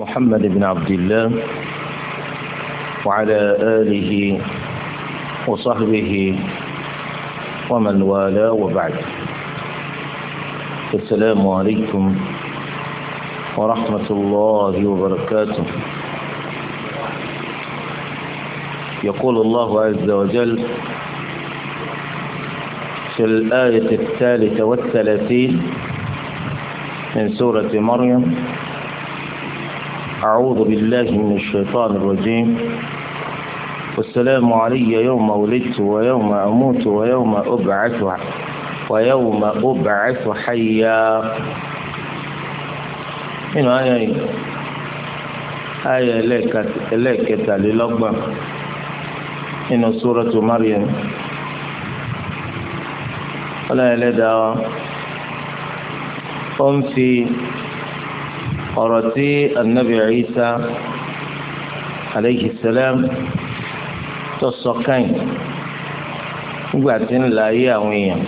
محمد بن عبد الله وعلى آله وصحبه ومن والاه وبعد السلام عليكم ورحمة الله وبركاته يقول الله عز وجل في الآية الثالثة والثلاثين من سورة مريم أعوذ بالله من الشيطان الرجيم والسلام علي يوم ولدت ويوم أموت ويوم أبعث ويوم أبعث حيا من آية آية, آية لك تللقب من سورة مريم ولا يلدى ó ń ọ̀rọ̀ tí anabi Isa aleyhi salam tó sọ káyìn nígbà tí ń la ayé àwọn èèyàn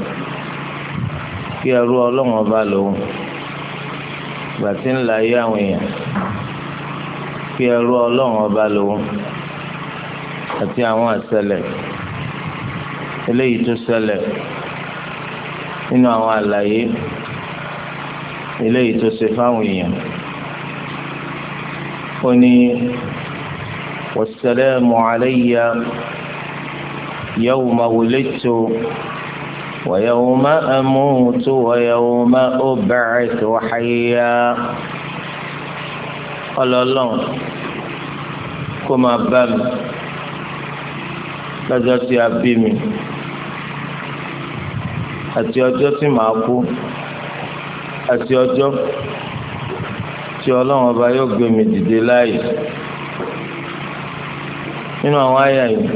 kí ẹrú ọlọ́run ọba lòun ìgbà tí ń la ayé àwọn èèyàn kí ẹrú ọlọ́run ọba lòun àti àwọn àṣẹlẹ̀ eléyìí tó ṣẹlẹ̀ nínú àwọn àlàyé eléyìí tó ṣe fáwọn èèyàn. فني والسلام علي يوم ولدت ويوم أموت ويوم أبعث حيا قال الله كما بام lọ́jọ́ tí a bí mi àti ọjọ́ tí ọlọ́run ọba yóò gbé mi dìde láàyè nínú àwọn àyà yìí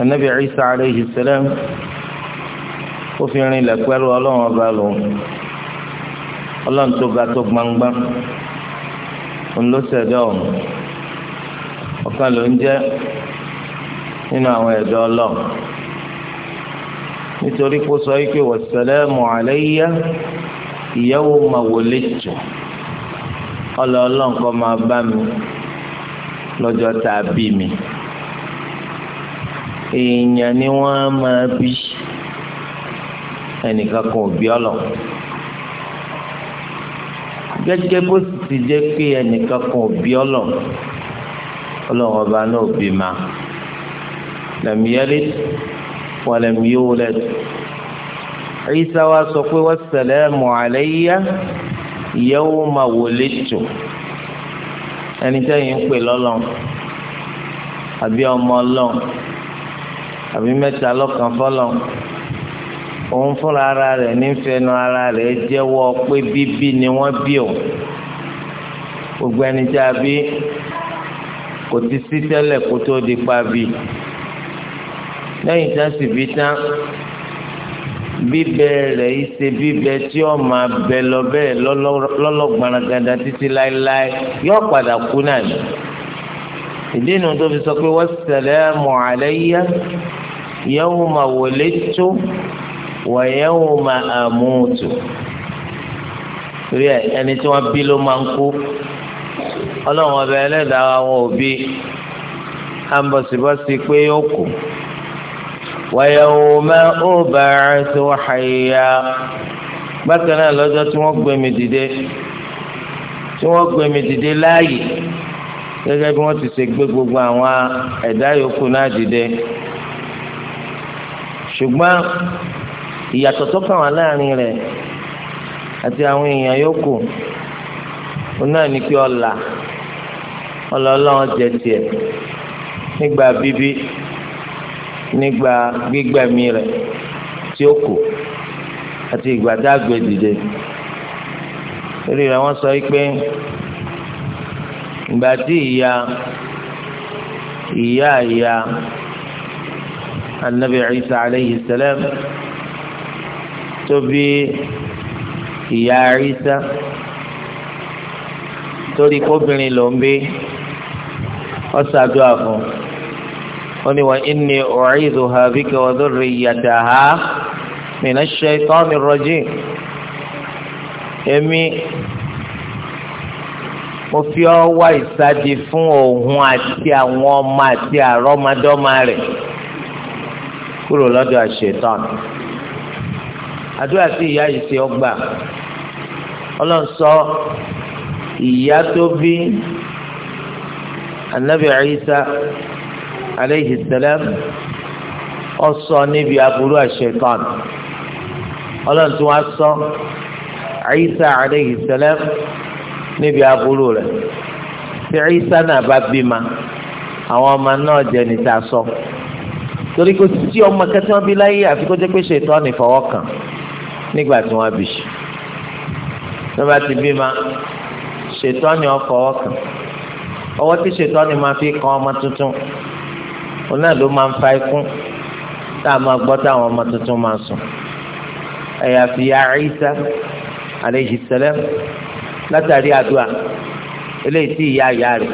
anabi Isa aleyhi salam ó fi rin ilẹ̀ pẹ́lú ọlọ́run ọba lòun ọlọ́run tó ga tó gbangba òun ló ṣẹ̀dá ọ̀hún ọ̀kan ló ń jẹ́ nínú àwọn ẹ̀dọ́ ọlọ́run nítorí kó sọ wípé wassalamu alayya ìyàwó máa wọlé tù ọlọ́ọ̀lọ́n kọ́ máa bá mi lọ́jọ́ tá a bí mi èèyàn ni wọ́n máa bí ẹnìkan kan ò bí ọlọ́ gẹ́gẹ́ bó ti jẹ́ pé ẹnìkan kan ò bí ọlọ́ ọlọ́run ọba náà ò bí ma lẹ́mìíyẹ́lẹ́ wọ́n lẹ́mìíyẹ́wọ́lẹ́ tó. Ìsá wa sọ pé wassalamu alayya yawma wulidtu ẹni tẹ́yìn ń pè lọ́lọ́n àbí ọmọ ọlọ́n àbí mẹ́ta lọ́kàn fọ́lọ́n òun fúnra ara rẹ̀ nífẹ̀ẹ́nu ara rẹ̀ jẹ́wọ́ pé bíbí ni wọ́n bí o gbogbo ẹni tí a bí kò ti sí tẹ́lẹ̀ kó tó di pa bí lẹ́yìn tí sì bí tán bíbẹ rẹ̀ ìṣe bíbẹ tí ó máa bẹ lọ bẹ́ẹ̀ lọ́lọ́gbọ̀nràgàdà títí láéláé yóò padà kú náà ni ìdí inú tó fi sọ pé wassalamu alayya yawma wulidtu wa yawma amutu torí ẹ ẹni tí wọ́n bí ló máa ń kú ọlọ́run ọbẹ̀ ẹlẹ́dàá àwọn òbí àmbọ̀sibọ́sí pé ó kù. ويوم أبعث حيا bákan náà lọ́jọ́ tí wọ́n gbé mi dìde tí wọ́n gbé mi dìde láàyè gẹ́gẹ́ bí wọ́n ti ṣe gbé gbogbo àwọn ẹ̀dá yòókù náà dìde ṣùgbọ́n ìyàtọ̀ tó kàn wá láàrin rẹ̀ àti àwọn èèyàn yòókù náà ní kí ọ̀la ọ̀la ọlọ́run jẹ tiẹ̀ nígbà bíbí nígbà gbígbẹ̀mí rẹ̀ tí ó kù àti ìgbà tá a gbé dìde torí rẹ̀ wọ́n sọ pé ìgbà tí ìyá ìyá ìyá anabi Isa aleyhi salam tó bí ìyá Isa torí kóbìnrin ló ń oni wa inni u'idhuha bika wa dhurriyyataha minash shaitanir rajim èmi mo fi ọ́ wá ìsádi fún òun àti àwọn ọmọ àti àrọ́mọdọ́mọ rẹ̀ kúrò lọ́dọ̀ àṣetán àdúrà tí ìyá yìí ṣe ọgbà ọlọ́run sọ ìyá tó bí anabi Isa. عليه السلام ọsọ níbi الشيطان. àṣetán ọlọ́run tí wọ́n sọ Isa aleyhi sẹlẹm níbi aburú rẹ̀ tí Isa náà bá bímọ àwọn ọmọ náà jẹ níta sọ torí kò sí ọmọ kẹtí wọn bí láyé àfi kó jẹ pé ṣètọ́ ní fọwọ́ kàn nígbà tí wọ́n bí i tó bá ti bímọ ṣètọ́ ní ọ fọwọ́ kàn ọwọ́ tí ṣètọ́ ní máa fi kan ọmọ tuntun òun náà ló máa ń fa ikún tá a máa gbọ́ táwọn ọmọ tuntun máa sùn àyàfi ya Ìsá alayhi salam látàrí àdúrà eléyìí tí ìyá ìyá rẹ̀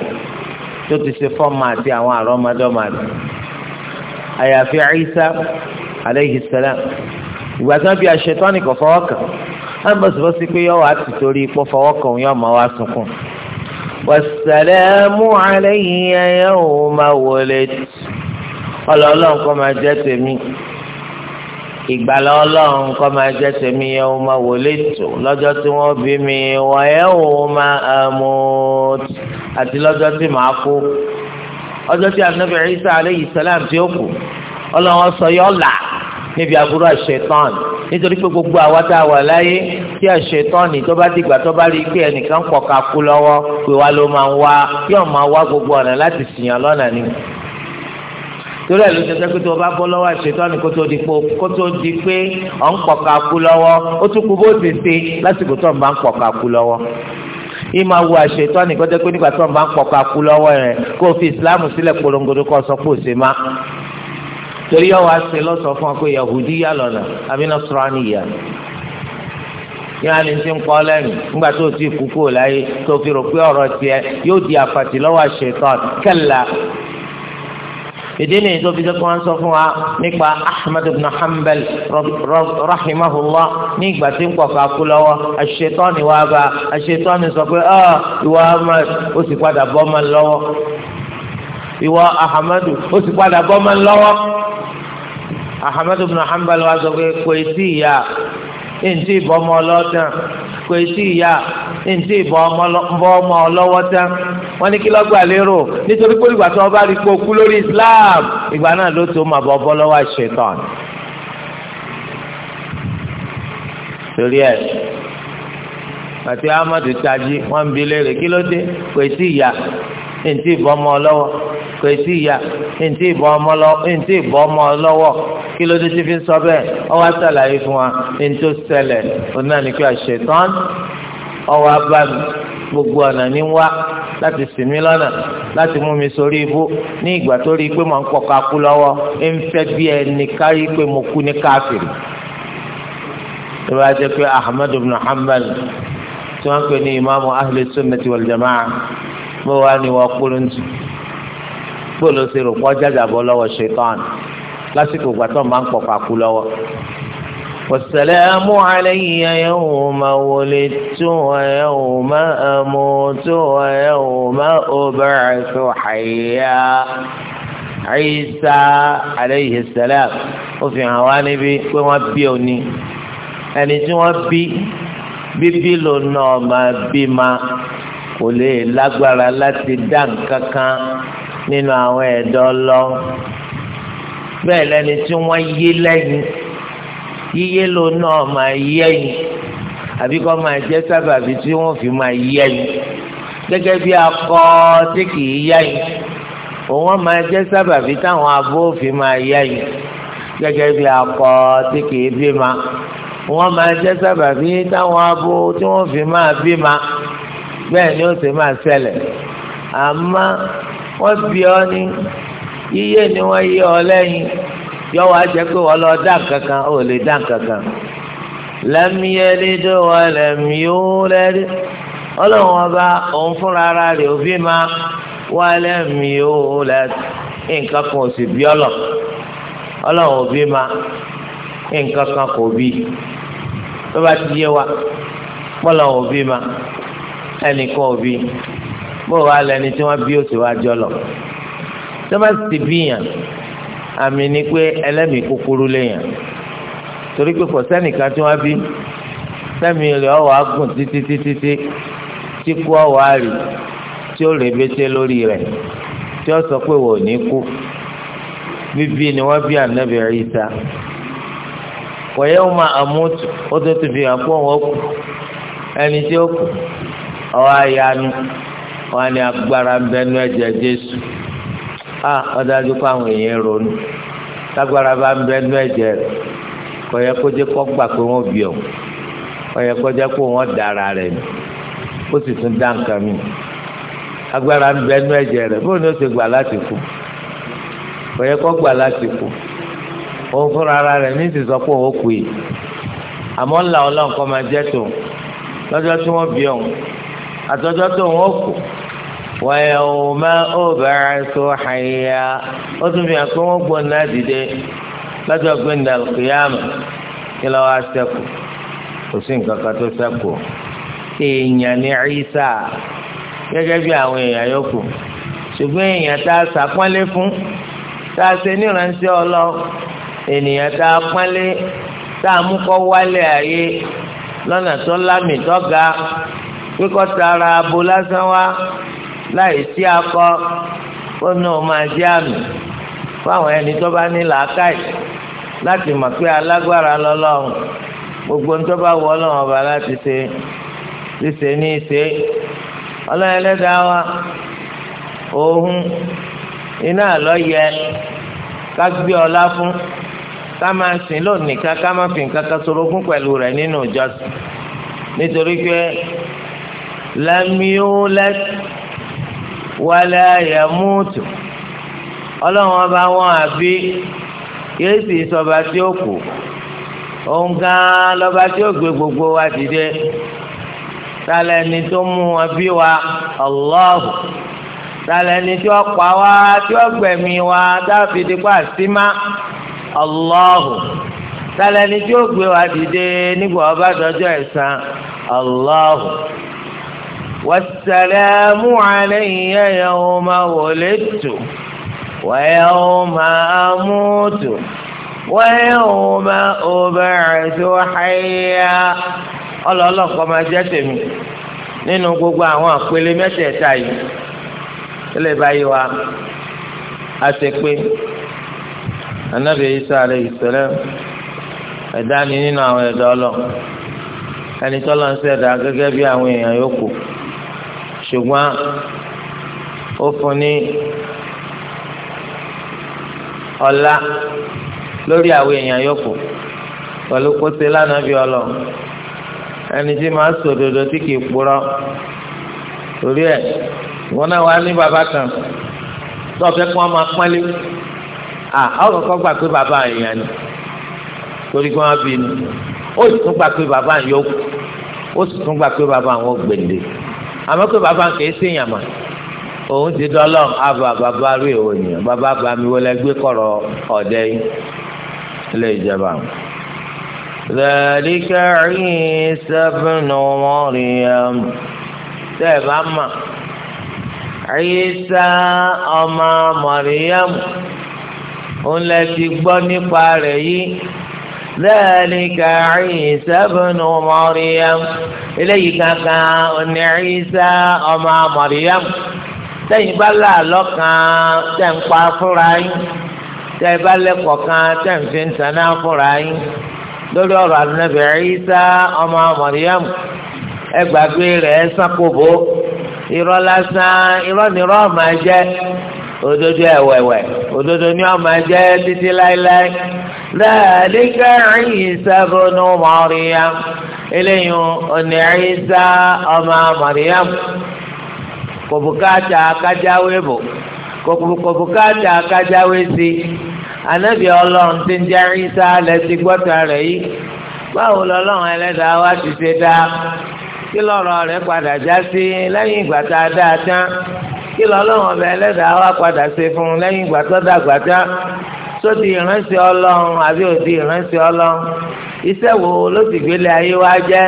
tó ti ṣe fọ́ọ̀mù àti àwọn àrọ́mọdọ́mọ rẹ̀ àyàfi Ìsá alayhi salam ìgbà tí wọ́n bí aṣetán nìkan fọwọ́ kàn án bọ̀ sọ́wọ́ pé yọ wá ti torí ipò fọwọ́ kàn òun yóò máa wá sunkún. wàsálàmù alayhi yawma wulid ọlọ́ọ̀lọ́ọ̀ kọ́ máa jẹ́ tèmi ìgbàlá ọlọ́run kọ́ máa jẹ́ tèmi yẹn wọ́n máa wọlé tó lọ́jọ́ tí wọ́n bí mi wọ́n yẹn wọ́n máa mú àti lọ́jọ́ tí màá kú ọjọ́ tí anabi Isa aleyhi salam tí ó kù ọlọ́run sọ yọ là níbi aburú àṣetán nítorí pé gbogbo àwa tá a wà láyé tí àṣetán ní tó bá dìgbà tó bá rí i pé ẹnìkan kọ̀ ká kú lọ́wọ́ pé wá ló máa ń wá yóò máa wá gbogbo ọ̀nà láti ṣìyàn lọ́nà nìyí torí ẹ̀ ló ṣe sẹ́kẹ́ tó o bá bọ́ lọ́wọ́ àṣetọ́ni kó tó di pé kó tó di pé ọ̀ ń pọ̀ka kú lọ́wọ́ ó tún kú bó ti ṣe lásìkò tó ń bá ń pọ̀ka kú lọ́wọ́ ìmọ̀ wo àṣetọ́ni kó tó pé nígbà tó ń bá ń pọ̀ka kú lọ́wọ́ rẹ̀ kó o fi ìsìláàmù sílẹ̀ polongodo kó o sọ pé ò torí ọ̀ wá ṣe lọ́sọ̀ fún ọ pé yahudi yà lọ́nà àbí nasrani yà yíyan ti ń kọ́ lẹ́yìn nígbà tó ti kú kúrò láyé tó fi rò pé ọ̀rọ̀ tiẹ̀ yóò di àfàtì lọ́wọ́ àṣetọ́ni kẹ́lá ìdí nìyí tó fi jẹ́ kó wọ́n sọ fún wa nípa ahmed ibn hanbal rahimahullah ní ìgbà tí ń pọ̀ ká kú lọ́wọ́ àṣetọ́ni wá bá àṣetọ́ni sọ pé ọ ah, ìwọ ahmed ó sì padà bọ́ ọmọ lọ́wọ́ ìwọ ahmed ó sì padà bọ́ ọmọ lọ́wọ́ ahmed ibn hanbal wá sọ pé kò sí ìyá ntí ìbọn ọmọ ọlọ́tàn kò sí ìyá ntí ìbọn ọmọ ọlọ́wọ́ tán wọn ní kí lọ́gbà lérò nítorí pé ìgbà tí bá rí lórí Islam ìgbà náà ló tó máa bọ́ torí ẹ àti Ahmadu tají ntí ìbọn ọmọ lọ́wọ́ kò sí ìyá ntí ìbọn ọmọ lọ́wọ́ ntí ìbọn ọmọ lọ́wọ́ kí ló dé tí fi ń sọ bẹ́ẹ̀ ó wá ṣàlàyé fún wa ntó ṣẹlẹ̀ òun náà ní kí àṣetán ọwọ́ abá mi gbogbo ọ̀nà ní wá láti ṣì mí lọ́nà láti mú mi sórí ibú ní ìgbà tó rí i pé mò ń kọ̀ọ̀kan kú lọ́wọ́ ń fẹ́ bí ẹni kárí pé mo kú ní káfíìrì tó bá jẹ́ pé ahmadu ibn hanbal tí wọ́n ń pè ní imaamu ahli sunnati wal jamaa mo wá ní wọn kúrúntù gbọ́dọ̀ ló ṣe rò pọ́ jàjàbọ́ lọ́wọ́ ṣetán lásìkò ìgbà tó máa ń pọ̀ kakú lọ́wọ́. wasalaamu alayya yawma wulidtu wa yawma amutu wa yawma ub'athu hayya. Isa alayhi salaam ó fi hàn wá níbi pé wọ́n bí òní ẹni tí wọ́n bí bíbí ló ná ọmọ bí ma kò lè lágbára láti dá nǹkan kan nínú àwọn ẹ̀dọ́ lọ bẹ́ẹ̀ lẹ́ni tí wọ́n yé lẹ́yìn yíyé ló náà máa yẹ́yìn àbí kọ́ máa jẹ́ sábàbí tí wọ́n fi máa yẹ́yìn gẹ́gẹ́ bí akọ tí kìí yẹ́yìn òun máa jẹ́ sábàbí táwọn abó fi máa yẹ́yìn gẹ́gẹ́ bí akọ tí kìí bímá wọ́n máa jẹ́ sábàbí táwọn abó tí wọ́n fi máa bímá bẹ́ẹ̀ ni ó sì máa ṣẹlẹ̀ àmọ́ wọ́n bí ọ ní yíyé ni wọ́n yí ọ lẹ́yìn yọ wá jẹ́ pé wọ́n lọ dá kankan ò lè dá kankan lẹ́mìíyẹ́lẹ́dọ́ wa lẹ́mìíyọ́lẹ́dẹ́ ọlọ́run ọba òun fúnra ara rẹ̀ òbí máa wá lẹ́mìíyọ́lẹ́dẹ́ nǹkan kan ò sì bí ọlọ ọlọ́run òbí máa nǹkan kan kò bí tó bá ti yé wa pọ́lọ́run òbí máa ẹnìkan òbí bó wàá lẹni tí wọ́n bí òsì wá jọ lọ tó bá sì bíyàn àmì ni pé ẹlẹ́mìí kúkúrú léyàn torí pé kò sẹ́nìkan tí wọ́n bí sẹ́mi rẹ̀ ọ̀wọ́ agùn títí títí tí kú ọ̀wọ́ àrì tí ó rè bété lórí rẹ̀ tí ó sọ pé wò ní kú bíbí ni wọ́n bí ànábì Ìsá wọ̀nyẹ́ wọn máa àmútu ó tó ti fi hàn pọ̀ wọ́n kú ẹni tí ó kú ọwọ́ ayanu wọn ni agbára ń bẹnu ẹ̀jẹ̀ Jésù a ọdájú kó àwọn èèyàn ronú tágbára bá ń bẹnu ẹ̀jẹ̀ rẹ̀ kò yẹ kó jẹ́ kó gbà pé wọ́n bì ọ́ kò yẹ kó jẹ́ kó wọ́n dára rẹ̀ ni ó sì tún dá nǹkan mi agbára ń bẹnu ẹ̀jẹ̀ rẹ̀ bóun ni ó ti gbà láti kú kò yẹ kó gbà láti kú òun fúnra ara rẹ̀ ní ìsìsọ pé òun kù yìí àmọ́ ńlá ọlọ́run kọ́ máa jẹ́ tó lọ́jọ́ tí wọ́n bí ọ̀hún àtọ́jọ́ tó wọ́n kù wọ́yẹ̀ ò máa ó bẹ̀rẹ̀ tó xayà ó tún fi hàn pé wọ́n gbọ́n náà dìde lọ́jọ́ gbẹ̀ndà kìyàmù kí lọ́wọ́ á sẹ́kù kò sí nǹkan kan tó sẹ́kù èèyàn ní Ìsá gẹ́gẹ́ bí àwọn èèyàn yòókù ṣùgbọ́n èèyàn tá a sàpọ́nlé fún tá a ṣe níranṣẹ́ ọlọ́ ènìyàn tá a pọ́nlé tá a mú kọ́ wálé ayé lọ́nà tó lámì tó ga kíkọ́ tara abo lásán wá láì akọ ó ní o máa jẹ́ àmì ẹni tó bá ní làákàyè láti mọ̀ pé alágbára lọ́lọ́run gbogbo nítorí bá wọ ọlọ́run ọba láti ṣe ní ṣe ọlọ́run ẹlẹ́dàá iná àlọ́ yẹ ká gbé ọlá fún ká máa sìn lónìí ká fi nǹkan kan pẹ̀lú rẹ̀ nínú ìjọsìn nítorí pé lam yulad wala yamutu ọlọ́run ọba wọn àbí yéé sì sọba tí ó kù òun gan lọ́ba tí ó gbé gbogbo wa dìde tálẹ̀ ni tó mú wọn bí wa Allahu tálẹ̀ ni tí ó pa wá tí ó gbẹ̀mí wa dáfídì pa símá Allahu tálẹ̀ ni tí ó gbé wa dìde nígbà ọba dọjọ́ ẹ̀san Allahu. والسلام علي يوم ولدت ويوم أموت ويوم أبعث حيا ọlọ́lọ́ kọ́ máa jẹ́ tèmi nínú gbogbo àwọn àpèlé mẹ́tẹ̀ẹ̀ta yìí tẹ́lẹ̀ báyìí wa a ti pé anabi isa alayhi salam ẹ̀dá ni nínú àwọn ẹ̀dá ọlọ́ ẹni tọ́lọ́ ń ṣẹ̀dá gẹ́gẹ́ bí àwọn èèyàn yòókù ṣùgbọ́n ó fún ní ọlá lórí àwọn èèyàn yòókù pẹ̀lú kóse lánàá bí ọlọ ẹni tí máa sòdodo tí kìí kpọrọ torí ẹ wọn náà wá ní bàbá kan tó ọfẹ kí wọn máa pọnlé à ọkọọkọ gbà pé bàbá èèyàn ni torí kí wọn bí ni ó sì tún gbà pé bàbá yòókù ó sì tún gbà pé bàbá àwọn gbèndé àmọ́ pé bàbá kìí sèyàn mà òun ti dọ́lọ́ àbá bàbá rí èwo bàbá bá mi wọlé gbé kọ̀rọ̀ ọ̀dẹ́ yìí ilé ìjọba. ذلك عيسى ابن مريم تبع ما Ìsá ọmọ Màríyámù òun lè ti ذلك عيسى بن مريم إليك كان عيسى أما مريم tẹ́yìn bá là lọ́kàn tẹ́ ń pa fúnra yín tẹ́yìn bá lẹ́kọ̀ọ́ kan tẹ́ ń fi ń taná fúnra yín lórí ọ̀rọ̀ Ànábì Ìsá ọmọ Màríyàm ẹ gbàgbé rẹ̀ ẹ sákòbó irọ́ lásán irọ́ nírọ́ máa jẹ́ òdodo ẹ̀wẹ̀wẹ̀ òdodo ni ọmọ ẹ̀jẹ̀ títí láéláé dhalika Isa ibn Maryam eléyìí òní Isa ọmọ Maryam kòbùkátà kájáwé bò kòbùkátà kájáwé sí anabi ọlọ́run ti ń jẹ́ Isa lẹ́sìn gbọ́tà rẹ̀ yìí báwo lọ́lọ́run ẹlẹ́dàá wá ti ṣe dá kí lọ́rọ̀ rẹ̀ padà já sí lẹ́yìn ìgbà tá a dá a tán kí lọ́lọ́run ọbẹ̀ ẹlẹ́dàá wá padà ṣe fún un lẹ́yìn ìgbà tó dàgbà tán tó di ìránṣẹ́ ọlọ́run àbí ò di ìránṣẹ́ ọlọ́run iṣẹ́ wo ló ti gbélé ayé wa jẹ́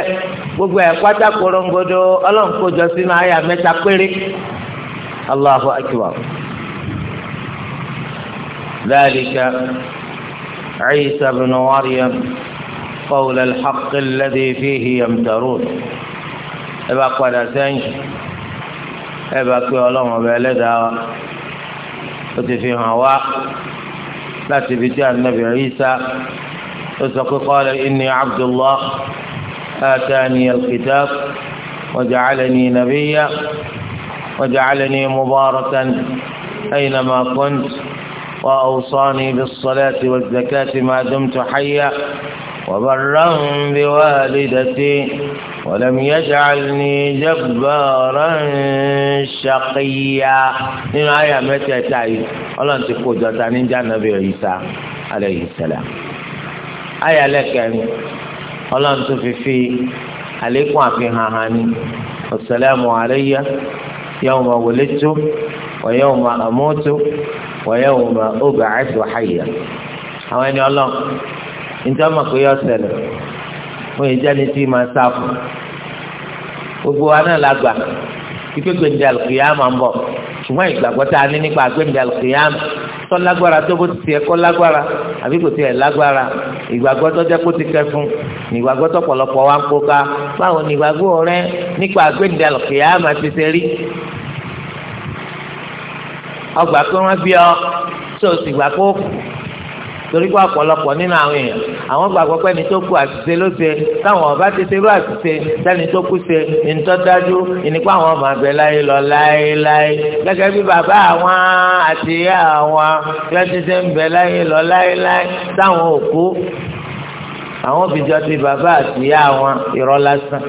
gbogbo ẹ̀ pátá korongodo ọlọ́run kó sínú àyà mẹ́ta péré Allahu akbar ذلك عيسى بن مريم قول الحق الذي فيه يمترون ẹ bá padà sẹ́yìn ẹ bá pé ọlọ́run ọba ẹlẹ́dàá wa ó ti fi hàn wá láti ibi tí anabi Isa ó sọ pé qala inni abdullah atani alkitab wa ja'alani nabiyya wa ja'alani mubarakan aynama kunt wa awsani bis salati waz zakati dùn tó xayà. وبرا بوالدتي ولم يجعلني جبارا شقيا nínú àyà mẹ́tẹ̀ẹ̀ta yìí ọlọ́run ti kó jọta ní jànàbí Ìsá alayhi salam àyà lẹ́kẹ̀rin ọlọ́run tó fi fi àlékún àfihàn hàn ní assalamu alayya yawma wulidtu wa yawma amutu wa yawma ub'athu hayya àwọn ẹni ọlọ́run níta mọ̀ pé yọ ṣẹlẹ̀ wọ́n yìí jẹ́ni tí máa sá fún gbogbo wa náà la gbà ikú gbèndé alùkìyàmù ń bọ̀ ṣùgbọ́n ìgbàgbọ́ tá a ní nípa gbèndé alùkìyàmù tó lágbára tó bó ti tiẹ̀ kọ́ lágbára àbí kò tiẹ̀ lágbára ìgbàgbọ́ tó jẹ́ kó ti kẹ́ fún ìgbàgbọ́ tó pọ̀lọpọ̀ wa ń kó ká báwo ni ìgbàgbọ́ rẹ nípa gbèndé alùkìyàmù ti ṣe rí ọgbà pé wọ́n bí ọ tó o sì gbà kó kù torí pé ọ̀pọ̀lọpọ̀ nínú àwọn èèyàn àwọn gbàgbọ́ pé ẹni tó kú àṣìṣe ló ṣe táwọn ọba ti ṣerú àṣìṣe sẹ́ni tó kú ṣe nítọ́ dájú ìnípa àwọn ọmọ àgbẹ̀ láyé lọ láéláé gẹ́gẹ́ bí bàbá àwọn àti ìyá àwọn bí wọ́n ti ṣe ń bẹ láyé lọ láéláé táwọn òkú àwọn òbíjọ ti bàbá àti àwọn irọ́ lásán.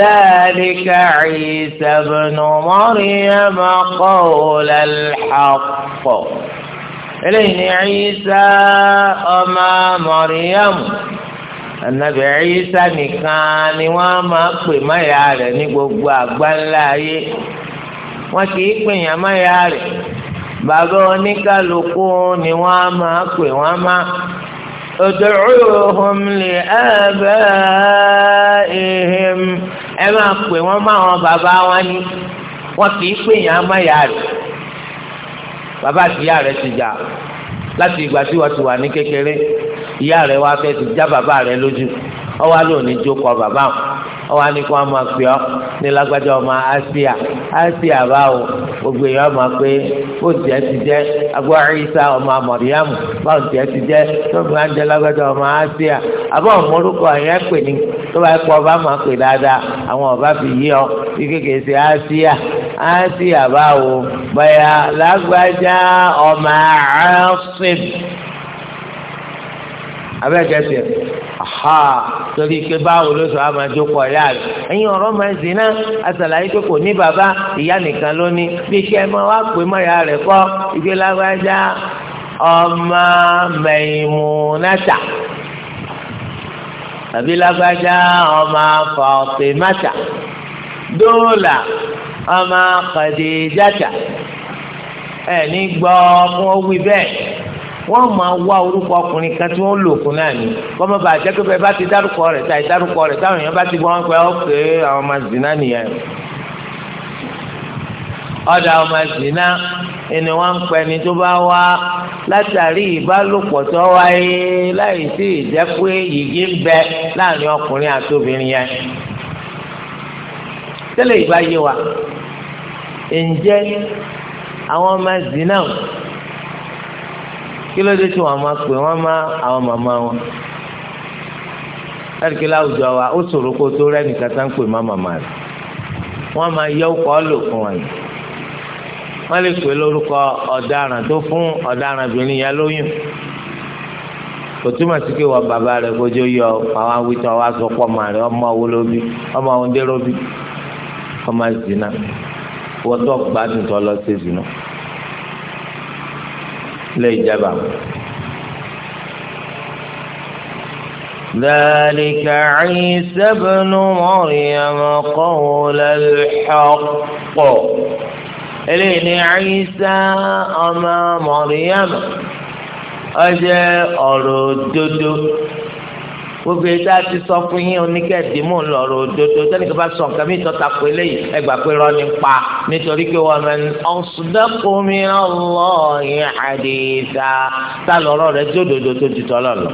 ذلك عيسى ابن مريم قول الحق eléyìí ni Ìsá ọmọ Màríyàm ànábì Ìsá nìkan ni wọ́n máa pè máyà rẹ̀ ní gbogbo àgbáńlá ayé wọ́n kì í pè yàn máyà rẹ̀ bàbá oníkàlùkù ni wọ́n máa pè wọ́n máa. ادعوهم لآبائهم ẹ máa pè wọ́n máa wọn bàbá wọn ni kì í pè bàbá àti ìyá rẹ ti jà láti ìgbà tí wọ́n ti wà ní kékeré ìyá rẹ wá fẹ́ ti já bàbá rẹ lójú ọwọ́ àlọ́ òní jókòó bàbá wọn ọwọ́ àni kó wọn máa pè ọ́ ní lágbájá ọmọ asia asia báwo gbogbo èèyàn máa pé ó tiẹ̀ ti jẹ́ agbọ́ Ìsá ọmọ Màríyàm báwo tiẹ̀ ti jẹ́ tó fi máa ń jẹ́ lágbájá ọmọ asia àbọ̀ ọ̀mọ́rúkọ ẹ̀yẹ́ pè ní tó bá kọ́ ọba máa pè dáadáa àwọn ọba fi yí ọ bí kékeré ṣe asia á sì àbáwo bẹ́ẹ̀ lágbájá ọmọ àásìm abẹ́kẹ́sì aha torí pé báwo ló sọ àmàjókò ọ̀yá rẹ̀ ẹ̀yin ọ̀rọ̀ máa ń zina àtàlàyé pé kò ní bàbá ìyá nìkan ló ní bí kí ẹ máa wá pè mọ́ra rẹ̀ kọ́ ìgbé lágbájá ọmọ mẹ̀ìmùnáta tàbí lágbájá ọmọ fọ̀tìmáta dóòlà Ama Khadijata ẹ ní gbọ́ wọn wí bẹ́ẹ̀ wọ́n máa wá orúkọ ọkùnrin kan tí wọ́n lò fún náà ni wọ́n máa bàa jẹ́ pé bẹ́ẹ̀ bá ti dárúkọ rẹ̀ táyì dárúkọ rẹ̀ táwọn èèyàn bá ti gbọ́ wọn pé ókè àwọn ọmọ zina nìyẹn ọ̀dà ọmọ zina ni wọ́n ń pẹ́ ni tó bá wá látàrí ìbálòpọ̀ tó wáyé láì sí ìjẹ́ pé yìí ń bẹ láàrin ọkùnrin àti yẹn tẹ́lẹ̀ ìbá yé wa ǹjẹ́ àwọn ọmọ zina kí ló dé tí wọ́n máa pè wọ́n máa àwọn màmá wọn ẹ̀ríkì láwùjọ wa ó kó tó ń pè má màmá rẹ̀ wọ́n máa yẹ ọkọ̀ fún wọn yìí wọ́n lè pè lórúkọ ọ̀daràn tó fún ọ̀darànbìnrin yẹn lóyún kò túmọ̀ sí pé wọ́n bàbá rẹ̀ yọ àwọn awitọ̀ sọ pọ̀ màrẹ̀ ọmọ wo ló ọmọ dé wọ́n tó gbádùn tó lọ sí ìdùnnú lé ìjẹba. ذلك عيسى ابن مريم قول الحق eléyìí ni Ìsá ọmọ Màríyámà ó jẹ́ ọ̀rọ̀ òdodo gbogbo ètò àti sọ fún yín oníkẹ́ẹ̀dì mò ń lọ̀rọ̀ òdodo tẹ́nìkan bá sọ nǹkan mi tọ́ta pé léyìí ẹgbà pé rọ́ ni pa nítorí pé wọ́n mẹ́rin ọ̀sùndẹ́kùn mi ọlọ́ọ̀yìn àdìsá tá lọ́rọ̀ rẹ̀ tí òdodo tó ti tọ́ lọ́lọ́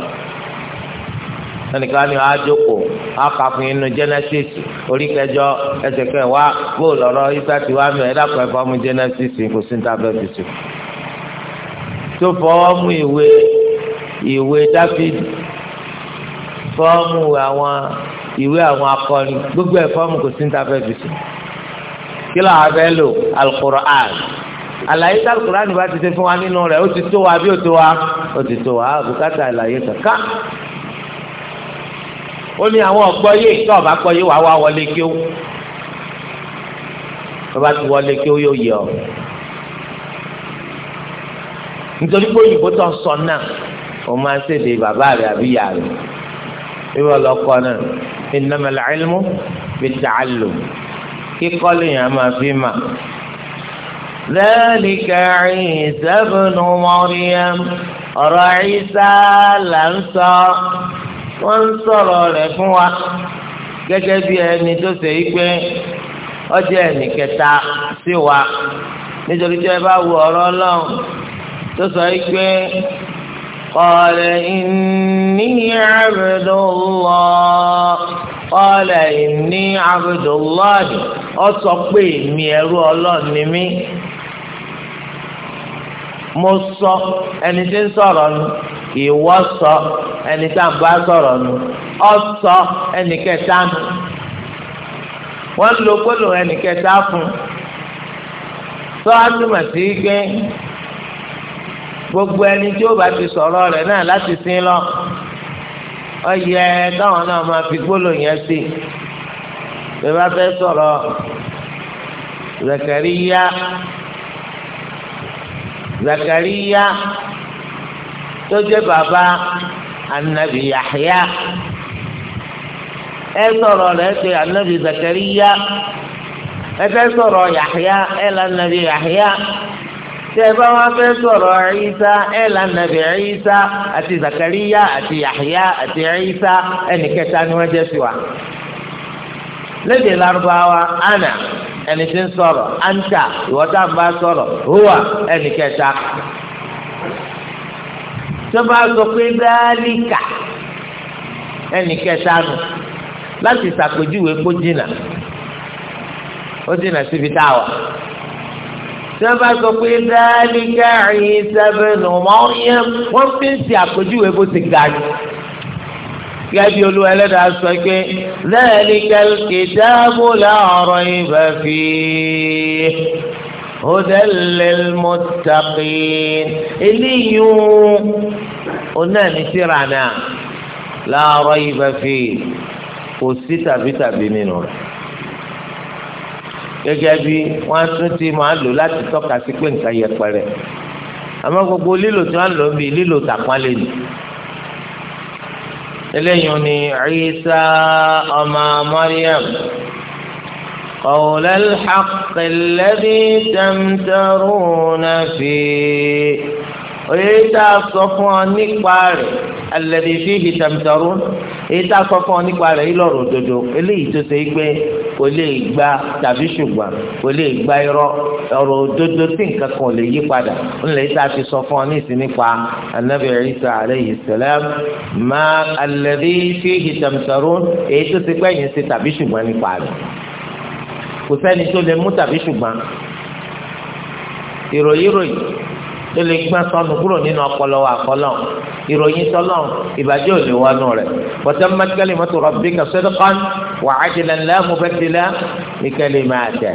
tẹ́nìkan ni wàá jókòó aka fún inú Genesis orí kẹjọ ẹsẹ̀ kẹwàá bóòlù ọ̀rọ̀ ifá ti wá mi ẹ̀dá pẹ̀ fọ́ọ̀mù Genesis kò sí ní tábẹ́ẹ̀tì tó fọwọ́ mú ìwé ìwé Dáfídì fọ́ọ̀mù àwọn ìwé àwọn akọni gbogbo ẹ̀ fọ́ọ̀mù kò sí níta fẹ́ẹ́ fi sùn kí ló abẹ́ lò alukur'an àlàyé tí alukur'an bá ti ṣe fún wa nínú rẹ̀ ó ti tó wa bí ó tó wa ó ti tó wa bùkátà àlàyé kankan ó ní àwọn ọ̀gbọ́ yé tí ọba gbọ́ yé wà wá wọlé kí ó ọba ti wọlé kí ó yóò yẹ ọ nítorí pé òyìnbó tó ń sọ náà ó máa ń ṣèdè bàbá rẹ̀ àbí ìyá rẹ̀ ìwọ lọkọ náà innamal ilmu bitta'allum kíkọ́ lèèyàn máa fi mà. ذلك عيسى ابن مريم ọ̀rọ̀ àyíṣà là ń sọ wọ́n ń sọ̀rọ̀ rẹ̀ fún wa gẹ́gẹ́ bí ẹni tó ṣe yí pé ọjọ́ ẹni kẹta sí wa nítorí tí ẹ bá wo ọ̀rọ̀ ọlọ́run tó sọ yí pé. قال إني عبد الله قال إني عبد الله ó sọ pé èmi ẹrú Ọlọ́run ni mí mo sọ ẹni tí ń sọ̀rọ̀ nu ìwọ sọ ẹni tí a ń bá sọ̀rọ̀ nu ọ sọ ẹni kẹta nu wọ́n lo gbólóhùn ẹni kẹta fún sọ á túmọ̀ sí pé gbogbo ẹni tí ó bá ti sọ̀rọ̀ rẹ̀ náà láti sin lọ ọyẹ táwọn náà máa fi gbólò yẹn sí bí wọ́n bá fẹ́ sọ̀rọ̀ Zakariya Zakariya tó jẹ́ bàbá anabi Yahya ẹ sọ̀rọ̀ rẹ̀ ṣe anabi Zakariya ẹ fẹ́ sọ̀rọ̀ Yahya ẹ lànà bi Yahya tẹ́ẹ̀bá wá fẹ́ sọ̀rọ̀ ẹ̀yíṣá ẹ̀ lànàbì ẹ̀yíṣá àti zakariya àti yahya àti ẹ̀yíṣá ẹnì kẹta ni wọ́n jẹ́ sí wa. lédè lárúbáwá ana ẹni tí ń sọ̀rọ̀ anta ìwọ tá n bá sọ̀rọ̀ huwa ẹnì kẹta. tó sọ pé dáálíkà ẹnì nù láti ṣàpèjúwe kó jìnnà ó jìnnà síbi táwa sábà sọ pé dáálíkà Ìsá ibn Maryam wọ́n fi ń ṣe àpèjúwe bó ti ga ni gẹ́gẹ́ olú ẹlẹ́dàá sọ pé dáálíkà kìtàbù la rayba fihi hudan lil muttaqin eléyìí ó náà ní síra náà la rayba fihi kò sí tàbí tàbí nínú rẹ̀ gẹ́gẹ́ bí wọ́n á tún ti máa lò láti tọ́ka sí pé nǹkan yẹpẹrẹ àmọ́ gbogbo lílò tí wọ́n lò ń bi lílò tàpọ́nlé ni eléyìí ni Isa ọmọ Maryam قول الحق الذي تمترون فيه èyí tá a nípa rẹ̀ الذي فيه تمترون èyí tá a sọ fún ọ nípa rẹ̀ yìí lọ́rọ̀ òdodo eléyìí tó ṣe é gbé kò lè gba tàbí ṣùgbọ́n kò lè gba irọ́ ọ̀rọ̀ òdodo tí nǹkan kan lè yí padà ńlẹ̀ tá a ti sọ fún ọ nísìn nípa anabi Isa alayhi salam ma alladhi fihi tamtarun èyí tó ṣe gbẹ̀yìn ṣe tàbí ṣùgbọ́n nípa rẹ̀ kò sẹ́ni tó lè mú tàbí ṣùgbọ́n ìròyìn ròyìn ló lè gbá sọnù kúrò nínú ọpọlọ àkọlọ ìròyìn sọlọ ìbàjẹ́ òní wọnú rẹ̀ watammat kalimatu rabbika sidqan wa adlan la mubaddila li kalimatihi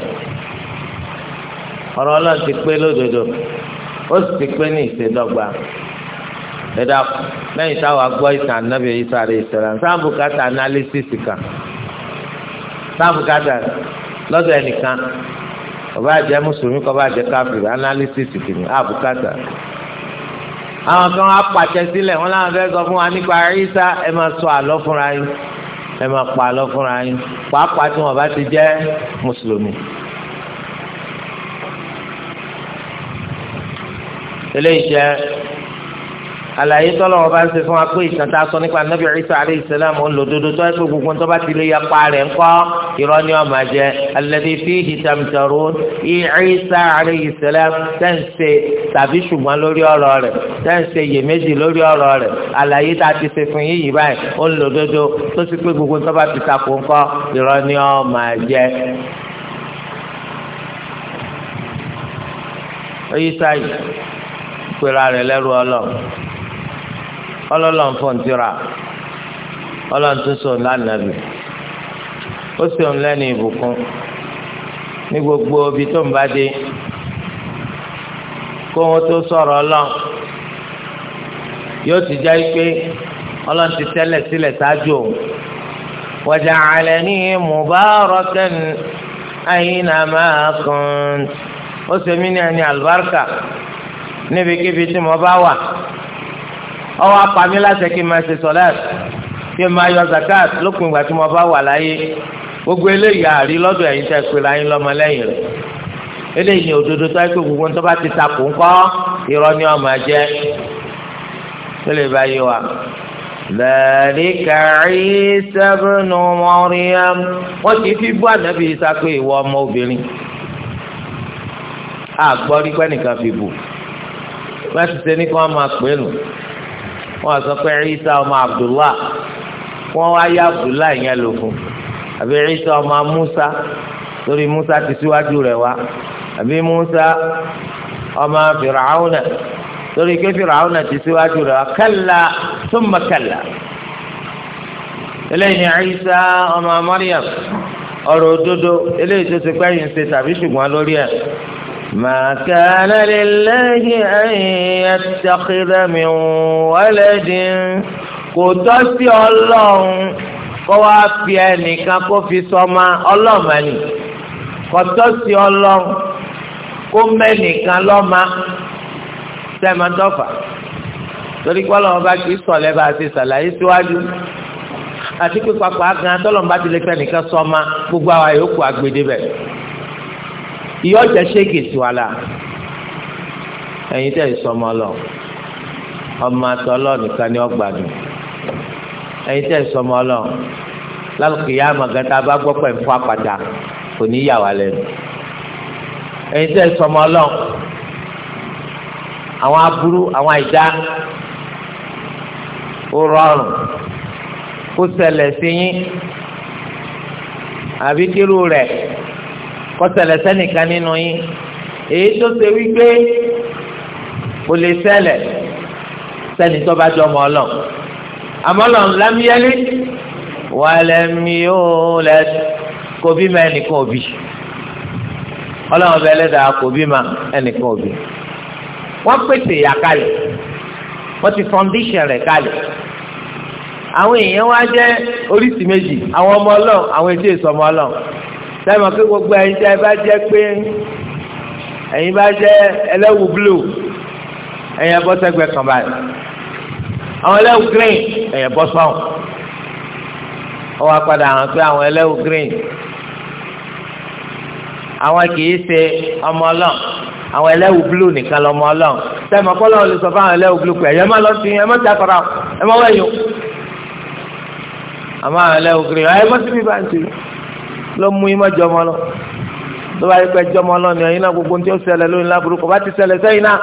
ọ̀rọ̀ Ọlọ́run ti pé lódodo ó sì ti pé ní ìṣèdọ́gba ẹ̀dá lẹ́yìn táwa gbọ́ ìtàn Ànábì Ìsá alayhi salam sáàbùkátà analysis kan sáàbùkátà lọ́dọ̀ ẹnìkan ọba àjẹ mùsùlùmí kọba àjẹ káfíìrì analysis kìíní àbùkátà àwọn kan á pàṣẹ sílẹ̀ wọn làwọn fẹ́ẹ́ sọ fún wa nípa àríṣà ẹ máa sọ àlọ́ fúnra yín ẹ máa pa àlọ́ fúnra yín pàápàá tí wọn bá ti jẹ́ mùsùlùmí. eléyìí jẹ́ àlàyé tọ́lọ̀ wọn bá ń ṣe fún wa pé ìtàn tá a sọ nípa nàbì Ìsá alayhi salam ń lò dodo tó ẹ pé gbogbo tó bá ti lè ya pa rẹ̀ ńkọ́ irọ́ ni ọmọ jẹ alladhi fihi tamtarun Ìsá alayhi salam tẹ́ǹsẹ̀ tàbí ṣùgbọ́n lórí ọ̀rọ̀ rẹ̀ tẹ́ǹsẹ̀ iyèméjì lórí ọ̀rọ̀ rẹ̀ àlàyé tá a ti ṣe fún yín yìí báyìí ń lò ọlọ́lọ́n fọ̀ǹtìrà ọlọ́run tó sọ lánàbì ó sì ń lẹ́nu ìbùkún ní gbogbo ibi tó ń bá dé kó wọn tó sọ̀rọ̀ ọlọ́run yóò ti já pé ọlọ́run ti tẹ́lẹ̀ sílẹ̀ ṣáájú òun wàjà àlẹ́ ní mubarakan ayna ma kunt ó sì mí ní ẹni àlùbáríkà níbikíbi tí mo bá wà ọwọ́ apàmì láṣẹ kí n máa ṣe sọ̀lẹ́t kí n máa yọ zakat lópin ìgbà tí mo bá wà láyé gbogbo eléyìí àrí lọ́dọ̀ ẹ̀yin tẹ́ pé láyé lọ́mọ lẹ́yìn rẹ̀ eléyìí ni òdodo tó ẹgbẹ́ gbogbo tó bá ti takò ńkọ́ irọ́ ni ọmọ jẹ́ tó lè bá yé wa. ذلك عيسى ابن مريم wọ́n ti fi bú ànábì Ìsá pé ìwọ ọmọ obìnrin àgbọ̀rí pẹ́ nìkan fi bù wọ́n ti ṣe ní wọ́n sọ pé Isa ọmọ Abdullah wọ́n wá yá Abdullah yẹn lò fún àbí Isa ọmọ Musa torí Musa ti síwájú rẹ̀ wá àbí Musa ọmọ Fir'auna torí pé Fir'auna ti síwájú rẹ̀ wá kalla thumma kalla eléyìí ní Isa ọmọ Maryam ọ̀rọ̀ òdodo eléyìí tó ti pẹ́yìn ṣe tàbí ṣùgbọ́n lórí ẹ̀. ما كان لله أن يتخذ من ولد kò tọ́ sí ọlọ́run kó wá fi ẹnìkan kó fi sọma ọlọ́mọ ni kò tọ́ sí ọlọ́run kó mẹ́nìkan lọ́ma sẹ́mọ́tọ́fà torí pọ́lọ́wọ́n bá kì í sọ̀lẹ́ bá a ti sàlàyé síwájú àti pípa pàákan tọ́lọ́mùbá ti lè fẹ́ nìkan sọma gbogbo àwa yòókù àgbèdè bẹ́ẹ̀ ìyọ́ jẹ́ ṣéèkì sí wa la ẹ̀yin tẹ̀ sọmọ lọ ọmọ àtọ́lọ́ nìkan ni ọgbàdùn ẹ̀yin tẹ̀ sọmọ lọ lálùkìyà àmàgàtà bá gbọ́ pẹ̀ fún apàtà kò ní yà wá lẹ́nu ẹ̀yin tẹ̀ sọmọ lọ àwọn aburú àwọn àìdá ó rọrùn kó ṣẹlẹ̀ sí yín àbí kírú rẹ̀ kọsẹlẹ sẹnìkan nínú yín èyí tó ṣe wípé kò lè ṣẹlẹ̀ sẹni tó bá jọmọ ọlọ àmọlọ ńlámiyẹlé wàlẹmíọlẹ kò bí ma ẹnìkan òbí Ọlọ́run bẹ Ẹlẹ́dàá kò bí ma ẹnìkan òbí wọn pèsè ìyá kalẹ̀ wọn ti fọndéṣìn rẹ kalẹ̀ àwọn èèyàn wá jẹ oríṣi méjì àwọn ọmọ Ọlọ́run àwọn ètò ìsọmọ Ọlọ́run sẹ́mi pé gbogbo ẹ̀yin tẹ́ ẹ bá jẹ́ pé ẹ̀yin bá jẹ́ ẹlẹ́wù blu ẹ̀yin ẹ̀bọ́ sẹ́gbẹ̀ẹ́ kan báyìí àwọn ẹlẹ́wù green ẹ̀yin ẹ̀bọ́ sọ̀hún wọ́n wá padà hàn pé àwọn ẹlẹ́wù green àwọn kìí ṣe ọmọ ọlọ́run àwọn ẹlẹ́wù blu nìkan lọ́mọ ọlọ́run sẹ́mi ọpọlọ lè sọ fáwọn ẹlẹ́wù blu pé ẹ̀yẹ́ má lọ sí ẹ̀ má ti àkọ́ra ẹ̀ má wẹ̀yìn àmọ́ àwọn ẹlẹ́wù green ẹ̀ má ti bí bá ń ti rí ló mú yín má jọmọ lọ tó bá yẹ pé jọmọ lọ ni ẹ̀yin náà gbogbo tí ó ṣẹlẹ̀ lónìí láburú kò bá ti ṣẹlẹ̀ sẹ́yìn náà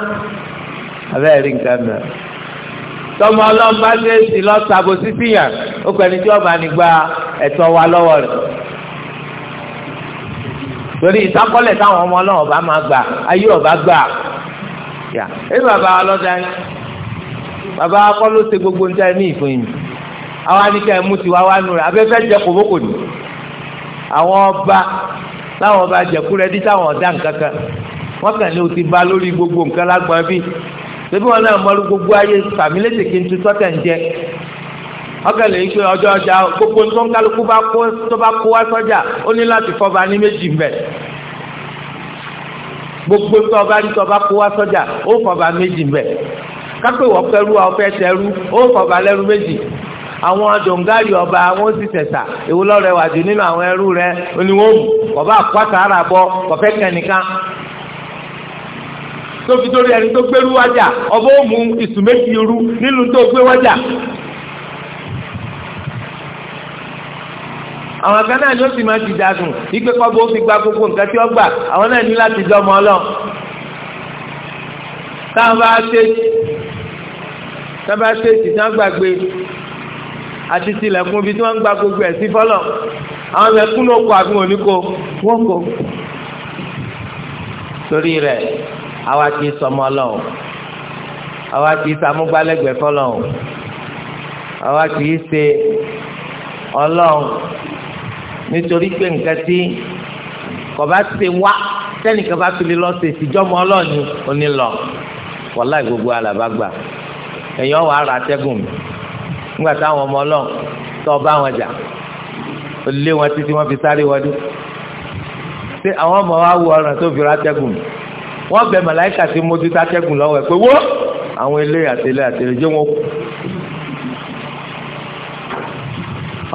abẹ́ rí nǹkan mìíràn tọmọ ọlọ́mọ ṣe sì lọ sàbò sísì yàn ó pẹ̀lú tí ọba nígbà ẹ̀tọ́ wa lọ́wọ́ rẹ̀ torí ìsákọ́lẹ̀ táwọn ọmọ ọlọ́run ọba máa gbà ayé ọba gbà yà ẹ bàbá ọlọ́dà yín bàbá akọ́ ló ṣe gbogbo níta ní ìfún yìí àwa ní ká ẹ mú tiwa wá nù rẹ̀ abẹ́fẹ́ jẹ kòbókò ni àwọn ọba láwọn ọba jẹ̀kúrẹ́ dí táwọn ọ̀dà nǹkan kan wọ́n kàn ní o ti ba lórí gbogbo nǹkan lágbọ́n bí ṣébí wọn náà mọ́lú gbogbo ayé fàmílẹ́sì kí n tu sọ́tẹ̀ ń jẹ ọkàn lè ṣe ọjọ́ ọjà gbogbo tó ń kálukú bá kó tó bá kó wá sọ́jà ó ní láti fọba ní méjì mbẹ̀ gbogbo tó ọba ní tó bá kó wá sọ́jà ó fọba méjì mbẹ̀ kápẹ́ wọ́n fẹ́ rú ọ fẹ́ tẹ́ ó fọba lẹ́rú méjì àwọn dòǹgáyì ọba wọn sì tẹ̀sà èwo lọ́rọ̀ ẹwà jù nínú àwọn ẹrú rẹ ni wọ́n mú ọba àkọ́tà ara bọ kọfẹ́ kẹnìkan tó fi torí ẹni tó gbérú wájà ọba ó mú ìsùnmẹ́sì irú nílùú tó gbé wájà. àwọn kan náà ni ó sì máa ti dàgùn ìgbé kọ́bù ó fi gba gbogbo nǹkan tí ó gbà àwọn náà ní láti dọ́mọ ọlọ́ táwọn bá ṣe táwọn bá ṣe ìtàn gbàgbé àti tilẹ̀kùn ibi tí wọ́n ń gba gbogbo ẹ̀ sí fọ́lọ̀ àwọn ẹlẹ́kùn ló kọ àbí wọn ní kó wọ́n kó. torí rẹ̀ àwa ti sọmọ ọlọ́run àwa ti sàmúgbálẹ́gbẹ̀ẹ́ fọ́lọ́run àwa ti ṣe ọlọ́run nítorí pé nǹkan tí kọba ṣe wá sẹ́nìkan bá fi lè lọ ṣe ìsìjọ́mọ ọlọ́ọ̀ni onílọ wàláì gbogbo alàbá gbà ẹ̀yìn ọ̀wà ara atẹ́gùn mi nígbà táwọn ọmọ ọlọ́run tó bá wọn jà ó lé wọn títí wọ́n fi sáré wọlé ṣé àwọn ọmọ wa wú ọ̀ràn tó fi ra tẹ́gùn mi wọ́n bẹ màláìkà tí mo ti ta tẹ́gùn lọ́wọ́ ẹ̀ pé wó àwọn ilé àtẹlẹ àtẹlẹ jẹ́ wọn kú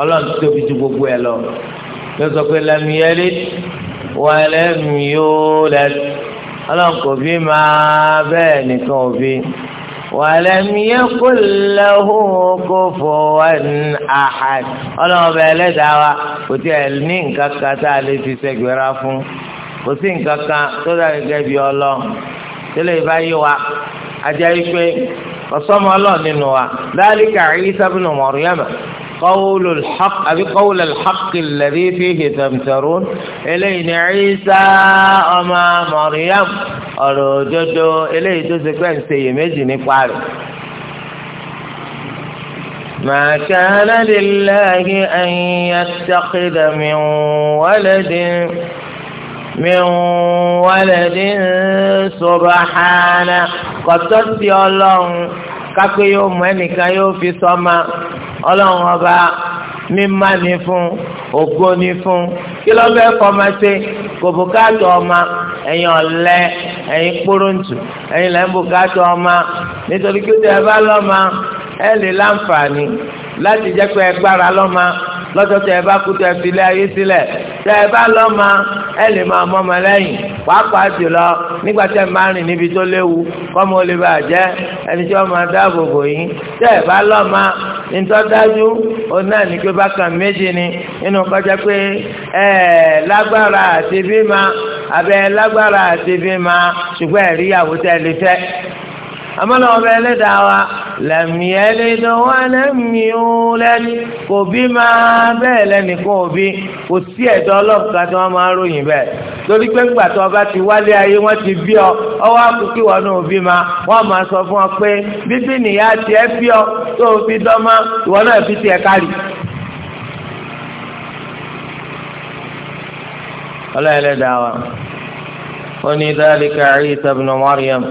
ọlọ́run tóbi ju gbogbo ẹ lọ ló sọ pé lẹ́nu yẹlé wà lẹ́nu yóò lẹ́nu ọlọ́run kò bí máa bẹ́ẹ̀ nìkan ò ولم يكن له كفوا أحد ọlọ́run ọba ẹlẹ́dàá wa kò tí ẹ ní nǹkan kan tá a lè fi ṣègbéra fún kò sí nǹkan kan tó dàbí gẹ́gẹ́ bí ọlọ́run tẹ́lẹ̀ ìbá yé wa ajá yí pé ọ̀sọ́mọ ọlọ́run nínú wa dhalika Isa ibn Maryam قول الحق أبي قول الحق الذي فيه تمترون إلينا عيسى أما مريم أرجو إليه سي سيمجي فعل ما كان لله أن يتخذ من ولد من ولد سبحانه قد تسي الله kápé yóò mú ẹnìkan yóò fi sọ́mà ọlọ́run ọba mímá ni fún ògo ni fún kí ló fẹ́ kọ́ máa ṣe kò bùkátà ọmọ ẹ̀yin ọ̀lẹ ẹ̀yin kpóróntù ẹ̀yin lẹ́yìn bùkátà ọmọ nítorí kí ó tẹ̀ ẹ bá lọ́mọ ẹ lè láǹfààní láti jẹ́ pé ẹ gbára lọ́mọ lọ́jọ́ tẹ ẹ bá kú tẹ filẹ̀ ayé sílẹ̀ tẹ ẹ bá lọ́mọ ẹ lè máa mọ́ ọmọ lẹ́yìn pàápàá jùlọ nígbà tẹ ẹ máa rìn níbi tó léwu kọ́mọ olè bá jẹ́ ẹni tí wọ́n máa dáàbò bò yín tẹ ẹ bá lọ́mọ nítọ́dájú òun náà ní pé bákan méjì ni nínú kọjá pé ẹ lágbára àti bímọ abẹ lágbára àti bímọ ṣùgbọ́n ẹ̀ríyàwó tẹ ẹ lè fẹ́ amọ́lọ́ ọba ẹlẹ́dàá wa lẹ́mìẹ́lẹ́dọ̀ wa lẹ́mìúlẹ́ni kò bí máa bẹ́ẹ̀ lẹ́nìkan òbí kò sí ẹ̀dọ́ ọlọ́ọ̀ká tí wọ́n máa ròyìn bẹ́ẹ̀ torí pé ńgbà tó ọba ti wálé ayé wọ́n ti bí ọ ọwọ́ àkùkí wọn náà òbí ma wọ́n máa sọ fún ọ pé bíbí nìyá tiẹ̀ bí ọ tó o fi dọ́mọ ìwọ náà fi tiẹ̀ kárì. ọlọ́ọ̀ẹ́lẹ́dàá wa ó ní dáríkà Ìsá ibn Maryam.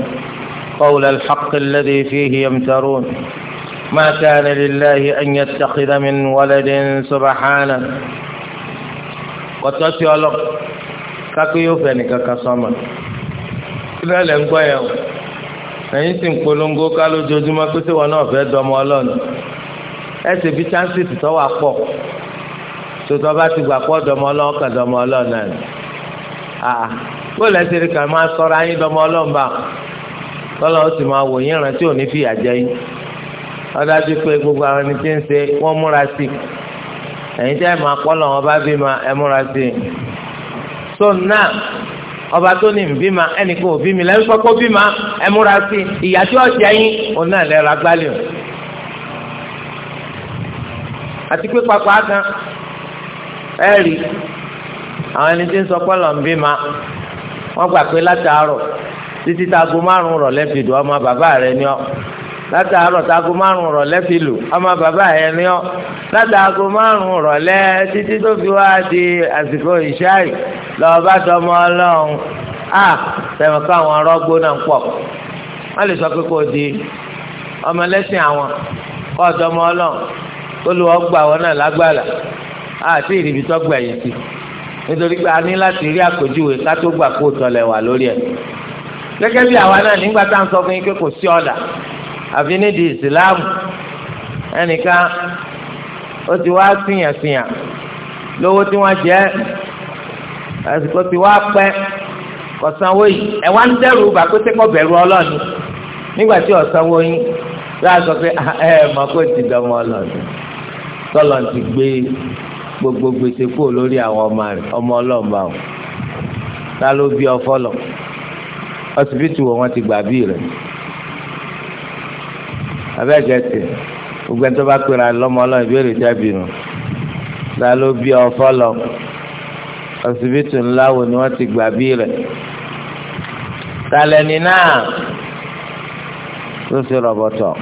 قول الحق الذي فيه يمترون ما كان لله أن يتخذ من ولد سبحانه kọtọ tí ọlọ kákó yóò fẹ nìkan kan sọmọ síbẹ̀ lẹ́ ń gbọ́ yẹn o ẹ̀yin sì ń polongo ká lójoojúmọ́ pé tí wọn náà fẹ́ dọmọ ọlọ́run ẹ sì fi chance tìtọ́ wà pọ̀ tòtọ́ bá ti gbà pọ̀ dọmọ ọlọ́run kà dọmọ ọlọ́run náà ni àà bó lẹ́sẹ̀ rí kà máa sọ̀rọ̀ ayé dọmọ ọlọ́run báà lọ́la ó sì máa wò yín ìrántí òní fìyà jẹ yín ọdájú pé gbogbo àwọn ẹni tí ń ṣe wọ́n múra sí i ẹ̀yin tẹ́ ẹ̀ máa pọ́ lọ́wọ́ bá bí ma ẹ múra sí i so now ọba tó ní nbí ma ẹnì kan ò bí mi lẹ́yìn kọ́kọ́ bí ma ẹ múra sí i ìyá tí ó jẹ yín òun náà lẹ́rọ agbálẹ̀ o àti pé papọ̀ àgàn ẹ rí àwọn ẹni tí ń sọ pé lọ́nbí ma wọ́n gbà pé látàárọ̀ títí tago márùn rọ̀ lẹ́fi lù ọmọ bàbá rẹ ni ọ́ látàárọ̀ tago márùn rọ̀ lẹ́fi lù ọmọ bàbá rẹ ni ọ́ látàgo márùn rọ̀ lẹ́ títí tó fi wá di àsìkò ìṣáì lọ́ọ́ bá dọmọ ọlọ́run a tẹ̀wọ̀n kọ́ àwọn arọ́gbó náà ń pọ̀ wọ́n lè sọ pé kò di ọmọ lẹ́sìn àwọn kọ́ ọ̀dọ́mọ ọlọ́run tó lu ọgbà wọn náà lágbára àti ìrìbí tó yìí sí nítorí pé a ní láti rí àpèjúwe ká tó gbà kó tọlẹ̀ wà lórí ẹ̀ gẹ́gẹ́ bí àwa náà nígbà tá à ń sọ fún yín pé kò sí ọ̀dà àfi nídìí ìsìláàmù ẹnìkan ó ti wá síyànsíyàn lówó tí wọ́n jẹ́ àsìkò tí wọ́n á pẹ́ kọ̀sánwó yìí ẹ̀ wá ń dẹ́rù bà pé sẹ́kọ̀ bẹ̀rù ọlọ́ọ̀ni nígbà tí ọ̀sánwó yín yóò sọ pé ah, ẹ mọ̀ kó ti dọ̀mọ́ ọlọ́ọ̀ni tọ́lọ̀ ti gbé gbogbo gbèsè kúrò lórí àwọn ọmọ ọlọ́ọ̀ba ò ló bí ọ fọlọ̀ ọsibítù wo wọ́n ti gbà bí rẹ̀ abẹ́jẹ́ tì gbogbo ẹni tó bá pera lọ́mọ ọlọ́run ìbéèrè jábì nù ta ló bí ọ fọlọ ọsibítù ńlá wo ni wọ́n ti gbà bí rẹ̀ talẹ́ni náà ló ṣe rọ̀bọ̀tọ̀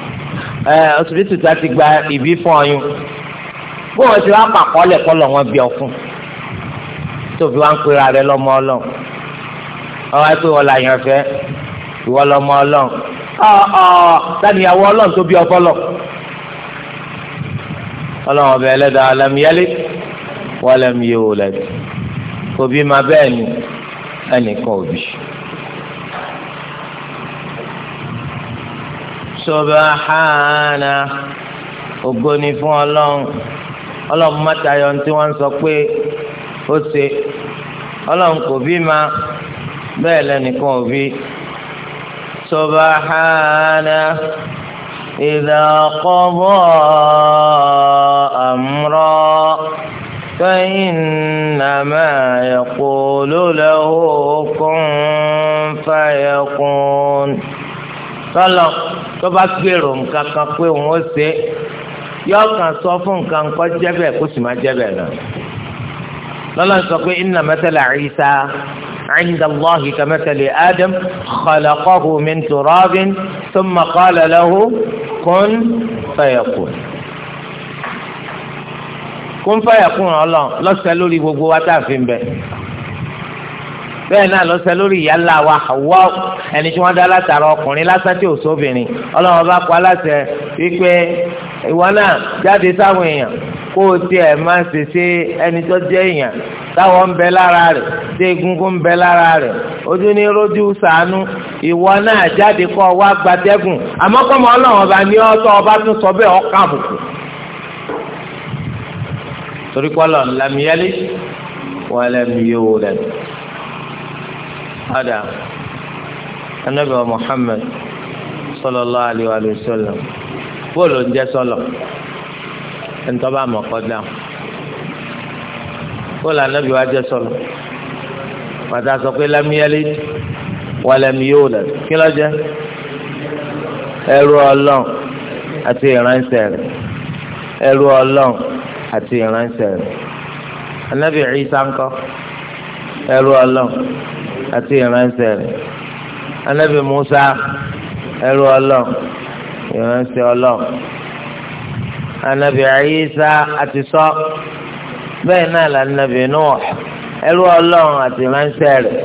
ẹ ọsibítù ta ti gba ìbí fún ọyún bó wọ́n ti wá pàkọ́ lẹ̀kọ́ lọ́ bí ọ fún tóbi wá ń pera rẹ̀ lọ́mọ ọlọ́run ọwọ́ ẹ pé wọ́n la yàn fẹ́ ìwọ lọmọ ọlọ́run ọ̀ọ́ sànìyàwó ọlọ́run tó bí ọfọlọ. ọlọ́run ọbẹ̀ ẹlẹ́dàá alámiyálé wọ́n lẹ́mìí ò ma bẹ́ẹ̀ ni ẹnìkan ò bí. Subahana fún ọlọ́run ọlọ́run mọ́tayọ̀ tí wọ́n sọ pé ó ṣe ọlọ́run kò bí ma bẹ́ẹ̀ lẹ́nìkan ò bí subahana idha qada amra fa innama yaqulu lahu kun fayakun tọ́lọ̀ tó bá gbèrò nǹkan kan pé òun ó ṣe yọ kàn sọ fún nǹkan kọ́ jẹ́bẹ̀ kó sì má jẹ́bẹ̀ náà lọ́lọ́ sọ pé inna mathala عند الله كمثل آدم خلقه من تراب ثم قال له كن فيكون كن فيكون الله لا سلولي بقوة تافين به bẹ́ẹ̀ náà lọ́sẹ̀ lórí ìyá ńlá wa Hawa ẹni tí wọ́n dá látara ọkùnrin lásán tí ò sóbìnrin ọlọ́run bá pa láṣẹ wípé ìwọ náà jáde sáwọn èèyàn kó o tiẹ̀ máa ṣe ṣe ẹni tó jẹ́ èèyàn táwọn ń bẹ lára rẹ̀ ṣé egungun ń bẹ lára rẹ̀ ojú ní rójú sànú ìwọ náà jáde kọ́ wá gbatẹ́gùn àmọ́ kọ́mọ ọlọ́run ọba ní ọ́tọ́ ọba tún sọ bẹ́ẹ̀ ọkà àbùkù torí kọ́lọ̀ ńlámiyálé wọ́n lẹ́miyó rẹ̀ ọ̀dà anabi wa Muhammad sallallahu alaihi wa sallam bóòlù ń jẹ́ sọlọ ẹnitọ́ bá mọ̀ kọjá ó là nàbí wa jẹ sọlọ pàtà sọ pé lámìyálé wàlẹ́mi yóò lẹ̀ kí ló jẹ́ ẹrú ọlọ́n àti ìránṣẹ́ rẹ̀ ẹrú ọlọ́n àti ìránṣẹ́ rẹ̀ anabi Isa ńkọ́ ẹrú ọlọ́n àti ìránṣẹ́ rẹ̀ anabi Musa ẹrú ọlọ́n ìránṣẹ́ ọlọ́n anabi ayisa àti sọ bẹ́ẹ̀ náà la anabi nuh ẹrú ọlọ́run àti ránṣẹ́ rẹ̀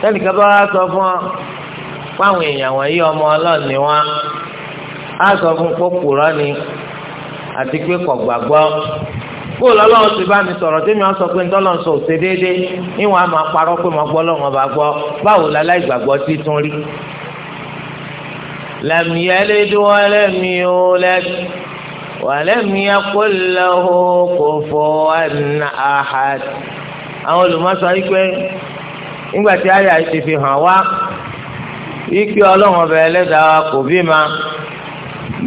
tẹnìkan bá wá sọ fún ọ fáwọn èèyàn wọ̀nyí ọmọ ọlọ́run ni wọ́n á sọ fún kókòrọ́ ni àti pé kò gbàgbọ́ kó lọ́lọ́run ti bá mi sọ̀rọ̀ tẹ́mi wọ́n sọ pé ńdọ́lọ́run sọ òṣè déédéé níwọ̀n á máa parọ́ pé mo gbọ́ lọ́wọ́n bá gbọ́ báwo la láì gbàgbọ́ títún rí. lam yalid wa lam yulad. ولم يقل له كفوا أحد àwọn olùmọ̀sọ yìí pé nígbà tí àyà ti fi hàn wá ọlọ́run ọba ẹlẹ́dàá kò ma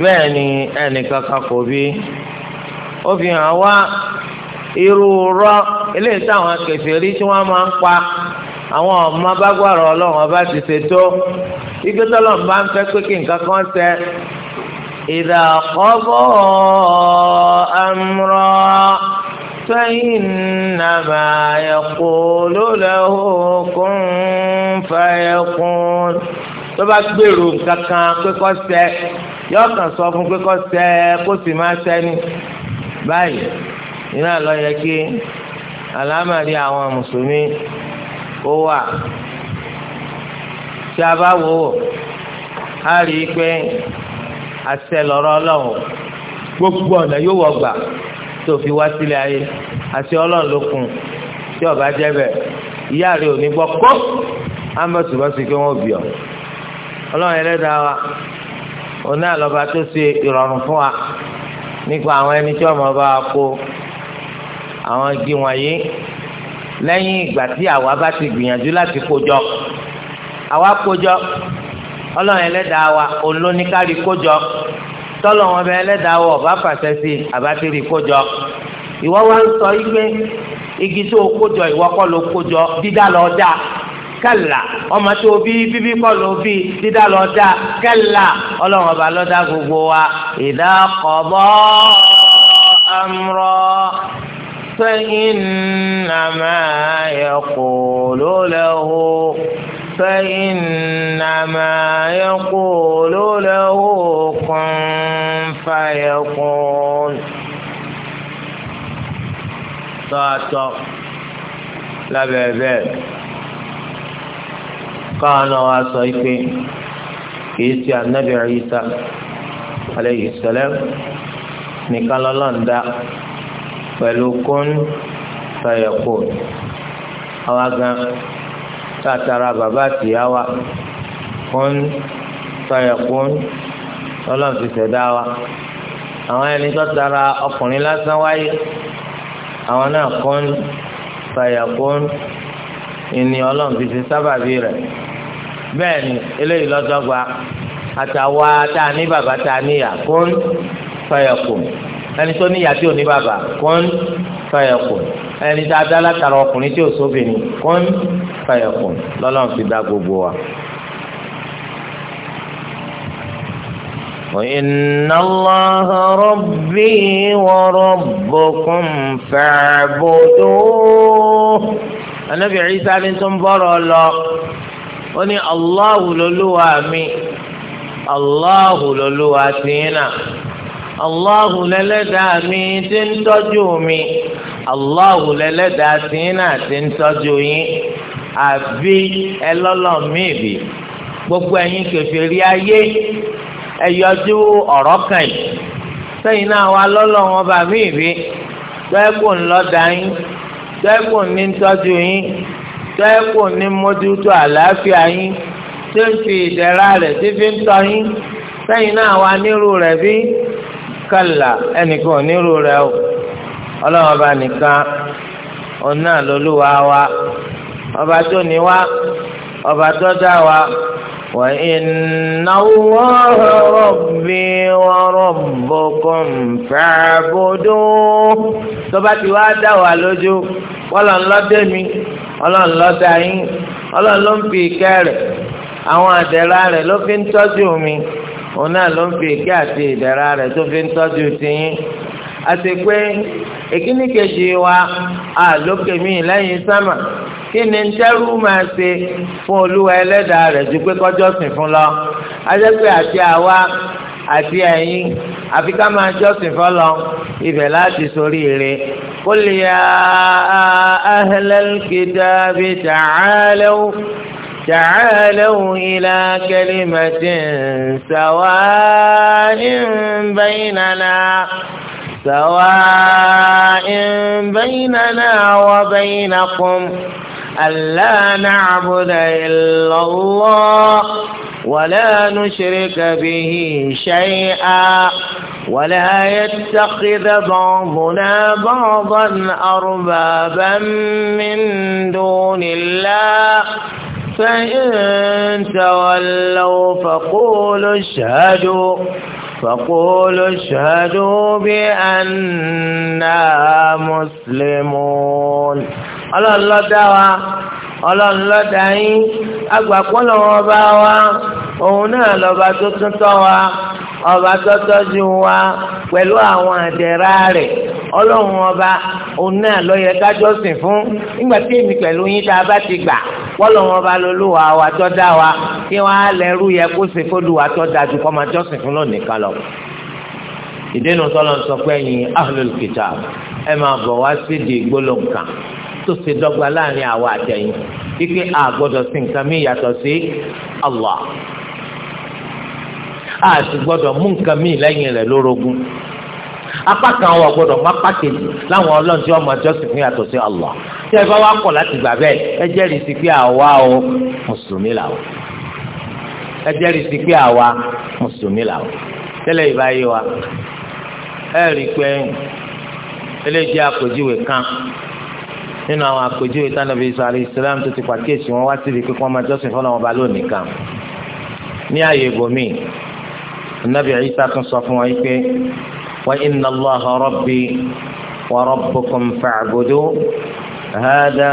bẹ́ẹ̀ ni ẹnìkankan kò bí ó wá irú rọ eléyìí táwọn àwọn ọmọ bá ọlọ́run ọba ti ṣètò إذا قضى أمرا فإنما يقول له كن فيكون tó bá gbèrò kankan kíkọ́ sẹ yọ kàn sọ fún kíkọ́ sẹ kó sì máa sẹni báyìí iná lọ yẹ kí alámàrí àwọn mùsùlùmí kó wà tí a bá wò ó a rí i pé àṣẹ lọ́rọ̀ ọlọ́run gbogbo ọ̀nà yóò wọ gbà tó fi wá sílẹ̀ ayé àṣẹ ọlọ́run ló kún tí ọba jẹ́ bẹ̀ ìyá rẹ̀ ò ní gbọ́ kó ámọ̀tìmọ̀tì kí wọ́n bì ọ́ ọlọ́run ẹlẹ́dàá wa òun náà lọ́ba tó ṣe ìrọ̀rùn fún wa nípa àwọn ẹni tí ọmọ bá kó àwọn igi wọ̀nyí lẹ́yìn ìgbà tí àwa bá ti gbìyànjú láti kójọ àwa kójọ ọlọ́run ẹlẹ́dàá wa olóníkárí kójọ tọ́lọ̀ wọn bẹ ẹlẹ́dàá wa ọ̀bá fàṣẹ sí àbátìrì kójọ ìwọ wa ń sọ igbe igi tó o kójọ ìwọ kọ́ ló kójọ dídá lọ dá kẹlà ọmọ tó o bí bíbí kọ́ ló bí dídá lọ dá kẹlà ọlọ́run ọba lọ́dá gbogbo wa ìdá kọ̀bọ́ amúrọ̀ fẹ́ ìnàmáyẹ̀kọ̀ ló lẹ́wọ́. فإنما يقول له كن فيكون tọ́tọ́ lábẹ́ bẹ́ẹ̀ káwọn náà wá sọ pé kìí ṣe ànábì Ìsá alayhi salam nìkan lọ́lọ́ǹda pẹ̀lú kún fayakun àwa gan-an látara Baba àtìyá wa kún fàyẹkún Ọlọ́run ti ṣẹ̀dá wa àwọn ẹni tó tara ọkùnrin lásán wáyé àwọn náà kún fàyẹkún ìní Ọlọ́run ti ṣe sábàbí rẹ̀ bẹ́ẹ̀ ni eléyìí lọ́dọ́gba àtàwa tá a ní bàbá tá a níyà kún fàyẹkún ẹni tó níyà tí ò ní bàbá kún fàyẹkún ẹni tá a dá látara ọkùnrin tí ò sóbìnrin kún fàyẹ̀kùn lọ́lọ́run fi dá gbogbo wa. وإن الله ربي وربكم فاعبدوه النبي عيسى ní tó ń bọ̀rọ̀ lọ ó ní Allahu lolúwa mi Allahu lolúwa tìǹà Allahu lẹ́lẹ́dàá mi tí ń tọ́jú mi Allahu lẹ́lẹ́dàá tìǹà tí ń tọ́jú yín àbí ẹlọ́lọ́mìnbí gbogbo ẹ̀yin kèfèrí ayé ẹ̀yọ́jú ọ̀rọ̀ kan yìí sẹ́yìn náà wà lọ́lọ́wọ́n bá mìnbí tẹ́kù ńlọ́dà yín tẹ́kù ní tọ́jú yín tẹ́kù ní mójútó àlàáfíà yín tó ń fi ìdẹ̀ra rẹ̀ tí fi ń tọ́ yín sẹ́yìn náà wà nírú rẹ̀ bí kàlà ẹnìkan nírú rẹ̀ ọlọ́wọ́n bá nìkan òun náà wa ọba tó ní wa ọba tó dá wa wa inna Allaha rabbi wa rabbukum fa'buduhu tọ́ba ti wá dá wa lójú wọ́n lọ́ dé mi ọlọ́run lọ́ yín ọlọ́run ló àwọn àdẹ̀rà rẹ̀ ló fi ń tọ́jú mi òun náà ló ń fi ìkẹ́ àti ìdẹ̀rà rẹ̀ tó fi ń tọ́jú tiyín àti pé èkíní kejì wa àlókè mi lẹ́yìn sámà kí ni ń tẹ́rù máa ṣe fún olúwa ẹlẹ́dàá rẹ̀ ju pé kọjọ́ sìn fún lọ ajẹ́pẹ́ àti àwa àti ẹ̀yin àfi ká máa jọ́sìn fọlọ́ ibẹ̀ láti sórí ire qul ya ahlal kitabi ta'alaw ta'alaw ila kalimatin sawa'in baynana. سواء بيننا وبينكم ألا نعبد إلا الله ولا نشرك به شيئا ولا يتخذ بعضنا بعضا أربابا من دون الله فإن تولوا فقولوا اشهدوا فقولوا اشهدوا بأننا مسلمون ọlọ́run ló dá wa ọlọ́run ló dá yín agbàpọ̀ lọ́wọ́ bá wa òun náà lọ́ba tó tún tọ́ wa ọba tó tọ́jú wa pẹ̀lú àwọn àdẹ̀rà rẹ̀ ọlọ́run ọba òun náà ló yẹ ká fún nígbà tí èmi pẹ̀lú yín tá a bá ti gbà kọ́lọ̀ wọn bá lolúwa wa tọ́ dá wa kí wọ́n á lẹ́rú yẹ kó ṣe fọ́lùwà tọ́ da ju kọ́ máa jọ́sìn fún lónìí kan lọ. ìdènà tọ́lọ̀ ń sọ pé ẹ̀yin ahlul kitab ẹ máa bọ̀ wá sí di gbólóǹkà tó ṣe dọ́gba láàrin àwa àtẹ̀yìn kíkẹ́ a gbọ́dọ̀ sí nǹkan mí yàtọ̀ sí Allah a sì gbọ́dọ̀ mú nǹkan mí lẹ́yìn rẹ̀ lórogún apá kan wọ̀ gbọ́dọ̀ má pàkejì láwọn ọlọ́run tí ọmọ ẹjọ́ sì fún yàtọ̀ sí Allah tí ẹ bá wá kọ̀ láti gbà bẹ́ẹ̀ ẹ jẹ́rìí sí pé àwa o mùsùlùmí làwọn ẹ jẹ́rìí sí pé àwa mùsùlùmí làwọn tẹ́lẹ̀ ìbáyé wa ẹ rí i pé eléyìí jẹ́ àpèjúwe kan nínú àwọn àpèjúwe tánàbí sọ àlẹ́ ìsìlámù tó ti pàkíyèsí wọn wá síbi kíkọ́ ọmọ ẹjọ́ sì fún ọlọ́run ọba lónìí kan ní ààyè ibòmíì Ànábì Ìsá tún sọ fún wọn yìí pé وإن الله ربي وربكم فاعبدوه هذا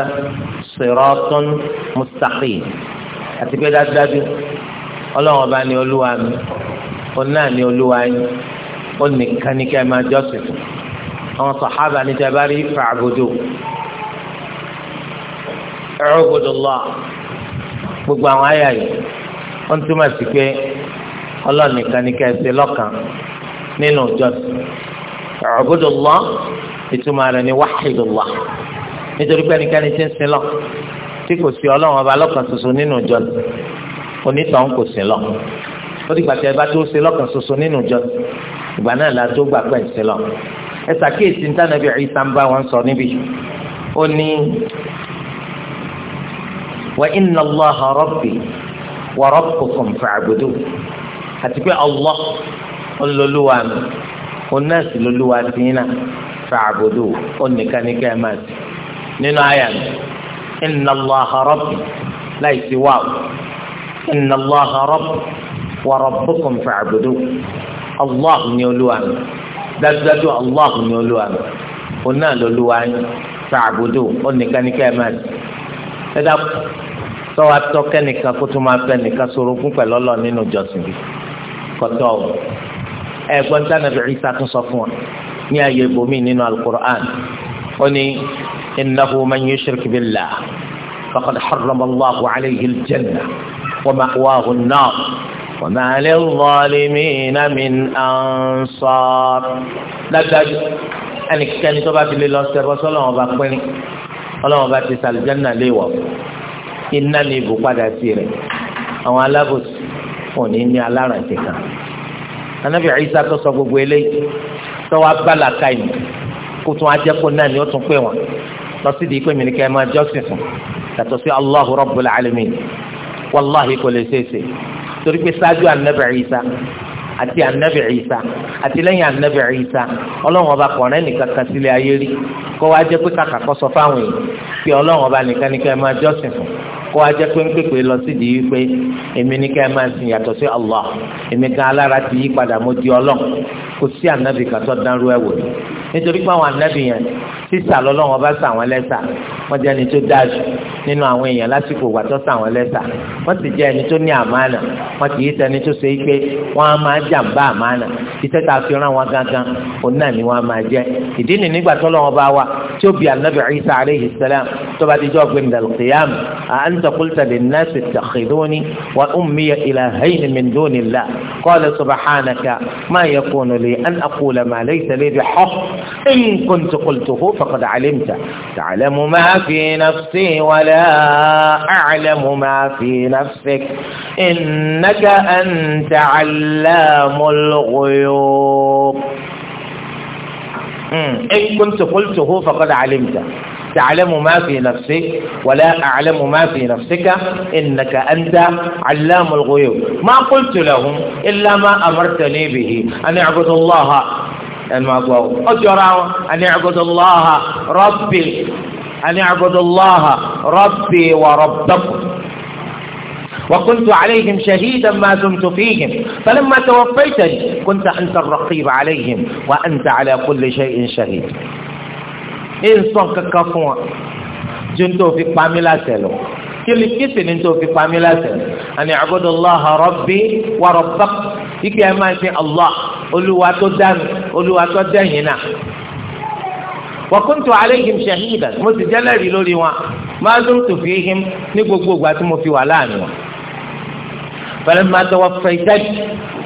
صراط مستقيم àti pé dájúdájú ọlọ́run ọba ni olúwa mi òun náà ni olúwa yín ó nìkan ní kẹ́ ẹ máa jọ́sìn fún àwọn sàhábà ní tẹ́ bá rí fàgòdò ẹ̀rọ̀gòdòlá gbogbo àwọn àyà yìí ó ń túmọ̀ sí pé ọlọ́run nìkan ní kẹ́ ẹ ṣe lọ́kàn nínú ìjọsìn ọ̀bùdùlọ́ ìtumọ̀ rẹ̀ ni wáhìdùlọ́ nítorí pé ẹnikẹ́ni ti ń sin lọ tí kò sí ọlọ́run ọba lọ́kàn ṣoṣo nínú ìjọsìn onítàn kò sin lọ ó dìgbà tí ẹ bá tó ṣe lọ́kàn ṣoṣo nínú ìjọsìn ìgbà náà la tó gbà pẹ́ ń sin lọ ẹ ṣàkíyèsí ní tànàbí Ìsá ń bá wọn sọ níbí ó ní wa inna Allaha rabbi wa rabbukum fa'budu àti pé Allah ńlọlúwa mi òun náà sì lọlúwa tìyín náà fàbùdù ònìkan ní kẹ́ẹ̀ máa sì nínú àyà mi inna allaha rabbi láìsí wàá inna allaha rabbi wa rabbukum fàbùdù allah ni olúwa mi dájúdájú allah ni olúwa mi òun lọlúwa yín fàbùdù ònìkan ní kẹ́ẹ̀ máa sì ẹ dákú sọ́wọ́ atọ́ kẹ́nìkan kó tó máa fẹ́ nìkan sọ̀rọ̀ fún pẹ̀lú ọlọ́ọ̀ nínú ìjọsìn bí kọ́tọ́ ẹ̀gbọ́n tí anabi Isa tún sọ fún wa ní ayé bomi nínú alukur'an ó ní innahu man yushrik billah faqad harrama allahu alayhi aljanna wa ma'wahu an-nar wa ma lil-zalimina min ansar dájú ẹnikẹ́ni tó bá fi lè lọ sẹ́kọ́ sọ́lọ́wọ́n bá pín ọlọ́wọ́n bá ti sàlìjánà lé wọ̀ iná ni ibùpadà sí rẹ̀ àwọn alábòsí òní ní aláràǹtì kan anabi Isa tó sọ gbogbo eléyìí ba la gbàlà káyìn kó tún ajẹ́kọ̀ náà ni ó tún pè wọ́n lọ di ìpè mí ni ká ẹ máa jọ́sìn fún yàtọ̀ sí Allahu Rabbul Alamin wàláhi kò lè ṣeéṣe torí pé ṣáájú anabi Isa àti anabi Isa àti lẹ́yìn anabi Isa ọlọ́run ọba kọ̀ọ̀rẹ́ nìkan kan sílé ayé rí kó wá jẹ́ pé kàkà fáwọn èèyàn pé ọlọ́run ọba nìkan ni ká ẹ máa fún kó a jẹ́ pé ń pèpè lọ sí di wípé èmi ní ká ẹ máa sìn yàtọ̀ sí Allah èmi gan alára ti yí padà mo di ọlọ́ kò sí ànábì kàtọ́ dánrú ẹ̀ wò ni nítorí pé àwọn ànábì yẹn sísà lọ́lọ́wọ́n bá sà wọ́n lẹ́sà wọ́n jẹ́ ẹni tó dájú nínú àwọn èèyàn lásìkò ìgbà tó sà wọ́n lẹ́sà wọ́n sì jẹ́ ẹni tó ní àmánà wọ́n kì í ṣẹni tó ṣe é pé wọ́n á máa jàǹbá àmánà iṣẹ́ tá a fi rán wọn gangan òun náà ni wọ́n á máa jẹ́ ìdí nì nígbà tó lọ́wọ́n bá wa tí ó bi ànábì Ìsá alayhi salam tó bá ti jọ́ gbẹ̀ndàlùkìyàmù à ń أنت قلت للناس اتخذوني وأمي إلهين من دون الله قال سبحانك ما يكون لي أن أقول ما ليس لي بحق إن كنت قلته فقد علمت تعلم ما في نفسي ولا أعلم ما في نفسك إنك أنت علام الغيوب إن كنت قلته فقد علمت تعلم ما في نفسك ولا أعلم ما في نفسك إنك أنت علام الغيوب ما قلت لهم إلا ما أمرتني به أن اعبد الله أجرى أن اعبد الله ربي أن اعبد الله ربي وربكم وكنت عليهم شهيدا ما دمت فيهم فلما توفيتني كنت أنت الرقيب عليهم وأنت على كل شيء شهيد èyí ń sọ kankan fún wa ju ní tó fi pa mí láṣẹ lọ kíni kíni ní tó fi pa mí láṣẹ àní abudulayi rabbi wa rabbak ike ẹ máa ń sin allah olúwa tó dánu olúwa tó dẹ́yìn náà wa kuntu alayhim shahidan mo sì jẹ́lẹ̀rì lórí wọn ma dumtu fihim ní gbogbo ìgbà tí mo fi wà láàrin wọn falamma tawaffaytani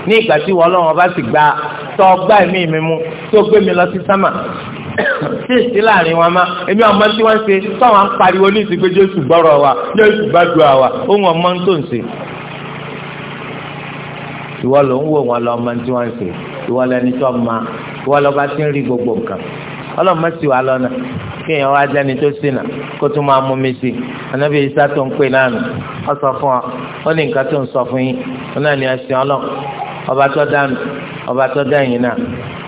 ní ìgbà tí wọ́n lọ́wọ́ bá sì gba tọ́ gbá ẹ̀mí mi mú tó gbé mi lọ sí sámà sí èsì láàrin wọn má èmi ọmọ tí wọ́n ṣe táwọn ń pariwo ní ìsìnkú jésù gbọ́rọ̀ wa jésù gbàdúrà wa ohun ọmọ tó ń ṣe. ìwọ ló ń wò wọn lọ ọmọ tí wọ́n ṣe ìwọ lẹni tó ma ìwọ lọ bá ti ń rí gbogbo nǹkan ọlọ́mọ sì wà lọ́nà kí èèyàn wá jẹ́ni tó ṣìnà kó tún máa mú mi sí i ànábì tó ń pè náà nù ọ sọ fún ọ ó ní nǹkan tó ń sọ fún yín ó náà ní ẹsìn ọlọ́run ọba tó dá mi ọba tó dá yìí náà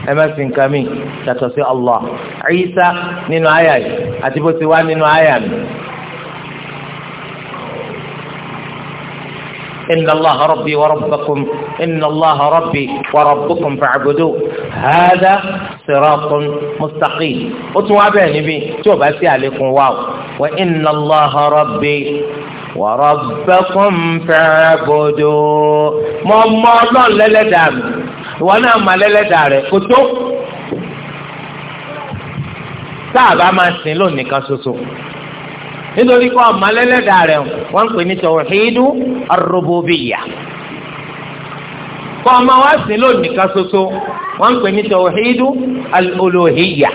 ẹ má sìn nǹkan mi yàtọ̀ sí Allah Ìsá nínú àyà yìí àti bó ti wá nínú àyà mi. إن الله ربي وربكم إن الله ربي وربكم فاعبدوه هذا صراط مستقيم أتوا بي شوف أسي عليكم واو وإن الله ربي wa rabbakum fa'budu mọ mọ ọlọ́run lẹ́lẹ́dàá mi ìwọ náà mọ lẹ́lẹ́dàá rẹ kò tó tá a bá máa sìn lónìí kan ṣoṣo nítorí kọ́ ọmọ lẹ́lẹ́dàá rẹ wọ́n ń pè ní tawhidu ar-rububiyyah kọ́ ọmọ wa sìn lónìí kan ṣoṣo wọ́n ń pè ní tawhidu al-uluhiyyah.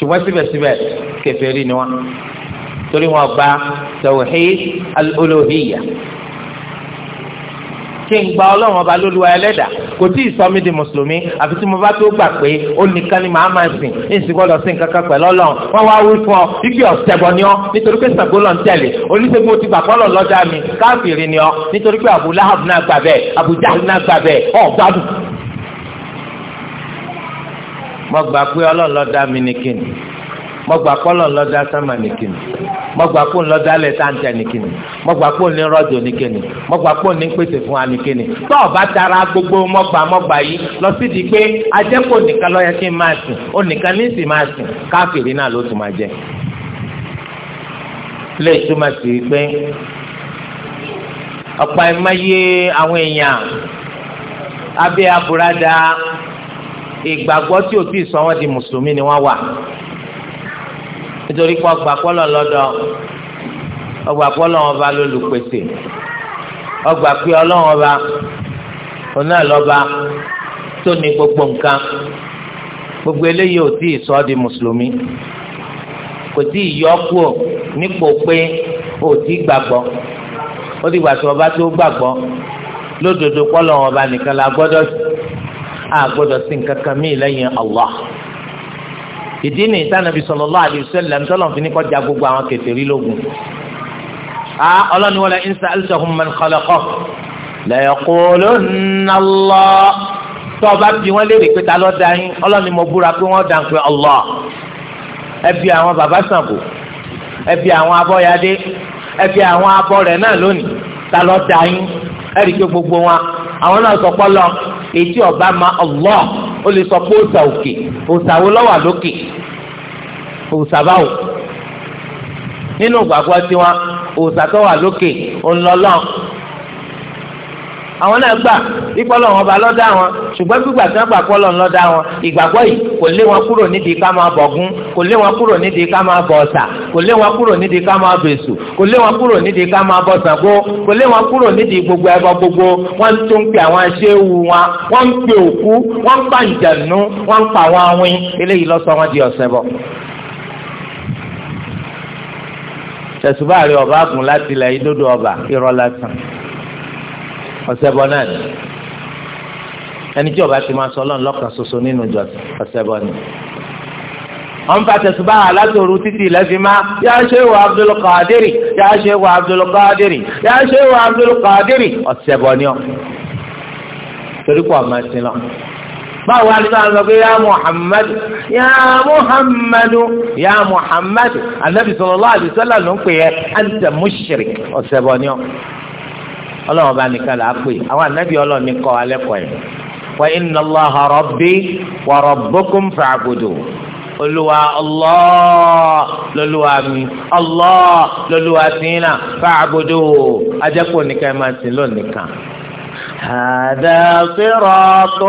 ṣùgbọ́n síbẹ̀síbẹ̀ kèfèrí ni wọ́n torí wọ́n gba tawhid al-uluhiyya kí n gba ọlọ́run ọba lóluwa ẹlẹ́dà kò tí ì sọ mí di mùsùlùmí àfi tí mo bá tó gbà pé ó nìkan ni màá máa sìn ní ìsìnkọ́lọ̀ sí nǹkan kan pẹ̀lú ọlọ́run wọ́n wá wí fún ọ igi ọ̀sẹ̀bọ ni ọ nítorí pé Ṣàngó lọ ń tẹ̀lé oníṣègùn ti gbàgbọ́ lọ lọ́dọ̀ mi káàfìrí ni ọ nítorí pé Abu Lahab gbà bẹ́ẹ̀ Abu Jahl gbà bẹ́ẹ̀ ọ̀ mo gbà pé ọlọ́run ló dá mi ní kíni mo gbà pé ọlọ́run ló dá sámà ní kíni mo gbà pé òun ló dá lẹ̀ táǹtẹ̀ ní kíni mo gbà pé òun ní rọ́jò ní kíni mo gbà pé òun ní pèsè fún wa ní kíni tó o bá tara gbogbo mọ́gbà mọ́gbà yìí lọ sí di pé ajẹ́kọ̀ nìkan ló kí n máa sìn onìkan ní sì máa sìn káfíìrì náà ló tún máa jẹ lè túmọ̀ sí pé ọ̀pọ̀ ẹ̀ máa yé àwọn èèyàn abẹ́ àbúradà ìgbàgbọ́ tí ò tí ì sọ wọ́n di mùsùlùmí ni wọ́n wà nítorí pé ọgbà pọ́lọ̀ lọ́dọ̀ ọgbà pọ́lọ̀ wọn bá lólùpèsè ọgbà pé ọlọ́wọ́n bá òun náà lọ́ba tó ní gbogbo nǹkan gbogbo eléyìí ò tí ì sọ ọ́ di mùsùlùmí kò tí ì yọ kúò nípò pé ò tí gbàgbọ́ ó dìgbà tí wọ́n bá tó gbàgbọ́ lódodo pọ́lọ̀ wọn bá nìkan la gbọ́dọ̀ sí a gbọ́dọ̀ sìn kankan mí lẹ́yìn Allah ìdí ni ìtànàbí sallallahu alaihi wasallam tọ́lọ̀ fi ní kọjá gbogbo àwọn kèfèrí lógun a ọlọ́ni wala in sa'altahum man khalaqahum la yaqulunna Allah tọ́ba bí wọ́n léèrè pé ta ló dá yín ọlọ́ni mo búra pé wọ́n dá pé Allah ẹ àwọn baba Ṣàngó ẹ àwọn abọ́yadé ẹ àwọn abọ́ rẹ̀ náà lónìí ta ló dá yín ẹ pé gbogbo wọn àwọn náà sọ pé Ọlọ́run ètí ọba ma Allah ó lè sọ pé òòsà òkè òòsà wo lọ́wọ́ àlókè nínú tiwọn àwọn náà gbà ìpọ́lọ̀ wọn bá lọ́dá wọn ṣùgbọ́n gbígbà tí wọ́n gbà pọ́lọ̀ lọ́dá wọn ìgbàgbọ́ yìí kò lé wọn kúrò nídìí ká máa bọ̀gún kò lé wọn kúrò nídìí ká máa bọ ọ̀sà kò lé wọn kúrò nídìí ká máa bẹ̀sù kò lé wọn kúrò nídìí ká máa bọ Ṣàngó kò lé wọn kúrò nídìí gbogbo ẹbọ gbogbo wọ́n tó ń pe àwọn aṣẹ́wù wọn wọ́n ń pe òkú wọ́n ń pa ìjànú ń pa àwọn awin eléyìí lọ́sọ̀ wọn di ọ̀sẹ̀ bọ̀. tẹ̀sùbáàrí ọba gùn láti ilẹ̀ yìí ọba irọ́ ọ̀sẹ̀bọ náà ni ẹni tí ó bá ti máa sọ ọlọ́run lọ́kàn ṣoṣo nínú ìjọsìn ọ̀sẹ̀bọ ni. wọ́n bá tẹ̀sùn bá aláṣọrù títí lẹ́fi má yá Sheikh Abdul Qadir yá Sheikh Abdul Qadir yá Sheikh Abdul Qadir ọ̀sẹ̀bọ ni ọ́ torí kò ọmọ ẹsìn lọ. báwo wá nígbà wọn sọ pé yá Muhammad yá Muhammad yá Muhammad anabi sallallahu alaihi ló ń pè é anta mushrik ọ̀sẹ̀bọ ni ọ́ ọlọ́run ọba nìkan là á pè àwọn ànábì ọlọ́run ní kọ́ alẹ́ kọ́ ẹ̀ wa inna Allaha rabbi wa rabbukum fa'budu olúwa Allah lolúwa mi Allah lolúwa tìǹà fa'budu ajẹ́pọ̀ nìkan máa sìn lónìí kan. هذا صراط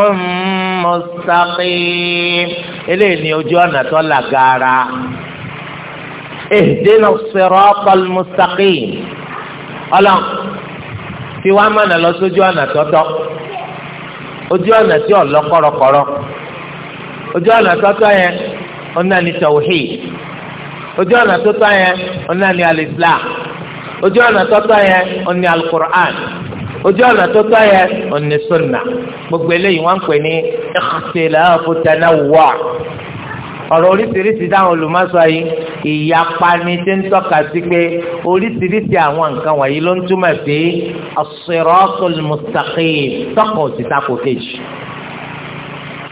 مستقيم إليني وجوانا تولى قارا اهدنا الصراط المستقيم ألا fi wá mọ̀nà lọ sójú ọ̀nà tọ́tọ́ ojú ọ̀nà tí ò lọ kọ̀rọ̀kọ̀rọ̀ ojú ọ̀nà tọ́tọ́ yẹn ọ̀nà ni tawhid ojú ọ̀nà tọ́tọ́ yẹn ọ̀nà ni al-Islam ojú ọ̀nà tọ́tọ́ yẹn ọ̀nà al-Qur'an ojú ọ̀nà tọ́tọ́ yẹn ọ̀nà sunna gbogbo eléyìí wọ́n ń pè ní ikhtilafu tanawwu' ọ̀rọ̀ oríṣiríṣi dáhùn olùmọ́sọ yìí ìyapa ni tí ń tọ́ka sí pé oríṣiríṣi àwọn nǹkan wọ̀nyí ló ń túmọ̀ sí as-siratul mustaqim tọkọ̀ òsìta kò kejì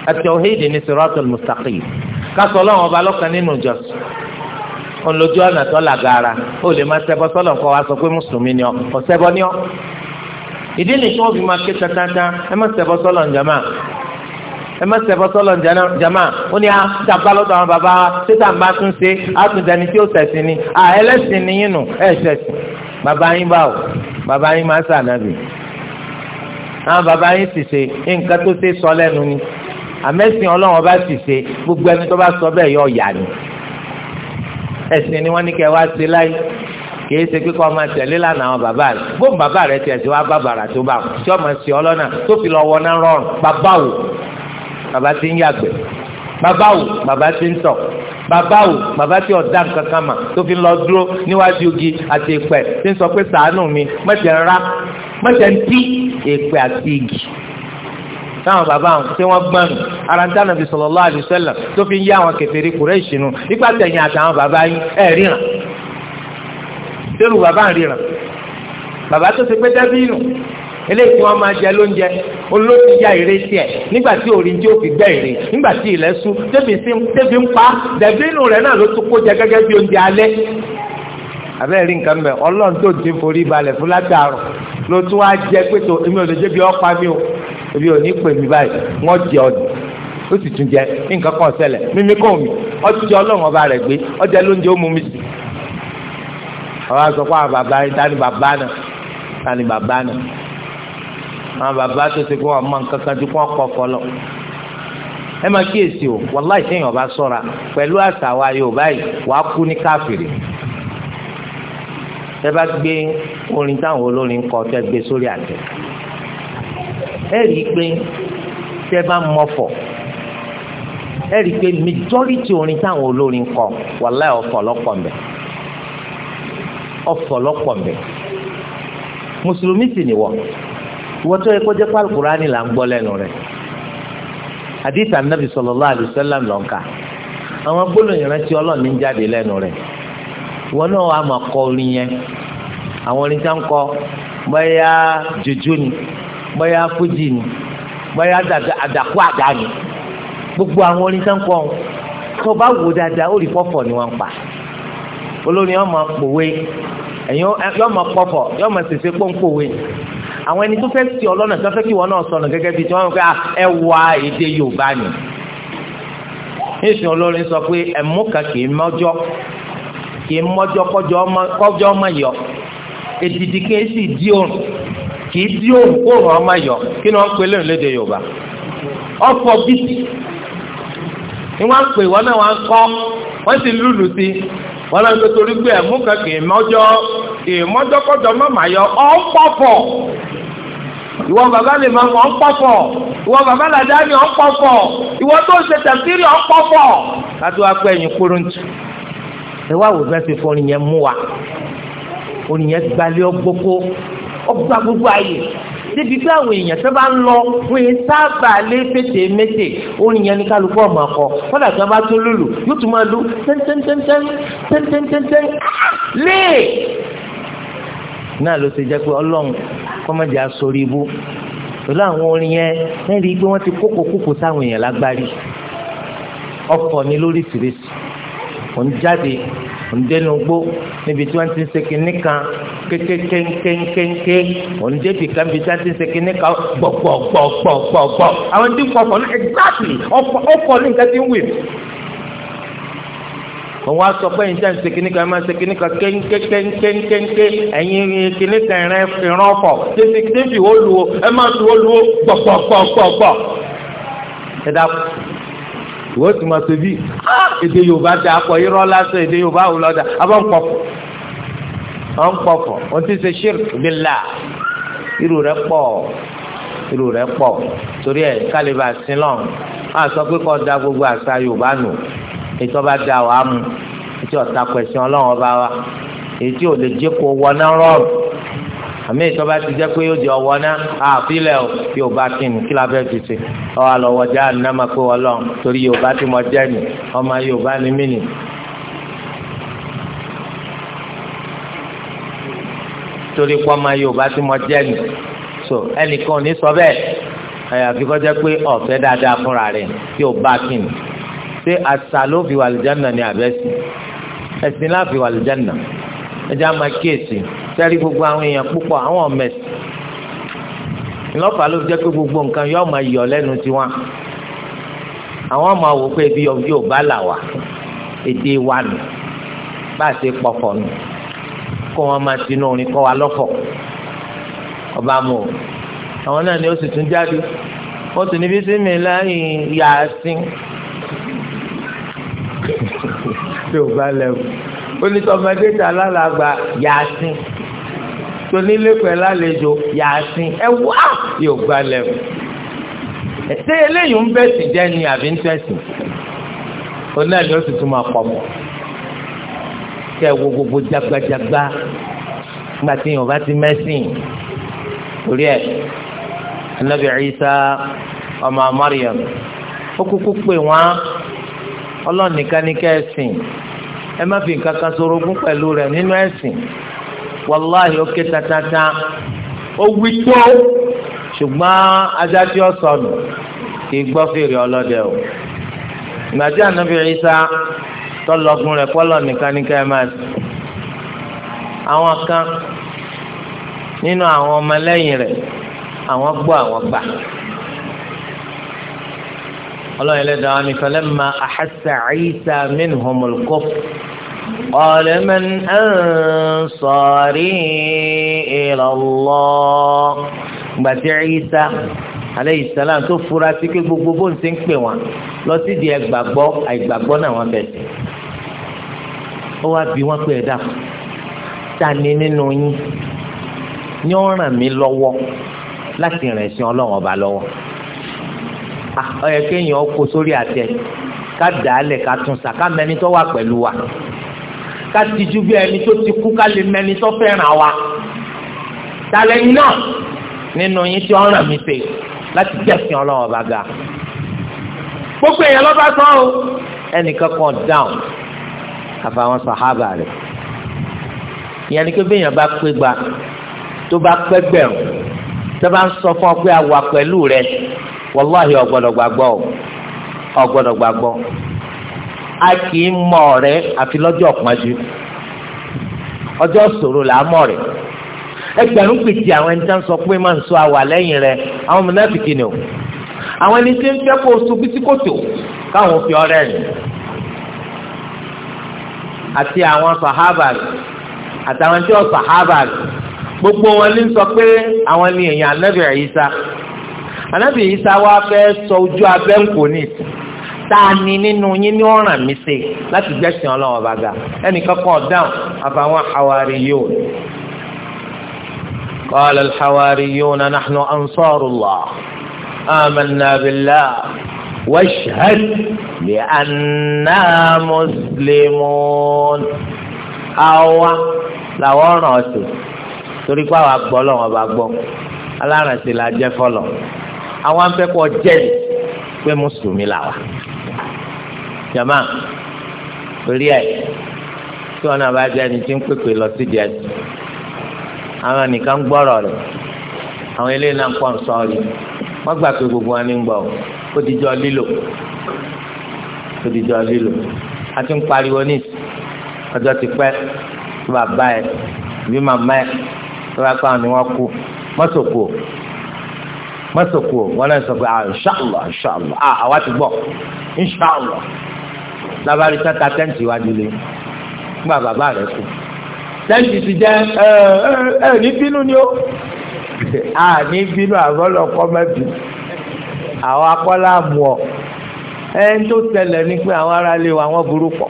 at-tawhid ni siratul mustaqim kásọ̀ ọlọ́run ọba lọ́kàn nínú ìjọsìn olójú ọ̀nà tó làgàrà ó lè máa ṣẹbọ sọ́lọ̀ nǹkan wa sọ pé mùsùlùmí ni ọ ìdí nìkan ó fi máa ké tatata ẹ má ṣẹbọ sọ́lọ̀ ǹjẹ́ máa ẹ má ṣẹbọ sọlọ jama ó ní a tàbá lọ́dọ̀ àwọn bàbá títà ń tún ṣe á tí ó ṣẹ̀sìn ni à ẹlẹ́sìn ni yín nù ẹ ṣẹ̀sìn bàbá yín báwo bàbá yín máa ṣànàbì àwọn bàbá yín sì ṣe nǹkan tó ṣe sọ lẹ́nu ni àmẹ́sìn ọlọ́run bá sì ṣe gbogbo ẹni tó bá sọ bẹ́ẹ̀ yọ ọ̀yà ni ẹ̀sìn ni wọ́n ní kẹ́ wá ṣe láyé kìí ṣe pé ọmọ tẹ̀lé lánàá àwọn bàbá rẹ̀ bóun bàbá rẹ̀ tiẹ̀ ti wá bàbàrà tó bá tí ọmọ sí ọlọ́nà tó fi lọ wọná rọrùn bàbá wò bàbá ti ń yàgbẹ́ bàbá wò bàbá ti ń tọ̀ bàbá o bàbá tí ọ̀dà kankan mà tó fi lọ dúró níwájú igi àti ìpẹ́ tí ń sọ pé sàánù mi mọ̀tẹ̀ ń ra mọ̀tẹ̀ ń tí ìpẹ́ àti igi. táwọn bàbá àwọn tí wọ́n gbọ́n ara ń dáná bí sallallahu alaihi wasallam tó fi ń yá àwọn kèfèrí Kùrẹ́ṣì nu nípa tẹ̀yìn àtàwọn bàbá yín ẹ̀ ríran. sẹ́rù bàbá ń ríran bàbá tó ti pé dẹ́bí nù eléyìí tí wọ́n máa jẹ lóúnjẹ olóòtú ya èrè tiẹ̀ nígbà tí nigbati tí ó fi gbẹ́ nígbà tí ilẹ̀ sú tẹ́bi ń pa dẹ̀bí inú rẹ̀ náà ló tún kó jẹ gẹ́gẹ́ bí oúnjẹ alẹ́ abẹ́rẹ́ nǹkan mẹ́ ọlọ́run tó ti forí balẹ̀ fún látàrọ̀ ló tún jẹ pé tó èmi ò lè mi o èmi ò ní pè mí báyìí wọ́n jẹ ọ̀dùn ó sì tún jẹ nǹkan kan ṣẹlẹ̀ mímí mí jẹ ọlọ́run àwọn bàbá tó ti fún ọmọ nǹkan kan ju fún ọkọ fọlọ ẹ máa kíyèsí o wàláì sẹ́yìn ọba sọ́ra pẹ̀lú àṣà wa Yorùbá yìí wàá kú ní káfìrì tẹ bá gbé orin táwọn olórin kọ tẹ gbé sórí àtẹ ẹ rí i pé tẹ bá mọfọ ẹ rí i pé majority orin táwọn olórin kọ wàláì ọ̀fọ̀ lọ́pọ̀ mbẹ ọ̀fọ̀ lọ́pọ̀ mùsùlùmí sì nìwọ wọ́n tó yẹ kó jẹ́ pé alukurani là ń gbọ́ lẹ́nu rẹ̀ àdìsí anabi sallallahu alaihi wasallam ló àwọn gbólóyìn rántí ọlọ́ọ̀ni jáde lẹ́nu rẹ̀ wọ́n náà wà máa kọ orin yẹn àwọn orin tá ń kọ bóyá jòjó ni bóyá fújì ni bóyá àdàkú àdá ni gbogbo àwọn orin tá ń kọ tó bá wò dáadáa ó rí fọ́fọ́ ni wọ́n ń pa olórin yóò máa pòwe ẹ̀yin yóò máa pọ̀fọ̀ yóò máa sèse pọ́ńpòwe àwọn ẹni tó fẹ́ ti ọlọ́nà tó fẹ́ kí wọn náà sọnù gẹ́gẹ́ bíi tí wọ́n fẹ́ ah, ẹ wá èdè yorùbá ni nísìnyí olórin sọ pé ẹ̀mú kan kì í mọ́jọ́ kì í mọ́jọ́ kọjọ́ ọmọ yọ èdìdì kì í sì dí òrùn kì í dí òrùn kó òrùn ọmọ yọ kí ni wọ́n ń pè lóun léde yorùbá ọ̀fọ̀ bíìtì ni wọ́n ń pè wọ́n náà wọ́n ń kọ́ wọ́n sì lùlù sí wọ́n náà ń torí pé ẹ̀mú kan kì í mọ́jọ́ kì í mọ́jọ́ ìwọ bàbá mi máa mọ̀ ọ́ pọ̀pọ̀ ìwọ bàbá làdá mi ọ́ pọ̀pọ̀ ìwọ tó ṣe tẹ̀síìrì ọ́ pọ̀pọ̀. láti wá pé ẹ̀yin kúrò ń tù ẹ wá wò fẹ́ẹ́ fi fọrin yẹn mú wa orin yẹn gbalẹ̀ ọgbọ́kọ́ ọgbà gbogbo ayé débi bí àwọn èèyàn tó bá ń lọ wọn yìí sábà lé pété mété orin yẹn ní kálukú ọmọ akọ kódà tí wọn bá tún lòlù yóò tún máa lu tẹ́ntẹ́ntẹ́ntẹ́n tẹ́ntẹ́ntẹ́ntẹ́n lé náà ló ṣe jẹ́ pé ọlọ́run kọ́mọ̀jì asorí ibú pẹ̀lú àwọn orin yẹn lẹ́yìn pé wọ́n ti kókò kókò sáwọn èèyàn lágbárí ọkọ̀ ni lóríṣiríṣi òun jáde òun dẹnu gbó níbi tí wọ́n ti ń ṣe kinní kan kékékékékéké òun débi kan níbi tí wọ́n ti ń ṣe kinní kan gbọ̀gbọ̀gbọ̀gbọ̀gbọ̀ àwọn tí ń pọ̀ pọ̀ ní exactly ọkọ̀ ní nǹkan ti ń wí òun á sọ pé ẹ̀yin tẹ́ ń ṣe kíníkà ẹ̀ máa ṣe kíníkà kéńkéńkéńkéńké ẹ̀yin kíníkà ẹ̀rẹ́ ìran ọkọ̀ tètè tètè lu o ẹ̀ máa lu o lu o gbọ̀gbọ̀gbọ̀gbọ̀. ẹ dá ìwé tí mo ṣe bí èdè Yorùbá dá akọ irọ́ lásán èdè Yorùbá wò lọ́dà abọ́ ń pọ̀fọ̀ ń pọ̀fọ̀ wọ́n ti ṣe ṣírk billah irú rẹ̀ pọ̀ irú rẹ̀ pọ̀ torí ẹ̀ kálíbà sílọ̀ á sọ pé kọ́ da gbogbo àṣà Yorùbá nù ètò ọba da ọ̀ àmú ètò ọ̀tá pẹ̀sìn ọlọ́run ọba wa ètò ò lè jẹ́ kó wọná rọrùn àmì ètò ọba ti jẹ́ pé yóò di ọwọ́ ná àfilẹ̀ o yóò bá kí ni kí la fẹ́ fi ṣe ọ àlọ́wọ́ já nàmà pé ọlọ́run torí yóò bá ti mọ jẹ́ mi ọmọ yóò bá ní mí nì. torí pé ọmọ yóò bá ti mọ jẹ́ mi so ẹnìkan ò ní sọ bẹ́ẹ̀ àyàfi kọjá pé ọ̀fẹ́ dáadáa fúnra rẹ̀ yóò bá kí ni ṣé àṣà ló fi wà lìjánà ní àbẹ́sì ẹ̀sìn láfi wà lìjánà ẹjẹ́ á máa kíyèsí sẹ́rí gbogbo àwọn èèyàn púpọ̀ àwọn ọ̀mẹ̀sì ìlọ́pàá ló fi jẹ́ pé gbogbo nǹkan yóò máa yọ lẹ́nu tiwọn àwọn máa wò pé ibi yóò bá là wà èdè wa nù bá a ṣe pọ̀fọ̀ nù kó wọn máa tinú orin kọ́ wa lọ́fọ̀ ọba mọ̀ àwọn náà ni ó sì tún jáde ó sì ní sí mi láyìn yàá sin tí ò bá lẹ́wọ̀ onítọ̀mọdé tà lálàgbà yàásín tonílé pẹ̀lú àlejò yàásín ẹ wá yóò gbà lẹ́wọ̀ ṣé eléyìí ń bẹ̀sì jẹ́ ni àbí ń tẹ̀sì onáà ni ó sì tún máa pọ̀ mọ́ kẹ́ ẹ wo gbogbo jagbajagba nígbà tí yorùbá ti mẹ́sìn torí ẹ̀ anabi Isa ọmọ Mariam ó kúkú pè wọ́n ọlọ́run nìkan ní ká ẹ̀sìn ẹ má fi nǹkan kan sorogún pẹ̀lú rẹ̀ nínú ẹ̀sìn wàláhì ó ké tatata ó wí tó ṣùgbọ́n adájọ́ ọ̀sọ̀nù kì í gbọ́ fèrè ọlọ́dẹ o ìgbàdí ànábì Ìsá tọ́lọ́gùn rẹ̀ pọ́lọ̀ nìkan ní ká ẹ máa sìn àwọn kan nínú àwọn ọmọlẹ́yìn rẹ̀ àwọn gbọ́ àwọn gbà ọlọ́run ẹlẹ́dàá wa ni falamma ahassa Isa minhumul kufr qala man ansari ila Allah gbàtí Isa aleyhi salam tó fura sí pé gbogbo bó ń ti ń pè wọn lọ sí di ẹgbàgbọ́ àìgbàgbọ́ náà wọn bẹ̀ sí ó wá bí wọn pé ẹ̀dá ta ni nínú yín ni ó ràn mí lọ́wọ́ láti rìn sí ọlọ́run ọba lọ́wọ́ ọyẹ ah, kéèyàn kó sórí àtẹ ká dàálẹ̀ ká tún sà ká mẹni tó wà pẹ̀lú wa ká tijú bí ẹni tó ti kú ká lè mẹni tó fẹ́ràn wa talẹ́yìn náà nínú yín tí ọ̀ràn mi ṣe láti jẹ́sìn ọlọ́wọ́ bá ga gbogbo èèyàn lọ́ba sọ ọ́ ẹnìkan kan dáhùn àfàwọn sàhábà rẹ̀ ìyẹn ni pé béèyàn bá pé gba tó bá pẹ́ gbẹ̀rún tó bá ń sọ fún ọ pé a wà pẹ̀lú rẹ̀ wàláhì ọ̀gbọ́dọ̀ gbàgbọ́ a kì í mọ rẹ àfi lọ́jọ́ ọ̀pọ̀njú ọjọ́ ṣòro là á mọ̀ rẹ̀ ẹgbẹ̀rún pèjì àwọn ẹni tí wọ́n sọ pé máa ń sọ àwà lẹ́yìn rẹ̀ àwọn mùnáfìkì ni o àwọn ẹni tí ń fi rìn àti àwọn àtàwọn tí wọ́n gbogbo wọn ní sọ ànábì Ìsá wa fẹ́ sọ ojú abẹ́ ń kò ní ìtàn tani nínú yín ní ọ̀ràn mi ṣe láti gbẹ̀sìn ọlọ́wọ́n bá ga ẹnìkan kan ọ̀dáhùn àfàwọn hawariyun qala al-hawariyun nahnu ansarullah amanna billah washhad bi anna muslimun àwa làwọn ọ̀ràn ọ̀sẹ̀ torí pé àwa gbọ́ lọ́wọ́n bá gbọ́ alárànṣe àwọn afẹ́kọ̀ọ́ jẹ́rìí pé mùsùlùmí là wà jama torí ẹ tí wọn náà bá jẹ ẹni tí ń pèpè lọ sí díẹ̀ àwọn nìkan ń gbọ́rọ̀ rẹ̀ àwọn eléyìí náà ń pọ̀ ń sọ rí wọ́n gbà pé gbogbo wọn ní ń gbọ́ ó ti jọ lílò ó ti jọ lílò a ti ń pariwo ní ọjọ́ ti pẹ́ tó bàbá ẹ bí màmá ẹ tó bá pa àwọn ni wọ́n kú mọ́sòkò mọ́sọ̀kù wọn náà sọ pé ah inṣàlá inṣàlá ah àwa ti gbọ́ inṣàlá labari tata tẹ́ǹtì iwájú lé nígbà bàbá rẹ̀ kú tẹ́ǹtì ti jẹ́ ẹ ẹ ní bínú ni ó a ní bínú àbọ̀lọ̀ kọ́ mẹ́bí àwọn akọ́lá mú ọ ẹ ń tó tẹlẹ̀ ní pé àwọn ará lé wa wọ́n burú pọ̀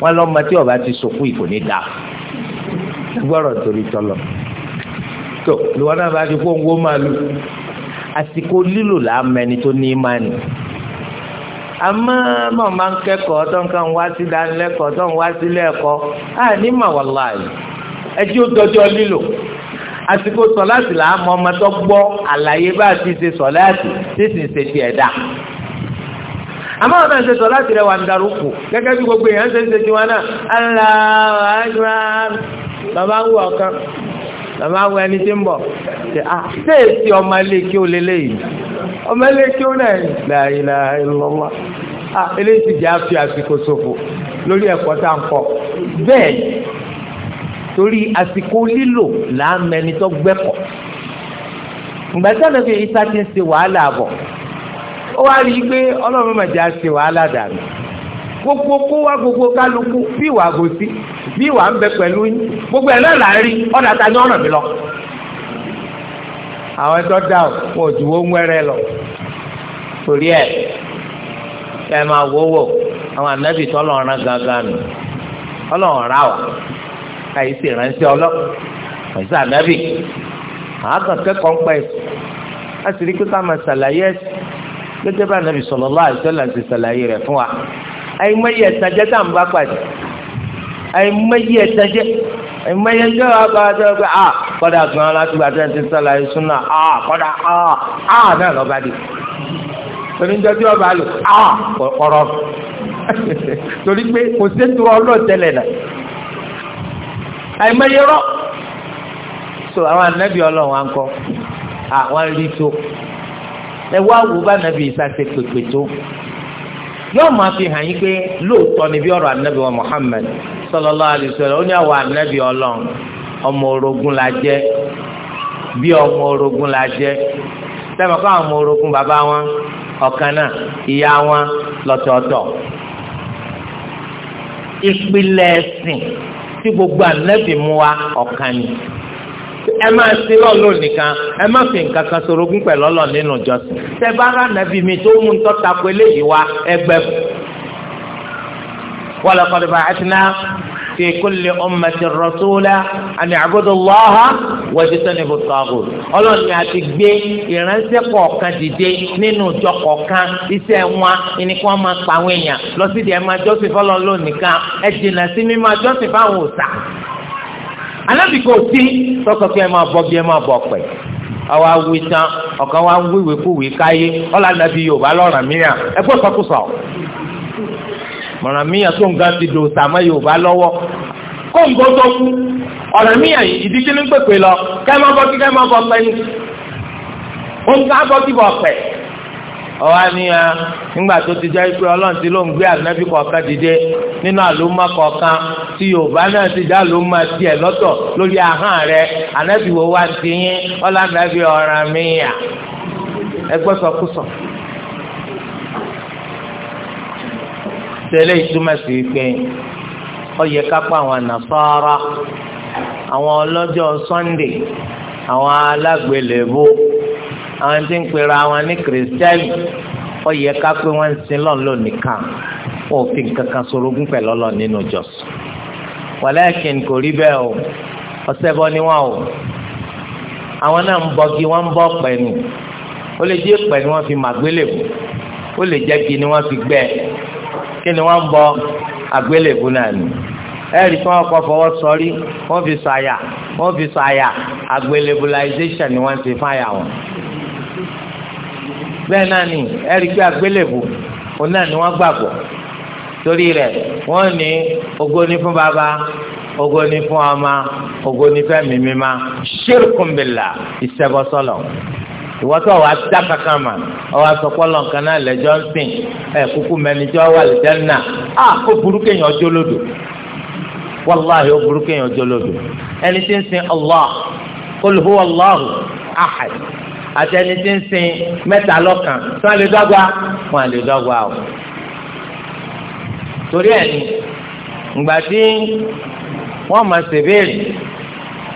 wọ́n lọ́mọ tí ọba ti sòkú ìkò ní dáa gbọ́rọ̀ torí tọ́lọ̀ tó ìwọ náà bá ti kó ń wó màálù àsìkò lílò là á mẹni tó ní ìmánì àmọ́ mọ̀ máa ń kẹ́kọ̀ọ́ tó ń kàn wá sí ìdánilẹ́kọ̀ọ́ tó ń wá sílé ẹ̀kọ́ á ní mà wàláhì ẹjí ó dọjọ́ lílò àsìkò sọ̀láàtì là á mọ ọmọ tó gbọ́ àlàyé bá a ti ṣe sọ̀láàtì tí sì ń ṣe ti ẹ̀dá àmọ́ ọ̀nà ìṣe sọ̀láàtì rẹ̀ wà ń darúkù gẹ́gẹ́ bí gbogbo èèyàn ṣe ń ṣe tiwọn náà aláwọ̀ làmá wọ ẹni tí ń bọ̀ ṣe à é èsì ọmọ ilé kí ó lélẹ́yìí ọmọ ilé kí ó náà la ilaha illallah à ah, eléyìí ti jẹ́ àfi àsìkò ṣòfò lórí ẹ̀kọ́ tá à ń kọ́ bẹ́ẹ̀ torí àsìkò lílò là ń mẹni tó gbẹ́kọ̀ ìgbà tí àná fi ìta ti ń ṣe wàhálà bọ̀ ó wá rí i pé ọlọ́run mọ̀jà ṣe wàhálà dànù gbogbo kó wá gbogbo kálukú bí ìwà àgòsí bí ìwà ń bẹ pẹ̀lú yín gbogbo ẹ̀ náà là ń rí ọ̀dà ta ni ọ̀ràn mi lọ. àwọn ẹjọ́ dà ó wọn ò ju ohun ẹrẹ lọ torí ẹ ẹ máa wò wò àwọn ànábì tó ọlọ́run gangan nù ọlọ́run rà wá káyìí sì ránṣẹ́ ọlọ́ àìsí ànábì àákàn kẹ́kọ̀ọ́ ń pẹ́ ẹ̀ láti rí pé ká máa ṣàlàyé ẹ̀ gẹ́gẹ́ bá ànábì sallallahu alaihi wasallam ṣàlàyé rẹ̀ fún wa àìmọye ẹ̀sán jẹ́ tá à ń bá pàdé àìmọye ẹ̀sán jẹ́ àìmọye ẹ̀sán jẹ́ wà bá a sọ pé a kọ́dà gan-an láti gba tẹ́ ti sọ́la ẹ̀sùn náà a kọ́dà a a náà lọ́ba dé oníjọ́ tí wọ́n bá lò a kọ̀rọ̀ torí pé kò sí ètùrọ̀ ọlọ́ọ̀tẹ́lẹ̀ náà àìmọye rọ́ so àwọn anabi ọlọ́run wa ń kọ́ àwọn rí tó ẹ wá wò bá anabi ìsàsẹ̀ tó yóò máa fi hàn yín pé lóòótọ́ ni bí ọ̀rọ̀ anabi wa Muhammad sallallahu alaihi wasallam ó ní àwọn anabi ọlọ́run ọmọ orogún la jẹ́ bí ọmọ orogún la jẹ́ sẹ́mi kọ́ àwọn ọmọ orogún bàbá wọn ọ̀kan náà ìyá wọn lọ́tọ̀ọ̀tọ̀ ìpìlẹ̀ ẹ̀sìn tí gbogbo anabi mú wa ọ̀kan ni. ẹ máa ṣe lọ́ọ̀lọ́ nìkan ẹ má fi nǹkan kan sorogún pẹ̀lú ọlọ́ nínú ìjọsìn tẹ bá mi tó mú tọ́ tako eléyìí wá ẹgbẹ́ fún. wa laqad ba'athna fi kulli ummatin rasula ọlọ́run ni a ti gbé ìránṣẹ́ kọ̀ọ̀kan dìde nínú ìjọ kọ̀ọ̀kan iṣẹ́ wọn ni kí wọ́n máa pa àwọn èèyàn lọ sí ìdí ẹ̀ anábì kò sí sọ́kọ̀ kí ẹ máa bọ́ bí ẹ máa bọ̀ pẹ̀ àwa wí tán ọ̀kan wa ń wíwèé kú wí káyé ọ̀là nàbí yorùbá lọ́ràn mìíràn ẹ gbọ́ sọkúsọ mọ̀ràn mìíràn tó ń ga ti dò sàmọ́ yorùbá lọ́wọ́ kó ń gbọ́ tó kú ọ̀ràn mìíràn ìdíje ní pèpè lọ kẹ́ ẹ máa bọ́ kí kẹ́ ẹ máa bọ́ pẹ́ ní. ó bọ́ kí bọ̀ pẹ́ ọwọ́ àníyàn ah, nígbà tó ti jẹ́ pé ọlọ́run ti ló ń gbé ànábì kọ̀ọ̀kan dìde nínú àlùmọ́ kọ̀ọ̀kan tí yorùbá náà ti dá àlùmọ́ tiẹ̀ lọ́tọ̀ lórí ahọ́n rẹ ànábì wo wá ti yín ọlá ànábì ọ̀ràn ẹgbẹ́ sọkúsọ. tẹ́lẹ̀ ìtumọ̀ sí pé àwọn tí ń pera wọn ní kìrìsìtẹ́nì ó ká pé wọ́n ń sin lọ́n nìkan wọn kankan sorogún pẹ̀lú ọlọ́ nínú jọ̀sùn wàlẹ́kìn kò rí bẹ́ẹ̀ o ọ̀sẹ̀ bọ́ ni wọ́n o àwọn náà ń bọ́gi wọ́n ń bọ́ pẹ̀lú ó lè jẹ́ pẹ̀lú wọ́n fi màgbélébù ó lè jẹ́ kí ni wọ́n fi gbẹ́ kí ni wọ́n ń bọ àgbélébù náà ni ẹ̀rí tí wọ́n kọ́ fọwọ́ sọrí wọ́n fi sàyà wọ́n fi sàyà àgbélébùlization ni wọ́n ti fáyà bẹ́ẹ̀ náà ni ẹ̀rí pé àgbélébù òun náà ni wọ́n gbàgbọ́ torí rẹ̀ wọ́n ní ògo ni fún bàbá ògo ni fún ọmọ ògo ni fún ẹ̀mí mímá ṣírkùn billah ìṣẹ́bọsọ́lọ̀ ìwọ́tọ̀ wa dá kankan mà ọwọ́ asọ̀pọ̀lọ̀ nǹkan náà lẹ́jọ́ ń sìn ẹ̀ kúkú mẹ́nijọ́ wà lẹ́jọ́ náà á kó burú kéèyàn ọjọ́ lódò wàláhì ó burú kéèyàn ọjọ́ lódò ẹni tí ń sin Allah qul huwa àtẹni tí ń sin mẹ́ta lọ́kàn tí wọ́n lè dọ́gba wọ́n lè dọ́gba o. torí ẹ̀ ni ìgbà tí wọ́n máa ṣèbéèrè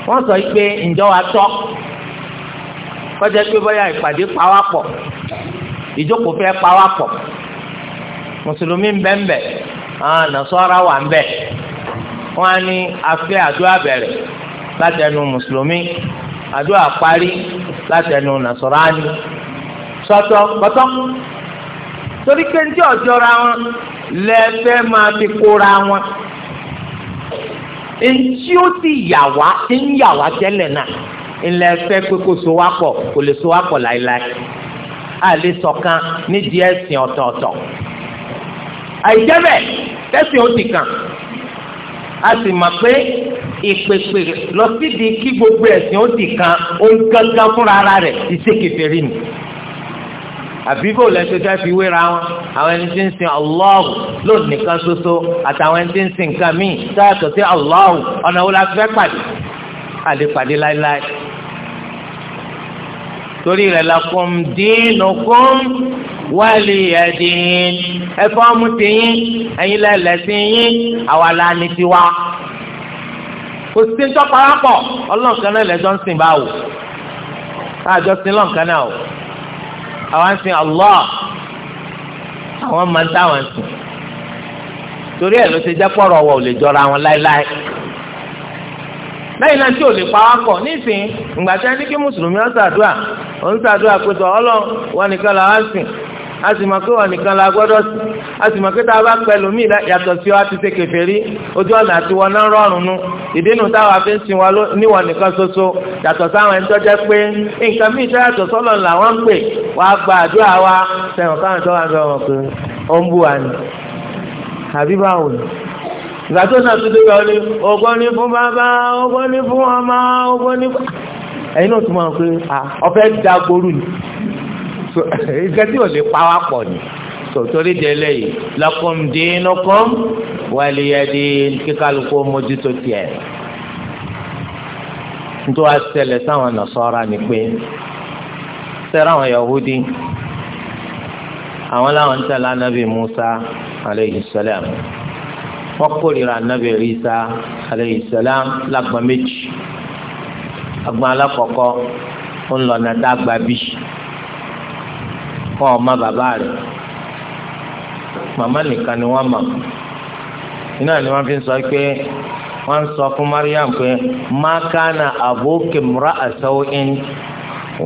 wọ́n sọ pé ǹjọ́ wa tọ́ kọjá pé bóyá ìpàdé pawápọ̀ ìjókòó fẹ́ pawápọ̀ mùsùlùmí ń bẹ ń bẹ àwọn nàṣọ́ra wà ń bẹ wọ́n á ní afẹ́ àdúrà bẹ̀rẹ̀ látẹnu mùsùlùmí àdúrà parí látẹnu nàṣọránì sọtọ pọtọ torí pé ní ọjọra wọn lẹfẹ máa fi kóra wọn ntí ó ti yà wá ti ń yà wá tẹ́lẹ̀ náà ńlẹ̀ pé kó so wá pọ̀ kò lè so wá pọ̀ láéláé a nídìí ẹ̀sìn ọ̀tọ̀ọ̀tọ̀ àìjẹ́ bẹ́ẹ̀ ó ti kàn a sì mọ̀ pé ìpèpè lọ síbi kí gbogbo ẹ̀sìn ó di kan òun gángan fúnra ara rẹ̀ ìṣèkèfèrè ni àbí bò lẹ́sẹ̀ tẹ́ fi wéra wọn àwọn ẹni tí ń sin Allahu lónìí nìkan ṣoṣo àtàwọn ẹni tí ń sin nǹkan míì sáyàtọ̀ sí Allahu ọ̀nà wo la fẹ́ pàdé àlè pàdé láéláé torí rẹ̀ lakum dinukum wálé ẹ̀dín ẹ̀fọ́ mú tiyín ẹ̀yin lẹ́lẹ́sìn yín àwa la ní tiwa kò sí tó parapọ̀ ọlọ́ọ̀kan náà lẹ́jọ́ ń sìn báwò káàjọ sin lọ́ọ̀kan náà o àwa ń sin Allah àwọn máa ń táwọn ń sìn torí ẹ̀ ló ṣe jẹ́ pọ̀rọ̀ ọwọ́ ò lè jọra wọn láéláé lẹ́yìn náà tí ò lè pawápọ̀ nísìnyí ìgbà tí wọ́n ní kí mùsùlùmí ó ṣàdúrà ó ń ṣàdúrà pé tọ́ ọlọ́run wọn nìkan làwọn sìn a sì mọ̀ pé wọ́n nìkan la gbọ́dọ̀ sí a sì mọ̀ pé tá a bá pẹ̀lú mí wa ti ṣe kèfèrí ojú ọ̀nà àti wọn náà rọrùn nu ìdínú táwa fi ń sin wọn níwọ̀n nìkan ṣoṣo yàtọ̀ sáwọn ẹni tó jẹ́ pé nǹkan míì tó yàtọ̀ sọ́lọ̀ làwọn ń pè wá gba àdúrà wa sẹ́wọ̀n káwọn tó wà ń bẹ̀ wọ́n pé ó ń bù wá ni àbí báwo ni ìgbà tó náà tún dé yọ ni ọgbọ́n ní fún bàbá ọgbọ́n ní fún ọmọ ọgbọ́n ní fún ẹ̀yin náà tún máa ń pè ọ̀fẹ́ dagboru ni ìgbà tí ò lè pa wá pọ̀ ni tòtòrí délé yìí lakum dinukum waliyadin kíkálukú mójútó tiẹ̀ nítorí wàá ṣẹlẹ̀ sáwọn nasọ́ra ni pé sẹ́rẹ́ àwọn yahudi àwọn làwọn ń tẹ̀lé anabi musa aleyhi salam wọ́n kórìíra anabi isa aleyhi salam lágbọ́n méjì agbọ́n alákọ̀ọ́kọ́ ńlọ nàdá gbàbí kọ́ ọmọ bàbá rẹ̀ màmá nìkan ni wọ́n mọ̀ iná ni wọ́n fi sọ pé wọ́n ń sọ fún Mariam pé ma kana abuki imra'a saw'in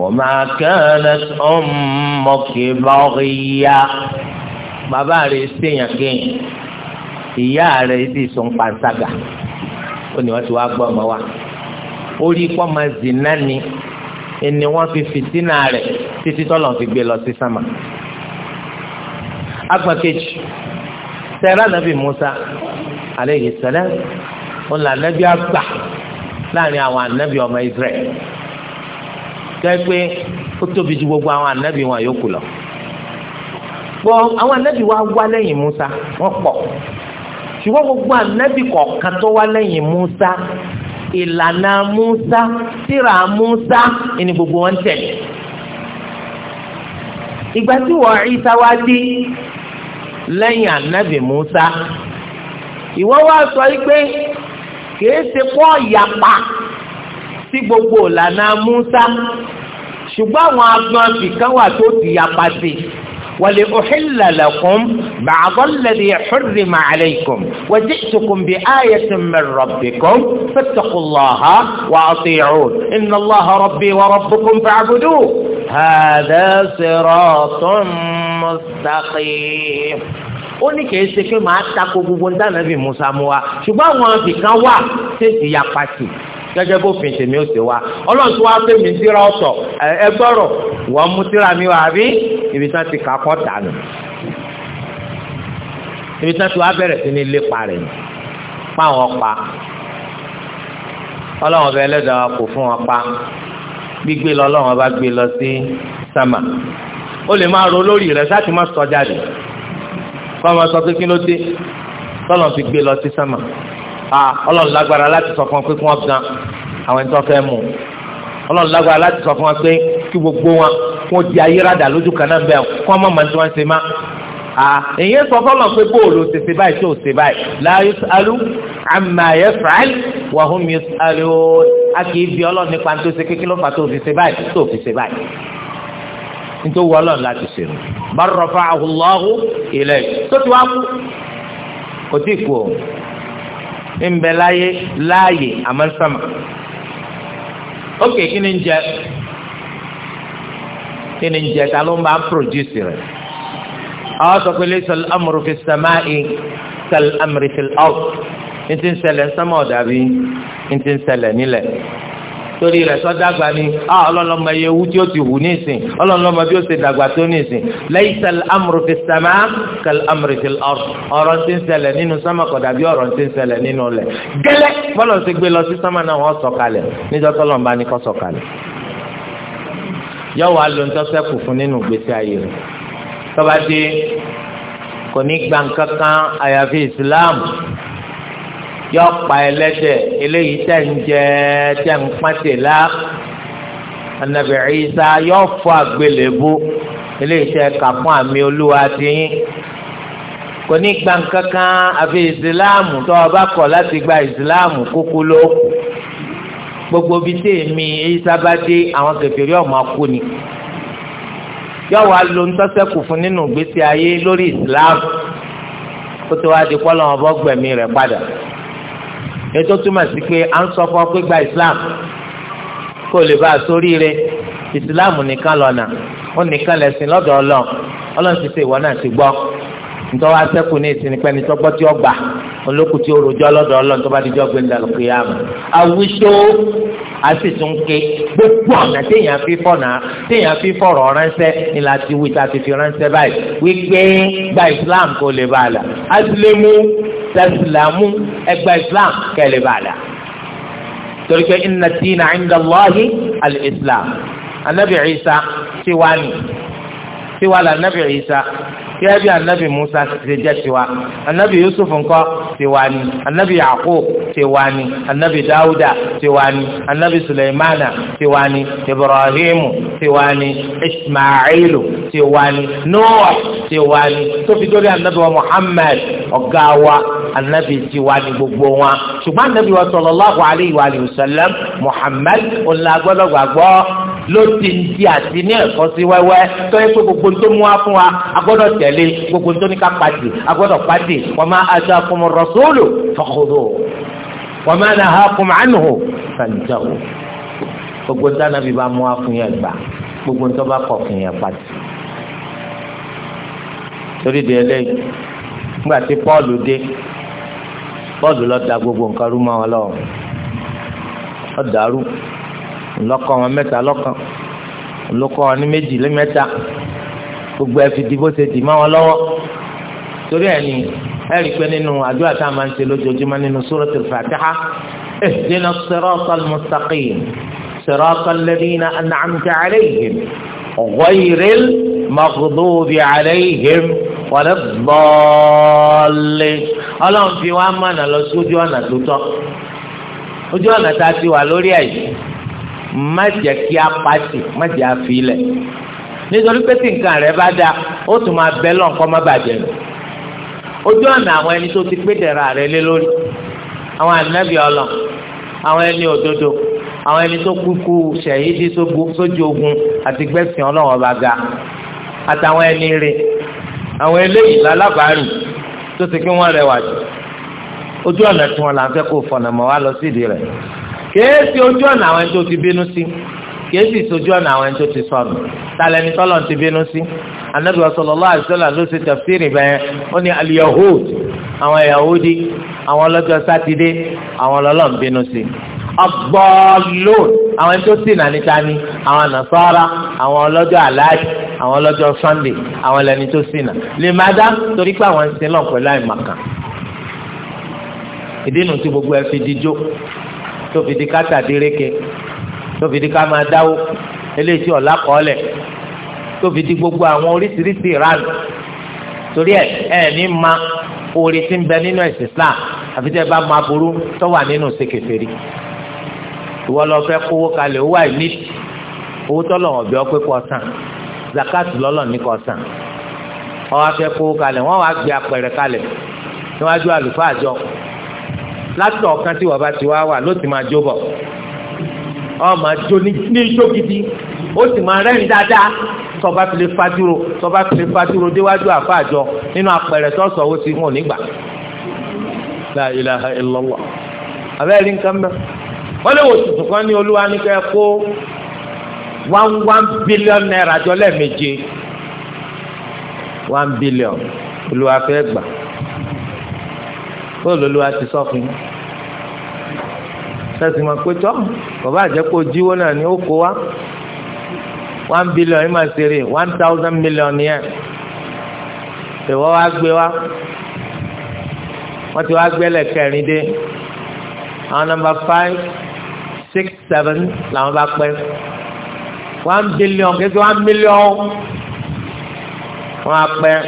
wa ma kanat ummuki baghiya bàbá rẹ̀ sèyàn kéyìn ìyá rẹ̀ sì sùn pàṣágà ó ní wọ́n ti wá gbọ́ ọmọ wa ó rí kọ́ máa zì náà ni. ẹni wọ́n fi fìtínà rẹ̀ títí tọ́lọ̀ fi gbé lọ sí sámà. agbọ̀n kejì sẹ́rà nàbì Musa aleyhi sẹ́lẹ̀ wọn là nàbì àgbà láàrin àwọn ànàbì ọmọ Israẹl kẹ́gbẹ́ ó tóbi ju gbogbo àwọn ànàbì wọn yòókù lọ. gbọ́ àwọn ànàbì wa wá lẹ́yìn Musa wọ́n pọ̀ ṣùgbọ́n gbogbo ànàbì kọ̀ọ̀kan tó wá lẹ́yìn Musa ìlànà Musa síra Musa ni gbogbo wọn tẹ̀lé ìgbà tí wọ́n Ìsá wá dé lẹ́yìn ànábì Musa ìwọ́n wá sọ pé kìí ṣe pọ́ yapa sí gbogbo ìlànà Musa ṣùgbọ́n àwọn agbọn fìkan wà tó ti yapa sí ولأحل لكم بعض الذي حرم عليكم وجئتكم بآية من ربكم فاتقوا الله وأطيعون إن الله ربي وربكم فاعبدوه هذا صراط مستقيم ó ní kìí ṣe pé màá tako gbogbo ní bí musa mu wa ṣùgbọ́n àwọn ibìkan wà ṣe ti ya i gẹ́gẹ́ bó fi tèmi ó ṣe wá ọlọ́run tó wá pé mi síra ọ̀sọ̀ ẹ gbọ́rọ̀ wọ́n mú síra mi wá rí ibi tán ti kakọ́ dànù ibi tán ti wá bẹ̀rẹ̀ sí ní lépa rẹ̀ páwọn ọ̀pá ọlọ́run ọba ẹlẹ́dàá kò fún wọn pa gbígbé lọ ọlọ́run ọba gbé lọ sí sámà ó lè máa ro lórí rẹ̀ sáà ti máa sọ jáde kọ́ ọ máa sọ pé kí ló dé tọ́lọ̀ fi gbé lọ sí sámà ọlọ́run lágbára láti sọ fún wọn pé kí wọ́n gan àwọn ẹni tó fẹ́ mú ọlọ́run lágbára láti sọ fún wọn pé kí gbogbo wọn kí wọ́n di ayérada lójú kan náà bẹ́ẹ̀ kí wọ́n má máa ń tí wọ́n ṣe má. èyí sọ fọlọ́ pé bóòlù ṣe ṣe báyìí tó ṣe báyìí la yusalu amma yaf'al wa hum yusalun a kì í bi ọlọ́run nípa tó ṣe kékeré ló fà tó fi ṣe báyìí tó fi ṣe báyìí nítorí wọ́n Allahu ilayhi tó ti wá kú kò ń bẹ láyé láàyè àmọ́ sánmà ókè kí ni ń jẹ kí ni ń jẹ ta ló ń bá ń pòròdúsì rẹ àwọn sọ pé lẹsọl amúrú fi sàmà ì sàl amúrú fi ọ ní ti ń ṣẹlẹ̀ ń sánmà ọ̀dàbí ní ti ń ṣẹlẹ̀ nílẹ̀ torí rẹ̀ sọ dàgbà ni ah ọlọ́lọ́mọ iye ewu tí ó ti hù nísìn ọlọ́lọ́mọ bí ó ṣe dàgbà tó nísìn laysa al-amru fi as-sama kal-amri fil ard ọ̀rọ̀ tí ń ṣẹlẹ̀ nínú sánmà kò dàbí ọ̀rọ̀ tí ń ṣẹlẹ̀ nínú ilẹ̀ gẹ́lẹ́ bọ́lọ̀ ti gbé lọ sí sánmà náà wọ́n sọ kalẹ̀ níjọ́ tọ́lọ̀ ń bá ní kọ́ sọ kalẹ̀ yọ wàá lo ntọ́sẹ́ kù fún nínú gbèsè ayé rẹ̀ tọ́ba dé kò ní gbàǹkankan àyàfi ìsìláàmù yọ pa ẹlẹ́dẹ̀ eléyìí tẹ̀ ń jẹ tẹ̀ ń pàtẹ́ la Ànábì Ìsá yọ fọ́ àgbélébú eléyìí tẹ̀ kà fún àmì olúwa tiyín kò ní gba kankan àfi ìsìláàmù tó o bá kọ̀ láti gba ìsìláàmù kúkú ló kù gbogbo bíi tẹ̀ mí Ìsá bá dé àwọn kèfèrí ọ̀mọ̀ kú ni yọ wá lo ntọ́sẹ́kù fún nínú ìgbésí ayé lórí ìsìláàmù kó tó di kọ́ lọ́wọ́ gbẹ̀mí rẹ̀ padà ètò túmọ̀ sí pé à ń sọ fún ọ pé gba islam kó lè bá a sóríire islam nìkan lọ́nà ó nìkan lẹ̀sìn lọ́dọ̀ ọlọ́run ọlọ́run ti ṣe ìwọ náà ti gbọ́ ntọ́wá sẹ́kù ní ìsìn nípa ẹni tó gbọ́ tí ó gbà olókùn tí ó rojọ́ lọ́dọ̀ ọlọ́run tó bá di jọ́gbé ní àlùkò yá mi. àwùjọ àṣìtúnke gbogbo ọ̀nà téèyàn fi fọ̀nà téèyàn fi fọ̀rọ̀ ránṣẹ́ ni láti wí tá a ti fi ránṣẹ́ báyìí wípé gba Islam kò lè bá a là. a ti lè mú tẹ̀sílámù ẹgbẹ́ islam kẹ́lẹ́ bá dà torí pé inna dina inda Allahi al-islam anabi isa tiwa ni tiwa la anabi isa gẹ́gẹ́ bí anabi musa ṣe jẹ́ tiwa anabi yusuf ńkọ́ tiwa ni anabi yaqub tiwa ni anabi dawuda tiwa ni anabi suleimana tiwa ibrahimu tiwa ni ismailu noah tiwa ni tó anabi wa muhammad ọ̀gá anabi tiwa ni gbogbo wọn ṣùgbọ́n anabi wa sallallahu alayhi wa sallam muhammad ọ̀làgbọ́dọ̀gbàgbọ́ ló ti ń di àti ní ẹ̀kọ́ sí wẹ́wẹ́ tó yẹ pé gbogbo tó mú wa fún wa agbọ́dọ̀ tẹ̀lé gbogbo tó ní ká pàdé agbọ́dọ̀ pàdé wa ma atakum rasulu fakhudhu wa ma nahakum anhu fantahu gbogbo tó anabi bá mú wa fún yẹn gbà gbogbo tó bá kọ̀ fún yẹn pàdé torí di ẹlẹ́yìn nígbà tí Pọ́ọ̀lù dé bọ́ọ̀lù lọ́ọ́ da gbogbo nǹkan rú mọ́ wọn lọ́wọ́ ọ dàrú ńlọ́kọ́ wọn mẹ́ta lọ́kàn ńlọ́kọ́ wọn ní méjì lé mẹ́ta gbogbo ẹ̀ fi di bó ṣe dì mọ́ wọn lọ́wọ́ torí ẹ̀ ní ẹ̀rí pé nínú àdúrà tá a máa ń ṣe lójoojúmọ́ nínú suratul Fatiha ihdina siratal mustaqim siratal ladina an'amta alayhim ghayril maghdubi alayhim wàlẹ́ bọ́ọ̀lì ọlọ́run fi wá mọ̀nà lọ sí ojú ọ̀nà tó tọ́ ojú ọ̀nà tá a ti wà lórí ẹ̀ yìí má jẹ́ kí a pàṣẹ má jẹ́ a fi ilẹ̀ nítorí pé tí nǹkan rẹ bá dáa ó tún máa bẹ́ lọ́nkọ́ má bàjẹ́ nù ojú ọ̀nà àwọn ẹni tó ti pé dẹ̀ra rẹ lé lórí àwọn ànábì ọlọ́run àwọn ẹni òdodo àwọn ẹni tó kúkú ṣẹ̀yí dí sójú ogun àti gbẹ̀sìn ọlọ́run ọba ga àtàwọn ẹni rè àwọn eléyìí lálábàárìn tó ti pín wọn rẹwà jù ojú ọ̀nà tí wọn là ń fẹ́ kó fọ̀nà mọ́ wá lọ sídi rẹ̀ kèésì ojú ọ̀nà àwọn ẹni tó ti bínú sí kèésì sojú ọ̀nà àwọn ẹni tó ti sọnù tàlẹ́ni tọ́lọ̀ ti bínú sí anabi sallallahu alaihi wasallam ló ṣe tafsiri bẹ́ẹ̀ ó ní al-yahud àwọn yahudi àwọn ọlọ́jọ́ sátidé àwọn ọlọ́lọ́ ń bínú sí abọ́ọ̀lùn àwọn ẹni tó sì nà níta ni àwọn nàṣọ́ra àwọn ọlọ́jọ́ aláàjì àwọn ọlọ́jọ́ sunday àwọn ẹlẹ́ni tó sì nà lè má dá torí pé àwọn ẹni lọ pẹ̀lú àìmọ̀kan. ìdí nu tí gbogbo ẹ fi di jó tó fi di káta déréke tó fi di ká máa dáwó eléyìí tí ọ̀la kọ́ lẹ̀ tó fi di gbogbo àwọn oríṣiríṣi ìranù torí ẹ ẹ ní ma oore tí ń bẹ nínú ẹ̀sìn Islam àfi tẹ́ bá máa burú tó wà nínú ṣèkèfèrè ìwọ lọ fẹ́ kówó kalẹ̀ owó àìní owó tọ́lọ̀ ọ̀bẹ ọpẹ́ kọ san zakat lọ́lọ́ ní kọ san ọ wá fẹ́ kówó kalẹ̀ wọ́n wá gbé apẹ̀rẹ̀ kalẹ̀ níwájú àlùfáà àjọ látọ̀ ọ̀kan tí wọ́n bá ti wá wà ló ti máa jó bọ̀ ọ máa jó ní ijó gidi ó sì máa rẹ́rìn dáadáa tọba fi lè fadúró tọba fi lè fadúró déwájú àfáà àjọ nínú apẹ̀rẹ̀ tó sọ owó wọn ò ní gbà. la ilaha illallah abẹ́rẹ́ nǹkan mẹ́rin wọ́n lè wò tuntun kan ní olúwa ní kẹ́ kó one one billion naira jọ lẹ́ẹ̀méje one billion olúwa fẹ́ gbà bóòlù olúwa ti sọ fún yín sẹ́sìn máa pé tọ́ bàbá àjẹkù jíwó náà ni ó kó wa one billion yìí máa ṣeré one thousand million yẹn ìwọ́ wa gbé wa wọ́n ti wá gbẹ́lẹ̀ kẹrin dé àwọn nọ́mbà five six seven làwọn bá pẹ́ one billion kéde one million wọ́n á pẹ́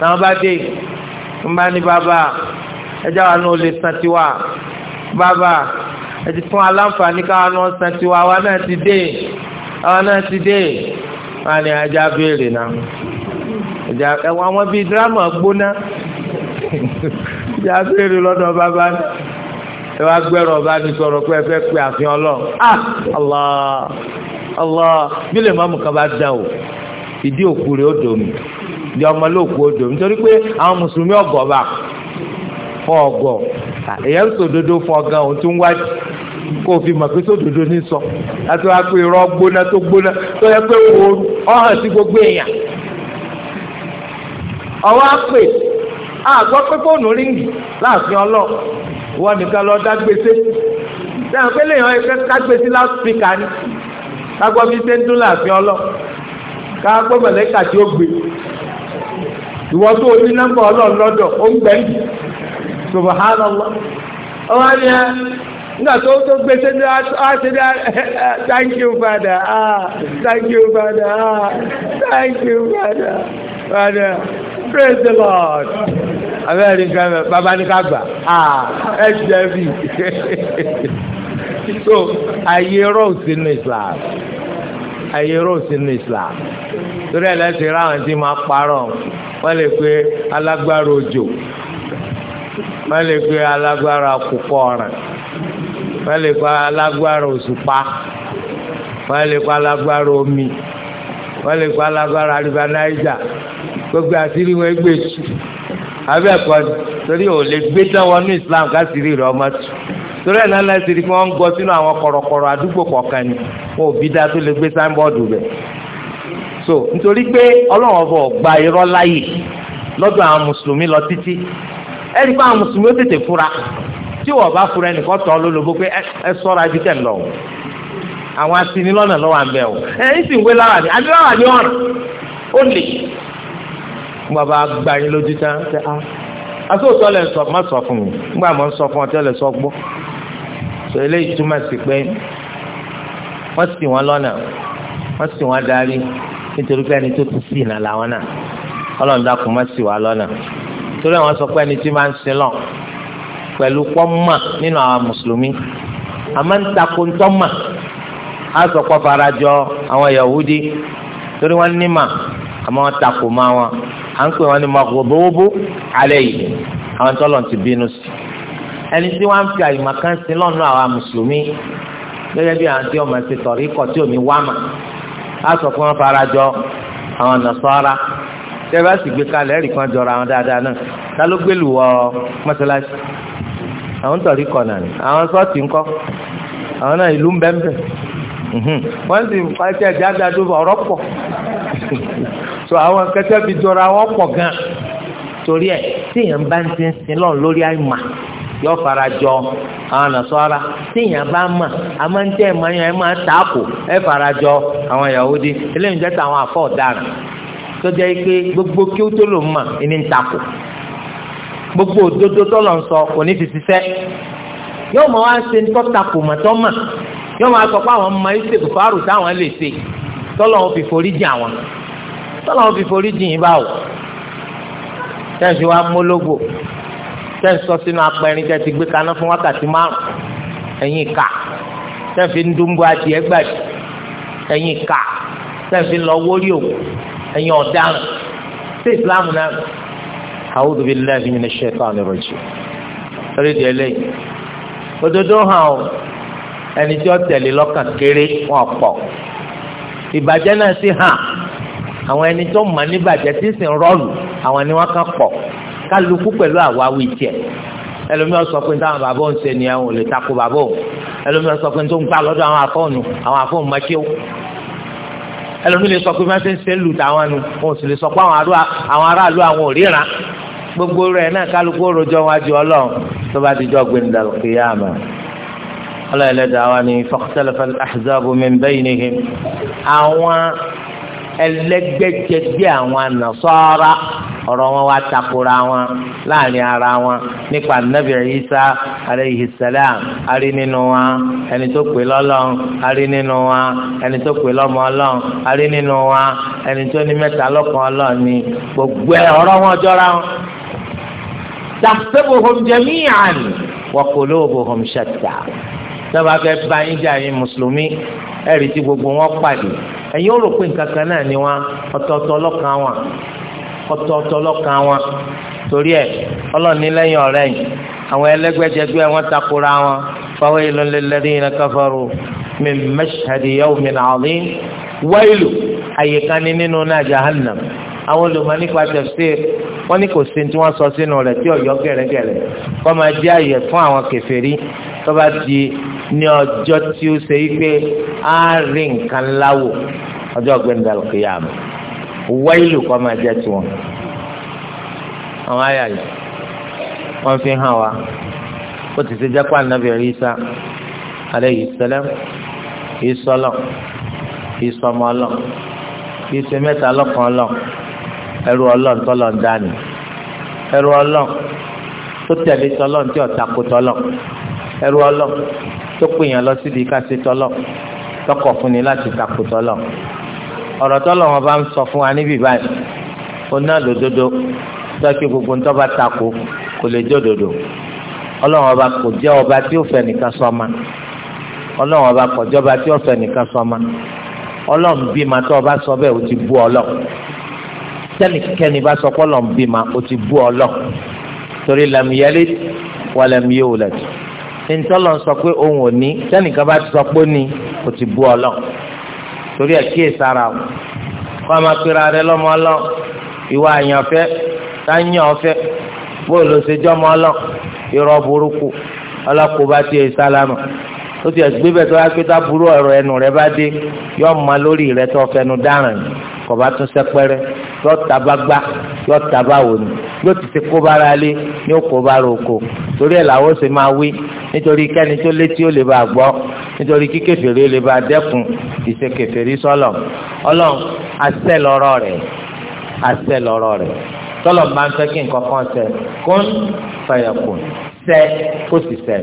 làwọn bá dé wọ́n bá ní bàbá ẹjọ́ wa náà lè san tiwa bàbá ẹ ti fún aláǹfààní káwa náà san tiwa wa náà ti dé àwa náà ti dé wọ́n á ní ajá béèrè náà ìjà ẹ̀wọ̀n àwọn bíi dírámà gbóná ìjà béèrè lọ́dọ̀ bàbá náà. ẹ wá gbẹ́rọ ọba mi sọ̀rọ̀ pé ẹ fẹ́ pe àfihàn ọlọ́run ah allah allah bí lè má mú kan bá dá o ìdí òkú rẹ̀ ó dòmí ìdí ọmọ lóòkú ó dòmí nítorí pé àwọn mùsùlùmí ọgọ ọba fọ ọ̀gọ̀ èyàn sòdodo fọ gan òun tó ń wájú kó fi mọ̀ pé sódodo ní sọ láti wá pé irọ́ gbóná tó gbóná tó yẹ pé ooru ọ̀hàn sí gbogbo èèyàn ọwọ́ á pè àgbọ́ pé fóònù ríngì láàfin ọlọ́ọ̀ wọ́n nìkan lọ dágbèsè sẹ́wọ̀n pé lèèyàn ẹ̀ka dágbèsè láspíkà ni kágbọ́ bí ṣe ń dún láàfin ọlọ́ kágbọ́ mọ̀lẹ́kà tí ó gbé ìwọ tó o ní nọ́mbà ọlọ́run lọ́dọ̀ ó ń gbẹ́ yìí subhanallah ọwọ́ ni ẹ nígbà tó tó gbé ṣe ní àṣẹ ní thank you father ah thank you father ah thank you father. Father, praise the Lord. Abẹ́rẹ́ nǹkan mẹ́, Baba ní ká gbà, ẹ jẹ́ bí. So, àyè rọ̀ sínú Islam. Àyè rọ̀ sínú Islam. Torí ẹ̀ lẹ́sìn ráwọn tí máa parọ́, wọ́n lè pe alágbára òjò, wọ́n lè pe alágbára àkùkọ ọ̀ràn, wọ́n lè pe alágbára òṣùpá, wọ́n lè pe alágbára omi, wọ́n lè pe alágbára àríbá náírà gbogbo àṣírí wọn gbé tu abẹ́ ẹ̀kọ́ ni torí ò lè gbé tán wọnú Islam káṣírí rẹ̀ ọmọ tu torí ẹ̀ náà láti rí i pé wọ́n ń gbọ́ sínú àwọn kọ̀rọ̀kọ̀rọ̀ àdúgbò kọ̀ọ̀kan ni wọn ò bí dáa tó lè gbé sáńbọ́ọ̀dù rẹ̀ so nítorí pé ọlọ́run ọ̀fọ̀ gba irọ́ láàyè lọ́dọ̀ àwọn mùsùlùmí lọ títí ẹ̀rí pé àwọn mùsùlùmí ó tètè fura tí wọ́n bá fura ẹnìkan tọ́ lólobó pé ẹ sọ́ra ibi tẹ̀ lọ àwọn asinilọ́nà lọ́wọ́ àbẹ̀ ẹ̀yìn sì ń wé láwàní àbí láwàní ọ̀ràn ó lè nígbà bá gba yín lójú tán ṣe á asóòtọ́ ah, lẹ̀ sọ má sọ fún mi nígbà mọ̀ ń sọ fún ọtí ọlẹ̀ sọ gbọ́ sọ eléyìí túmọ̀ sí pé wọ́n sì wọ́n lọ́nà wọ́n sì wọ́n darí nítorí pé ẹni tó ti sì nà làwọn náà ọlọ́run dákun má sì wá lọ́nà torí àwọn sọ pé ẹni tí máa ń sin lọ pẹ̀lú pọ́nmà nínú àwọn mùsùlùmí àmọ́ ń takò ń á sọ pé farajọ àwọn Yahudi torí wọ́n ní mà àmọ́ wọn takò má wọn à ń pè wọn ní magbobóbó alẹ́ yìí àwọn tọ́lọ̀ ti bínú sí ẹni tí wọ́n á fi àyùmọ̀ kan sí lọ́nà àwa mùsùlùmí gẹ́gẹ́ bí àwọn tí wọ́n máa ti tọ̀rí kọ̀ tí omi wá mà á sọ fún wọn fara jọ àwọn nàṣọ́ra tẹ́ bá sì gbé kalẹ̀ ẹ̀rì kan jọra àwọn dáadáa náà ta ló gbé lù wọ mọ́ṣáláṣí àwọn tọ̀rí kọ̀ náà àwọn sọ́ọ̀tì ńkọ́ àwọn náà ìlú ń bẹ́ńbẹ́ wọ́n sì fàṣẹ so àwọn kẹtẹ́ fi jọra wọn pọ̀ gan torí ẹ̀ tíyẹn bá ń ti sin lórí àìmà fara jọ àwọn nàṣọ́ra tíyẹn bá mà a máa ń tẹ́ ẹ̀ ẹ̀ máa tààkù fara jọ àwọn Yahudi eléyìí jẹ́ tàwọn afọ ọ̀daràn tó jẹ́ pé gbogbo kí ó tó lò gbogbo òdodo tó lọ sọ kò ní fi yóò tọ́lọ́wọ́ fi forí jìn yín báwò tẹ́sí wa mólógbò tẹ́sí sọ sínú apẹ̀rin tẹ́sí gbé kaná fún wákàtí márùn ẹ̀yin kà tẹ́sí ń dúnbọ̀ adìẹ gbàdì ẹ̀yin kà tẹ́sí ń lọ wórí òwò ẹ̀yin ọ̀daràn sí Islam náà a'udhu billahi minash shaitanir rajim lórí ìdí ẹlẹ́yìn òdodo hàn ó ẹni tí ó tẹ̀lé lọ́kàn kéré wọn pọ̀ ìbàjẹ́ náà sì hàn àwọn ẹni tó mọ̀ níbàjẹ́ tí sì ń rọ́ọ̀lù àwọn ni wọ́n kàn pọ̀ kálukú pẹ̀lú àwáwí tiẹ̀ ẹlòmíràn sọ pé táwọn bàbá òun ṣe ni àwọn ò lè takò bàbá òun ẹlòmíràn sọ pé tó gbà lọ́dọ̀ àwọn afọ́ọ̀nù àwọn afọ́ọ̀nù mọ́kíw ẹlòmíràn sọ pé mẹ́sẹ̀ ń ṣe lù táwọn nu òun sì lè sọ pé àwọn aráàlú àwọn ò ríran gbogbo rẹ̀ náà kálukú òròjọ́ wájú ọlọ́run tó bá ti jọ gbẹ̀ndàlùkìyàmà. ọlọ́ọ̀lẹ́dàá wa ni faqtalafa al-ahzabu min baynihim àwọn ẹlẹ́gbẹ́jẹgbẹ́ àwọn ànàsọ́ra ọ̀rọ̀ wọn wá takora wọn láàrin ara wọn nípa Nabi Isa alayhi salam arí nínú wọn ẹni tó pè lọ́lọ́n arí nínú wọn ẹni tó pè lọ́mọ ọlọ́n arí nínú wọn ẹni tó ní mẹ́ta lọ́kàn ọlọ́n ni gbogbo ẹ̀ ọ̀rọ̀ wọn jọra wọn. tahsabuhum jami'an wa qulubuhum shatta sábà fẹ́ bá yín jà yín mùsùlùmí ẹ̀rí tí gbogbo wọn pàdé ẹ̀yin ó rò pé nǹkan kan náà ni wọn ọ̀tọ̀ọ̀tọ̀ lọ́kàn wọn ọ̀tọ̀ọ̀tọ̀ lọ́kàn wọn torí ẹ̀ ọlọ́ọ̀ni lẹ́yìn ọ̀rẹ́ yìí àwọn ẹlẹ́gbẹ́jẹgbẹ́ wọn takora wọn fawailun lilladhina kafaru min mashhadi yawmin adhim wáìlù àyíká ni nínú náà jahannam àwọn olùmọ̀ nípa tafsir wọ́n ní kò sí tí wọ́n sọ sínú rẹ̀ tí ọ̀yọ́ gẹ̀rẹ́gẹ̀rẹ́ kọ́ máa jẹ́ àyè fún àwọn kèfèrí tó bá di ní ọjọ́ tí ó ṣe wípé á rí nǹkan láwò ọjọ́ gbẹ̀ndà kìyàmù wáìlù kọ́ máa jẹ́ tiwọn. àwọn àyà yìí wọ́n fi hàn wá ó ti ṣe jẹ́ pé ànábì Ìsá alayhi salam ìsọlọ̀ ìsọmọlọ̀ ìṣe mẹ́ta lọ́kàn lọ ẹrú ọlọ́ọ̀ tọ́lọ̀ dání ẹrú ọlọ́ọ̀ tó tẹ̀lé tọ́lọ̀ ń tí kó tọ́lọ̀ ẹrú ọlọ́ọ̀ tó pè yàn lọ síbi ká ṣe tọ́lọ̀ tọkọ fún ni láti takò tọ́lọ̀ ọ̀rọ̀ tọ́lọ̀ wọn bá ń sọ fún wa níbí báyìí ó ná lòdodo sọ́kì gbogbo ńtọ́ bá takò kò lè jẹ́ òdodo ọlọ́run ọba kò jẹ́ ọba tí ó fẹ́ nìkan sọ́ma ọlọ́run ọba kò jẹ́ ọba tí ó fẹ́ nìkan sọ́ma ọlọ́run bí ma tó ọba sọ bẹ́ẹ̀ ó ti bú ọlọ́ tẹ́nikẹ́ni bá sọ pé ọlọ́run bí ma ó ti bú ọlọ́ torí lam yalid wa lam yulad ntọ́lọ̀ sọ pé òun ò ní sẹ́nìkan bá ti sọ pé ó ní kò ti bu ọ lọ torí ẹ̀ kíyè sára o kó a máa pera rẹ lọ́mọ ọlọ́ ìwà àyànfẹ́ táyàn ọ̀fẹ́ bóyá ló ṣe jọ́mọ ọlọ́ irọ́ burúkú ọlọ́kùnrin bá ti yẹ sálámù ó ti ẹ̀gbẹ́ bẹ̀ tó wá pé tá burú ọ̀rọ̀ ẹnu rẹ bá dé yọ ma lórí rẹ tó fẹnu dáràn ni kò bá tún sẹpẹrẹ yọ taba gbá yọ taba wò ni yóò ti ṣe kó bára lé ní ó bára oko torí ẹ̀ làwọn ó sì máa wí nítorí kẹ́ni tó létí ó lè bá gbọ́ nítorí kí kèfèrí ó lè bá dẹ́kun ìṣe kèfèrí sọ́lọ̀ ọlọ́run àṣẹ lọ́rọ̀ rẹ̀ àṣẹ lọ́rọ̀ rẹ̀ tọ́lọ̀ máa ń fẹ́ kí nǹkan kan ṣẹ kún fẹ̀yẹ̀kùn ṣẹ kó sì ṣẹ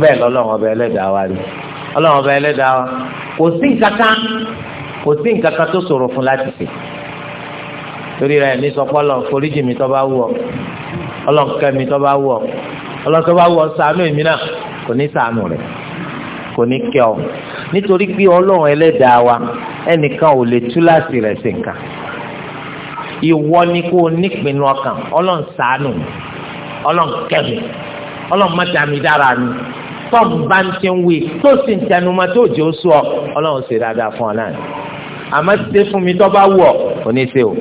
bẹ́ẹ̀ lọ́lọ́run ọba ẹlẹ́dàá wa rí ọlọ́run ọba ẹlẹ́dàá wa kò sí nǹkankan kò sí nǹkankan tó ṣòro fún láti ṣe torí rẹ̀ ní sọpọ́ lọ foríjì mi tó bá wù ọ́ ọlọ́run kẹ́ mi tó bá wù ọ́ ọlọ́sọ bá wọ sànú èmi náà kò ní sànú rẹ̀ kò ní kẹ́ ọ nítorí pé ọlọ́run ẹlẹ́dàá wa ẹnìkan ò lè tú láti rẹ̀ sí nǹkan ìwọ ni kó o nípinnu ọkàn ọlọ́run sànú ọlọ́run kẹ́mi ọlọ́run mọ́tàmí dára mi tọ́ọ̀mù bá ń ti ń wí tó sì ń tẹnumọ́ tó jẹ́ oṣù ọ ọlọ́run ṣe dáadáa fún ọ náà àmọ́ ṣe fún mi tó bá wù ọ kò ní ṣe o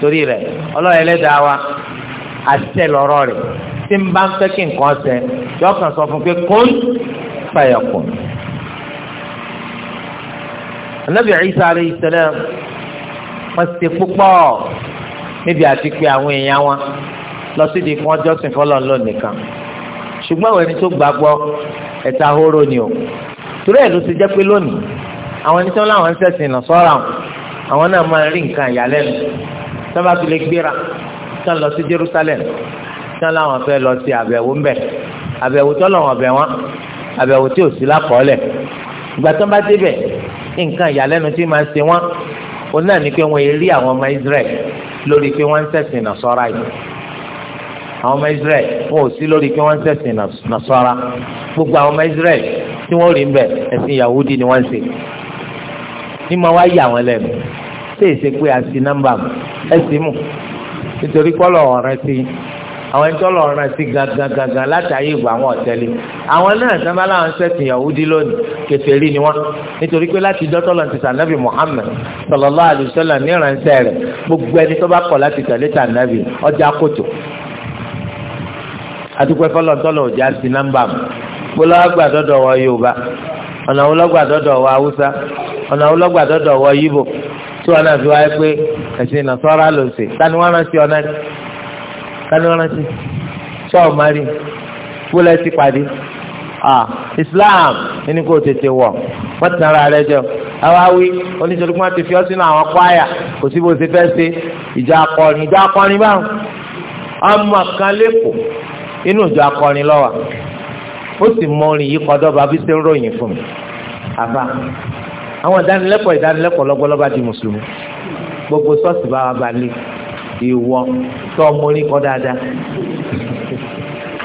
torí rẹ̀ ọlọ́run ẹlẹ́dàá wa àṣẹ lọ́rọ̀ rẹ̀ tí ń bá ń fẹ́ kí nǹkan ṣẹ yọ kàn sọ fún pé kún fàyàkùn. Ànábì Ìsá alayhi salam wọ́n ti púpọ̀ níbi àti pé àwọn èèyàn wọn lọ sí di fún ọjọ́ sìn fọlọ́ ńlọ nìkan ṣùgbọ́n àwọn ẹni tó gbàgbọ́ ẹ̀ta hóró ni o torí ẹ̀ ló ti jẹ́ pé lónìí àwọn ẹni tó láwọn ń ṣẹ̀sìn lọ sọ́ra àwọn náà máa rí nǹkan ìyàlẹ́nu sábà tó lè gbéra tán lọ sí Jerusalem tán láwọn fẹ́ lọ sí àbẹ̀wò ńbẹ̀ àbẹ̀wò tó lọ́wọ́ bẹ̀ wọ́n àbẹ̀wò tí ò sí lákọọ́lẹ̀ ìgbà tó bá débẹ̀ nǹkan ìyàlẹ́nu tí máa ń ṣe wọ́n òun náà ni pé wọ́n rí àwọn ọmọ Israel lórí pé wọ́n ń ṣẹ̀sìn nàṣọ́ra yìí àwọn ọmọ Israel wọn ò sí lórí pé wọ́n ń ṣẹ̀sìn nàṣọ́ra gbogbo àwọn ọmọ Israel tí wọ́n rí ń bẹ̀ ẹ̀sìn Yahudi ni wọ́n ń ṣe ní ma wá yà wọ́n lẹ́nu ṣé èsè pé àti nọ́mbà ẹ̀sìn mu nítorí pọ́lọ̀ ọ̀rẹ́ sí i. àwọn itoolu tọ́lọ̀ ọ̀ràn sí gangan látàyè ìgbà àwọn ọ̀tẹ́lẹ̀ àwọn náà sábà láwọn sẹ́sìn Yahudi lónìí ni wọ́n nítorí pé láti ìjọ tọ́lọ̀ ti sànàbì gbogbo ẹni tó bá kọ̀ láti tẹ̀lé sànàbì ọjà kòtò àdúgbò ẹfọlọ tọlọ ọjà sí nọ́mbà mu kpọlọ àgbà wọ Yorùbá ọ̀nà ọlọ́gbà dọdọ wọ Haúsá ọ̀nà ọlọ́gbà kánú rántí ṣọ́ọ̀ mari wúlẹ̀ ti pàdé ah Islam ẹni kò tètè wọ̀ wọ́n ti ara rẹ jẹ àwa wí oníṣègùn máa ti fi ọ́ sínú àwọn kwaya kò sí bó ṣe fẹ́ ṣe ìjà akọrin ìjà akọrin báwọn ọmọ kan lẹ́kọ̀ọ́ inú ìjọ akọrin lọ́wọ́ ó sì mọ orin yìí kọ́dọ̀ bá bí ṣe ń ròyìn fún mi àbá àwọn ìdánilẹ́kọ̀ọ́ ìdánilẹ́kọ̀ọ́ lọ́gbọ́lọ́gbà di mùsùlùmí gbogbo ṣọ́ọ̀ṣì bá wa balẹ̀ ìwọ tó ọmọ orí kọ́ dáadáa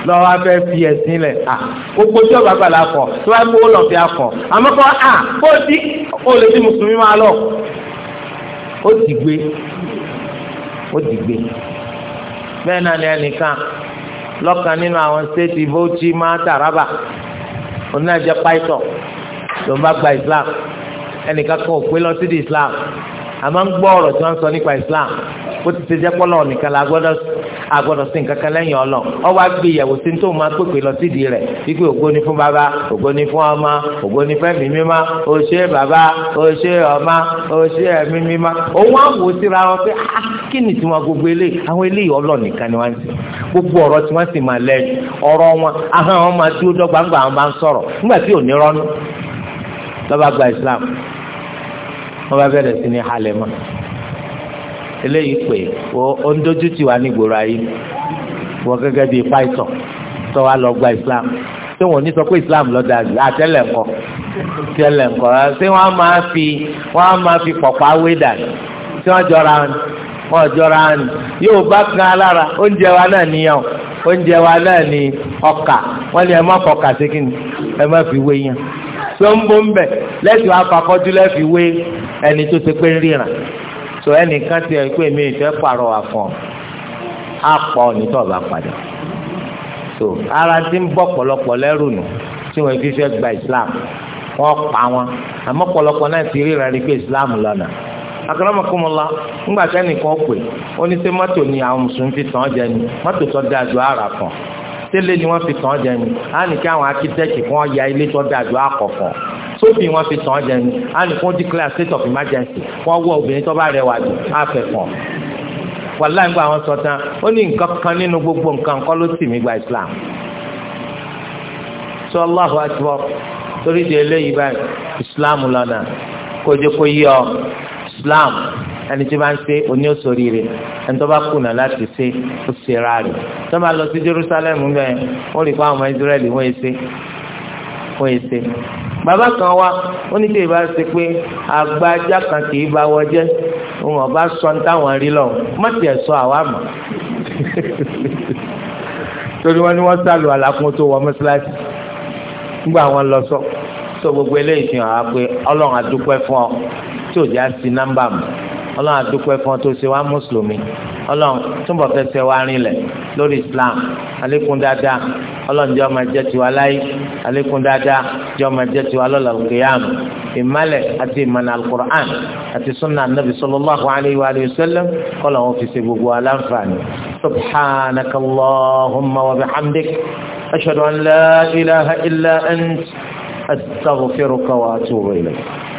lọ́wọ́ abẹ́ fi ẹ̀sìn lẹ̀ à gbogbo tí ọba gbàlá kọ̀ tó bá gbowó lọ fi akọ̀ àmọ́ kọ́ à kó o ti kó o lè fi mùsùlùmí máa lọ. ó ti gbé ó ti gbé bẹ́ẹ̀ náà ni ẹnìkan lọ́kàn nínú àwọn stéètì vóòtì máa Taraba onídàájẹ́ pàìtọ̀ ló ń bá gba Islam ẹnìkan kan ò pé lọ sí di Islam a máa ń gbọ́ ọ̀rọ̀ tí wọ́n sọ nípa islam bó ti ṣe jẹ́ pọ́lọ́ nìkan la gbọ́dọ̀ agbọ́dọ̀ sí nǹkan kan lẹ́yìn ọlọ́ ọ wá gbé ìyàwó sí tó máa pèpè lọ sídìí rẹ̀ wípé ògo ni fún bàbá ògo ni fún ọmọ ògo ni fún ẹ̀mí mímọ́ o ṣé bàbá o ṣé ọmọ o ṣé ẹ̀mí mímọ́ òun á wò síra wọn pé ah, kí ni tiwọn gbogbo eléyìí àwọn eléyìí ọlọ́ nìkan ni wọ́n ń sè gbogbo ọ̀rọ̀ tí wọ́n sì máa lẹ́nu ọ̀rọ̀ wọn ahọ́n wọn máa dúró dọ́gba ńgbà wọn bá ń sọ̀rọ̀ nígbà tí ò ní rọ́nú lọ́ba gba Islam wọ́n bá bẹ̀rẹ̀ sí ní halẹ̀ mọ́ eléyìí pé ó ń dojú tì wá ní gbòòrò ayé wọ́n gẹ́gẹ́ bíi python tó wá lọ gba islam tí wọ́n ní sọ pé islam lọ da jù àtẹ́lẹ̀ ńkọ́ tẹ́lẹ̀ ńkọ́ tí wọ́n máa fi wọ́n máa fi pọ̀pọ̀ awé dànù tí wọ́n jọra wọ́n jọra ni yóò bá kan alára oúnjẹ wa náà níyàn oúnjẹ wa náà ní ọkà wọ́n ní ẹ má fọkà sí kí ni ẹ má fi wé yàn sọ́ńbó ń bẹ̀ lẹ́sìn wá fakọ́jú lẹ́fi wé ẹni tó ti pé ríran tó ẹnìkan ti ẹ̀ pé mi ìfẹ́ pààrọ̀ wà fún ọ á pọ̀ nítọ̀ bá padà tó ara ti ń bọ̀ pọ̀lọpọ̀ lẹ́rù nù tí wọ́n fi fẹ́ gba Islam wọ́n pa wọn àmọ́ pọ̀lọpọ̀ náà ti ríran rí pé Islam lọ́nà akaramakomola ńgbà sẹ́nìkan pè ó ní sẹ́ mọ́tò ni àwọn mùsùlùmí fi tàn án jẹ ni mọ́tò tó dáa ju ara kan tẹ́lẹ̀ ni wọ́n fi tàn án jẹ ni á ní kí àwọn akitẹ́kì fún ọ ya ilé tó dáa ju àkọ́kọ́ sóbì wọ́n fi tàn án jẹ ni á ní fún declare state of emergency wọ́n wọ obìnrin tó bá rẹwà jù á fẹ́ fọ́n wàláì gba àwọn sọtán ó ní nǹkan kan nínú gbogbo nǹkan kọ́ ló sì mí gba Islam sọ Allahu akbar torí di eléyìí báyìí Islam lọ́nà kójú kó yí ọ Islam ẹni tí bá ń ṣe oní òṣòrí rẹ̀ ẹni tó bá kùnà láti ṣe ó ṣe ra rẹ̀ tó máa lọ sí Jerusalem bẹ́ẹ̀ ó rí i pé àwọn ọmọ Israẹli wọ́n ṣe wọ́n ṣe. bàbá kan wá ó ní tèè bá ṣe pé agbájá kan kì í bá wọ jẹ́ òun ọba sọ ní táwọn rí lọ mọ́tì ẹ̀ sọ àwa mọ̀ torí wọn ni wọn sálù àlàkùn tó wọ mọ́ṣáláṣí nígbà wọn lọ sọ sọ gbogbo eléyìí fi hàn á pé Ọlọ́run adúpẹ́ fún ọ tí ò já sí nọ́mbà mọ́ ọlọ́run àdúpẹ́ fún ọ tó ṣe wá mùsùlùmí ọlọ́run túnbọ̀ fẹsẹ̀ wá rinlẹ̀ lórí islam alẹ́kùn dáadáa ọlọ́run jẹ́ ọmọ ẹ̀jẹ̀ tiwa láyé alẹ́kùn dáadáa jẹ́ ọmọ ẹ̀jẹ̀ tiwa lọ́la òkèèyàmù ìmálẹ̀ àti ìmọ̀nà alukur'an àti sunna anabi sallallahu alayhi wa sallam kọ́lọ̀ wọn fi ṣe gbogbo aláǹfààní subhanaka allahumma wa bihamdik